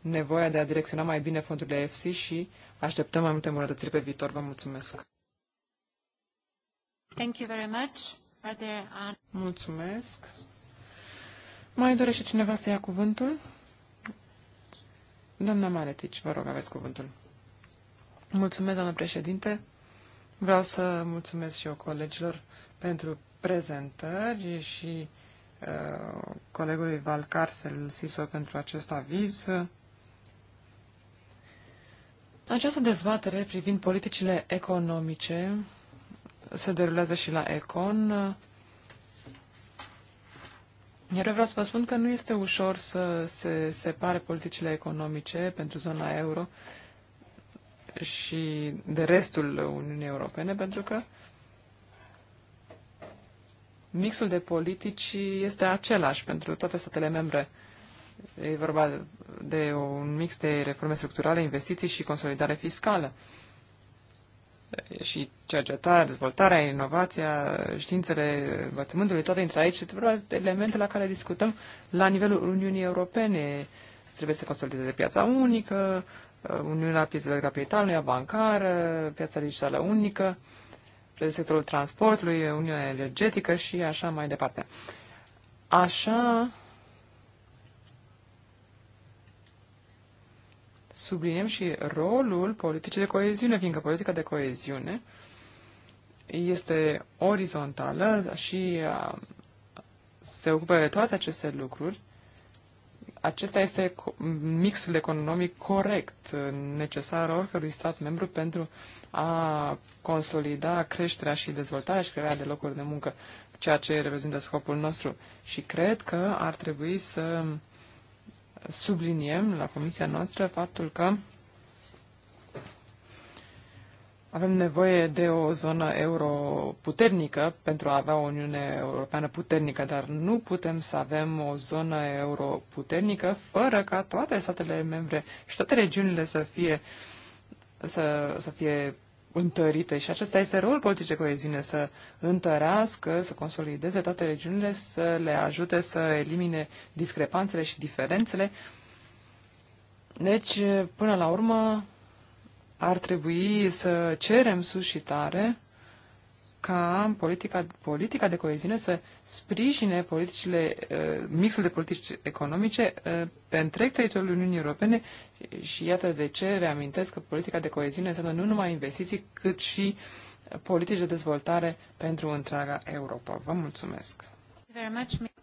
nevoia de a direcționa mai bine fondurile EFSI și așteptăm mai multe îmbunătățiri pe viitor. Vă mulțumesc! Thank you very much. Are there... Uh, mulțumesc! Mai dorește cineva să ia cuvântul? Doamna Maletici, vă rog, aveți cuvântul. Mulțumesc, doamnă președinte. Vreau să mulțumesc și eu colegilor pentru prezentări și uh, colegului Valcarcel Siso pentru acest aviz. Această dezbatere privind politicile economice se derulează și la Econ. Iar eu vreau să vă spun că nu este ușor să se separe politicile economice pentru zona euro și de restul Uniunii Europene, pentru că mixul de politici este același pentru toate statele membre. E vorba de un mix de reforme structurale, investiții și consolidare fiscală. Și cercetarea, dezvoltarea, inovația, științele învățământului, toate dintre aici, este vorba de elemente la care discutăm la nivelul Uniunii Europene. Trebuie să consolideze piața unică, Uniunea Piețelor Capitalului, Uniunea bancară, piața digitală unică, sectorul transportului, Uniunea Energetică și așa mai departe. Așa subliniem și rolul politicii de coeziune, fiindcă politica de coeziune este orizontală și se ocupă de toate aceste lucruri. Acesta este mixul economic corect necesar oricărui stat membru pentru a consolida creșterea și dezvoltarea și crearea de locuri de muncă, ceea ce reprezintă scopul nostru. Și cred că ar trebui să uh, subliniem la comisia noastră faptul că avem nevoie de o zonă euro puternică pentru a avea o Uniune Europeană puternică, dar nu putem să avem o zonă euro puternică fără ca toate statele membre și toate regiunile să fie, să, să fie întărite și acesta este rolul politicii coeziune, să întărească, să consolideze toate regiunile, să le ajute să elimine discrepanțele și diferențele. Deci, până la urmă, ar trebui să cerem sus și tare ca politica, politica de coeziune să sprijine politicile, uh, mixul de politici economice uh, pe întreg teritoriul Uniunii Europene și iată de ce reamintesc că politica de coeziune înseamnă nu numai investiții, cât și politici de dezvoltare pentru întreaga Europa. Vă mulțumesc!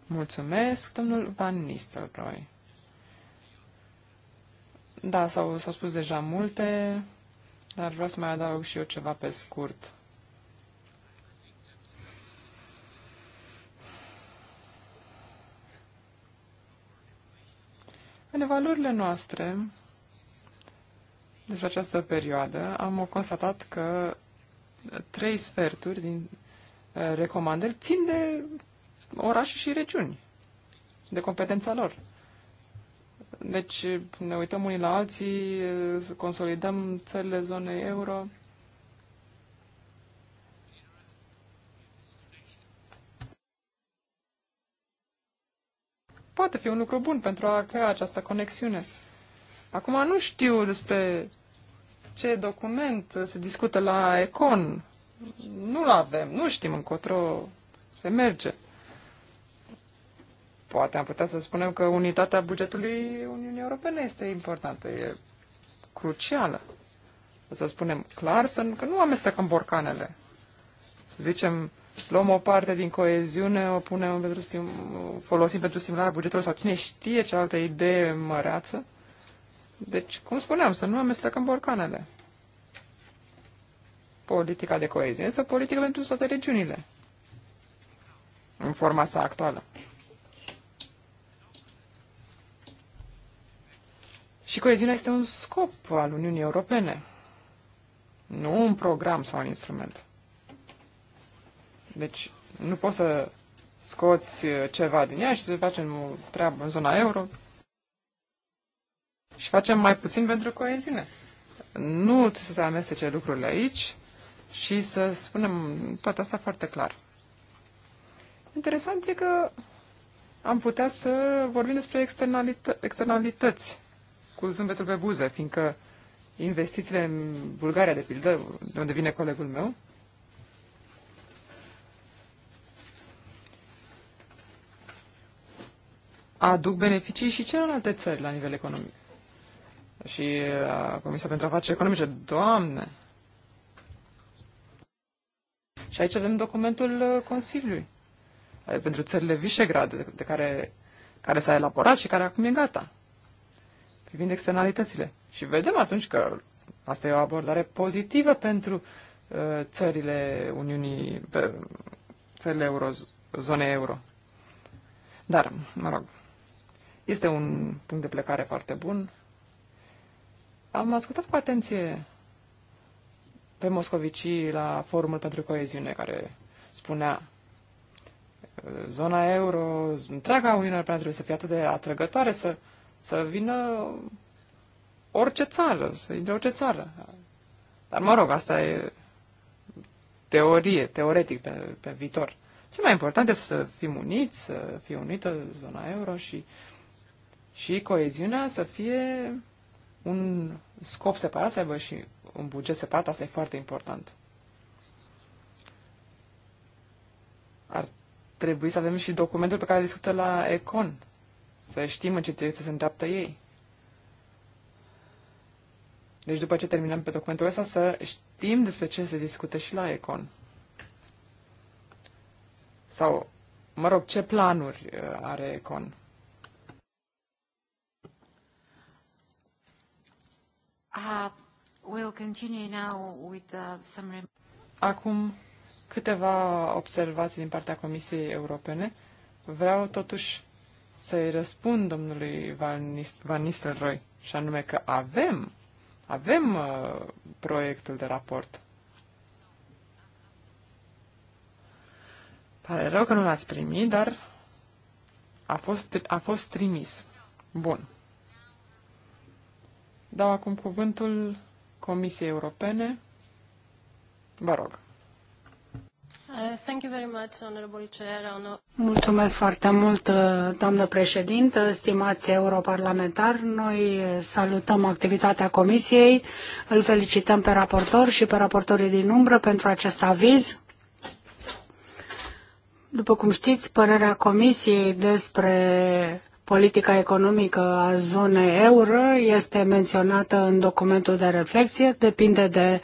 Mulțumesc, domnul Van Nistelrooy. Da, s-au, spus deja multe, dar vreau să mai adaug și eu ceva pe scurt. În evaluările noastre despre această perioadă am constatat că trei sferturi din eh, recomandări țin de orașe și regiuni, de competența lor. Deci ne uităm unii la alții, eh, consolidăm țările zonei euro, poate fi un lucru bun pentru a crea această conexiune. Acum nu știu despre ce document se discută la Econ. Nu-l avem, nu știm încotro se merge. Poate am putea să spunem că unitatea bugetului Uniunii Europene este importantă, e crucială. Să spunem clar să, că nu amestecăm borcanele. Să zicem, luăm o parte din coeziune, o punem pentru stim, folosim pentru stimularea bugetului sau cine știe ce altă idee măreață. Deci, cum spuneam, să nu amestecăm borcanele. Politica de coeziune este o politică pentru toate regiunile, în forma sa actuală. Și coeziunea este un scop al Uniunii Europene, nu un program sau un instrument. Deci nu poți să scoți uh, ceva din ea și să facem o treabă în zona euro și facem mai puțin pentru coeziune. Nu trebuie să se amestece lucrurile aici și să spunem toate asta foarte clar. Interesant e că am putea să vorbim despre externalită- externalități cu zâmbetul pe buze, fiindcă investițiile în Bulgaria, de pildă, de unde vine colegul meu, aduc beneficii și celelalte țări la nivel economic. Și uh, Comisia pentru Afaceri Economice, Doamne! Și aici avem documentul uh, Consiliului uh, pentru țările Visegrad, de, de care, care s-a elaborat și care acum e gata, privind externalitățile. Și vedem atunci că asta e o abordare pozitivă pentru uh, țările Uniunii, pe, țările euro, zone euro. Dar, mă rog, este un punct de plecare foarte bun. Am ascultat cu atenție pe Moscovici la Forumul pentru Coeziune, care spunea zona euro, întreaga Uniunea Europeană trebuie să fie atât de atrăgătoare să, să vină orice țară, să intre orice țară. Dar mă rog, asta e teorie, teoretic pe, pe viitor. Ce mai important este să fim uniți, să fie unită zona euro și uh, și coeziunea să fie un scop separat, să aibă și un buget separat, asta e foarte important. Ar trebui să avem și documentul pe care discută la Econ, să știm în ce direcție se îndreaptă ei. Deci după ce terminăm pe documentul ăsta, să știm despre ce se discută și la Econ. Sau, mă rog, ce planuri uh, are Econ. Uh, we'll continue now with, uh, Acum câteva observații din partea Comisiei Europene. Vreau totuși să-i răspund domnului Van Nistelrooy, și anume că avem, avem uh, proiectul de raport. Pare rău că nu l-ați primit, dar a fost, a fost trimis. Bun. Dau acum cuvântul Comisiei Europene. Vă rog. Uh, thank you very much, Honorable Chair. Mulțumesc foarte mult, uh, doamnă președintă, stimați europarlamentari. Noi uh, salutăm activitatea Comisiei, îl felicităm pe raportor și pe raportorii din umbră pentru acest aviz. După cum știți, părerea Comisiei despre politica economică a zonei euro este menționată în documentul de reflexie, depinde de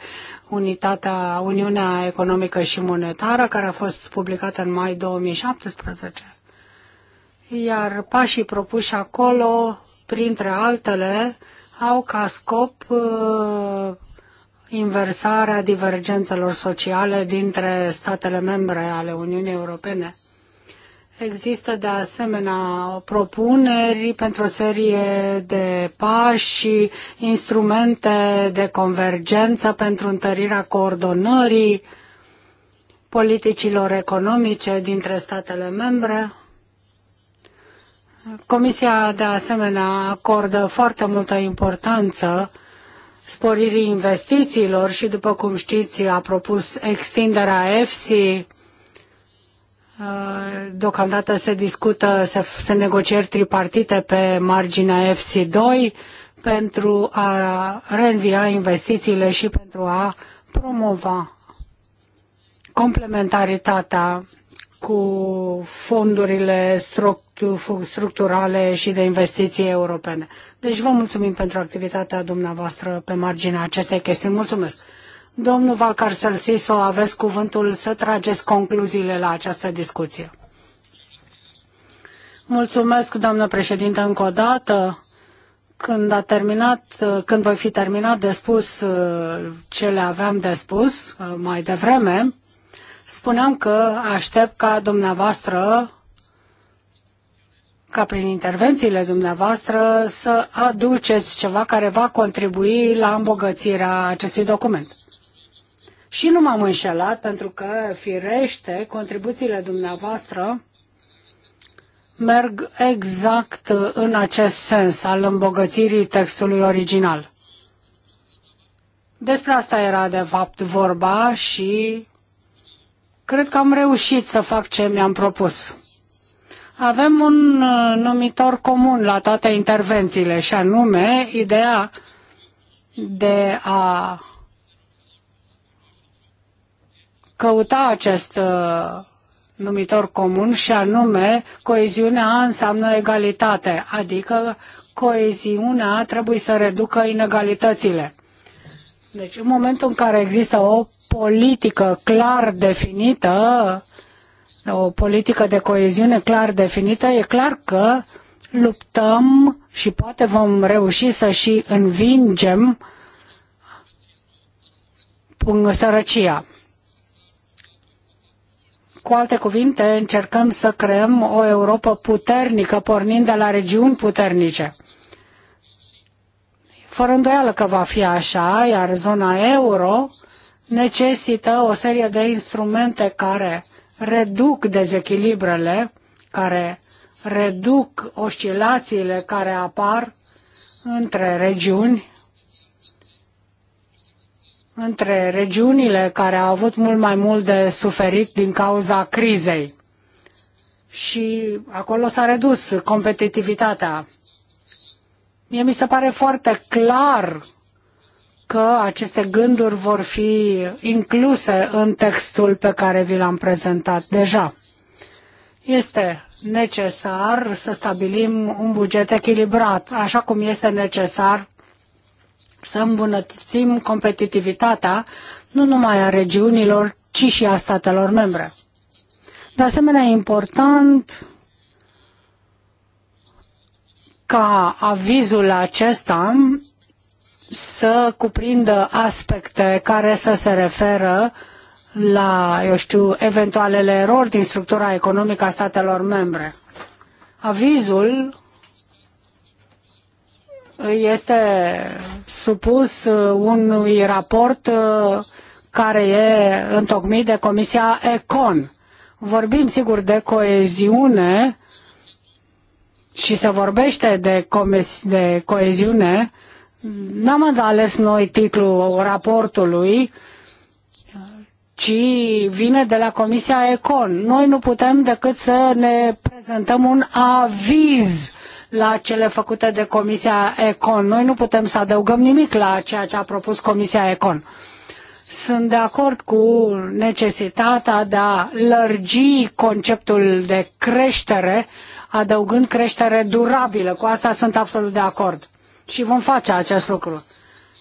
unitatea Uniunea Economică și Monetară, care a fost publicată în mai 2017. Iar pașii propuși acolo, printre altele, au ca scop uh, inversarea divergențelor sociale dintre statele membre ale Uniunii Europene Există de asemenea propuneri pentru o serie de pași și instrumente de convergență pentru întărirea coordonării politicilor economice dintre statele membre. Comisia de asemenea acordă foarte multă importanță sporirii investițiilor și, după cum știți, a propus extinderea EFSI Deocamdată se discută, se, se negocieri tripartite pe marginea FC2 pentru a reînvia investițiile și pentru a promova complementaritatea cu fondurile structurale și de investiții europene. Deci vă mulțumim pentru activitatea dumneavoastră pe marginea acestei chestiuni. Mulțumesc! Domnul Valcarcel Sălsiso, aveți cuvântul să trageți concluziile la această discuție. Mulțumesc, doamnă președintă, încă o dată. Când a terminat, când voi fi terminat de spus ce le aveam de spus mai devreme, spuneam că aștept ca dumneavoastră, ca prin intervențiile dumneavoastră, să aduceți ceva care va contribui la îmbogățirea acestui document. Și nu m-am înșelat pentru că, firește, contribuțiile dumneavoastră merg exact în acest sens al îmbogățirii textului original. Despre asta era de fapt vorba și cred că am reușit să fac ce mi-am propus. Avem un uh, numitor comun la toate intervențiile și anume ideea de a căuta acest uh, numitor comun și anume coeziunea înseamnă egalitate, adică coeziunea trebuie să reducă inegalitățile. Deci în momentul în care există o politică clar definită, o politică de coeziune clar definită, e clar că luptăm și poate vom reuși să și învingem sărăcia. Cu alte cuvinte, încercăm să creăm o Europa puternică, pornind de la regiuni puternice. Fără îndoială că va fi așa, iar zona euro necesită o serie de instrumente care reduc dezechilibrele, care reduc oscilațiile care apar între regiuni între regiunile care au avut mult mai mult de suferit din cauza crizei. Și acolo s-a redus competitivitatea. Mie mi se pare foarte clar că aceste gânduri vor fi incluse în textul pe care vi l-am prezentat deja. Este necesar să stabilim un buget echilibrat, așa cum este necesar să îmbunătățim competitivitatea nu numai a regiunilor, ci și a statelor membre. De asemenea, e important ca avizul acesta să cuprindă aspecte care să se referă la, eu știu, eventualele erori din structura economică a statelor membre. Avizul este supus uh, unui raport uh, care e întocmit de Comisia Econ. Vorbim, sigur, de coeziune și se vorbește de, de coeziune. N-am ales noi titlul raportului, ci vine de la Comisia Econ. Noi nu putem decât să ne prezentăm un aviz la cele făcute de Comisia Econ. Noi nu putem să adăugăm nimic la ceea ce a propus Comisia Econ. Sunt de acord cu necesitatea de a lărgi conceptul de creștere, adăugând creștere durabilă. Cu asta sunt absolut de acord. Și vom face acest lucru.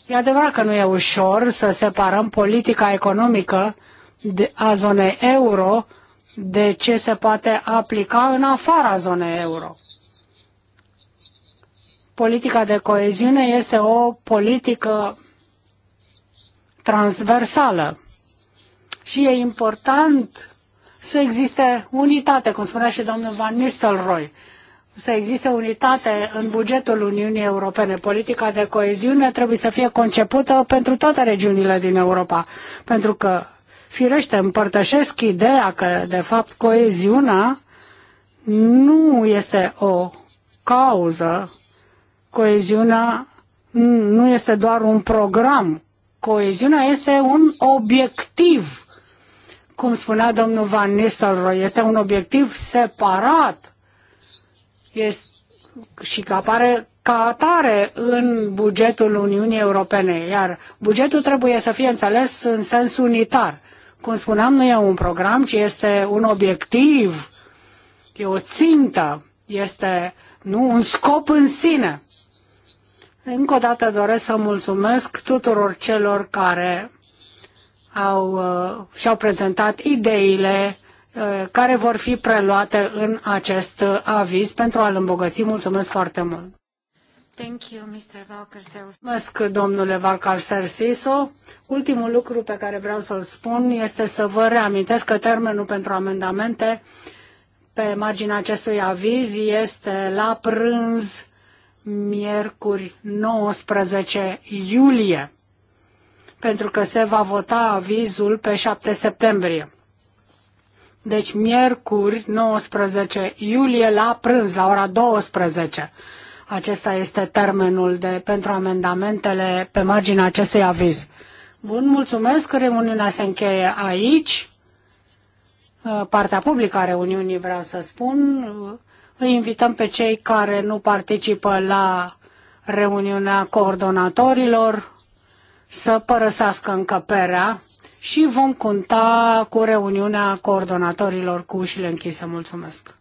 E adevărat că nu e ușor să separăm politica economică a zonei euro de ce se poate aplica în afara zonei euro politica de coeziune este o politică transversală și e important să existe unitate, cum spunea și domnul Van Nistelrooy, să existe unitate în bugetul Uniunii Europene. Politica de coeziune trebuie să fie concepută pentru toate regiunile din Europa, pentru că, firește, împărtășesc ideea că, de fapt, coeziunea nu este o cauză Coeziunea nu este doar un program, coeziunea este un obiectiv. Cum spunea domnul Van Nistelrooy, este un obiectiv separat este, și că apare ca atare în bugetul Uniunii Europene, iar bugetul trebuie să fie înțeles în sens unitar. Cum spuneam, nu e un program, ci este un obiectiv, e o țintă, este nu un scop în sine. Încă o dată doresc să mulțumesc tuturor celor care au, uh, și-au prezentat ideile uh, care vor fi preluate în acest uh, aviz pentru a-l îmbogăți. Mulțumesc foarte mult! Thank you, Mr. Mulțumesc, domnule Valcarcel Siso. Ultimul lucru pe care vreau să-l spun este să vă reamintesc că termenul pentru amendamente pe marginea acestui aviz este la prânz miercuri 19 iulie, pentru că se va vota avizul pe 7 septembrie. Deci miercuri 19 iulie la prânz, la ora 12. Acesta este termenul de, pentru amendamentele pe marginea acestui aviz. Bun, mulțumesc. Reuniunea se încheie aici. Partea publică a reuniunii, vreau să spun. Îi invităm pe cei care nu participă la reuniunea coordonatorilor să părăsească încăperea și vom conta cu reuniunea coordonatorilor cu ușile închise. Mulțumesc!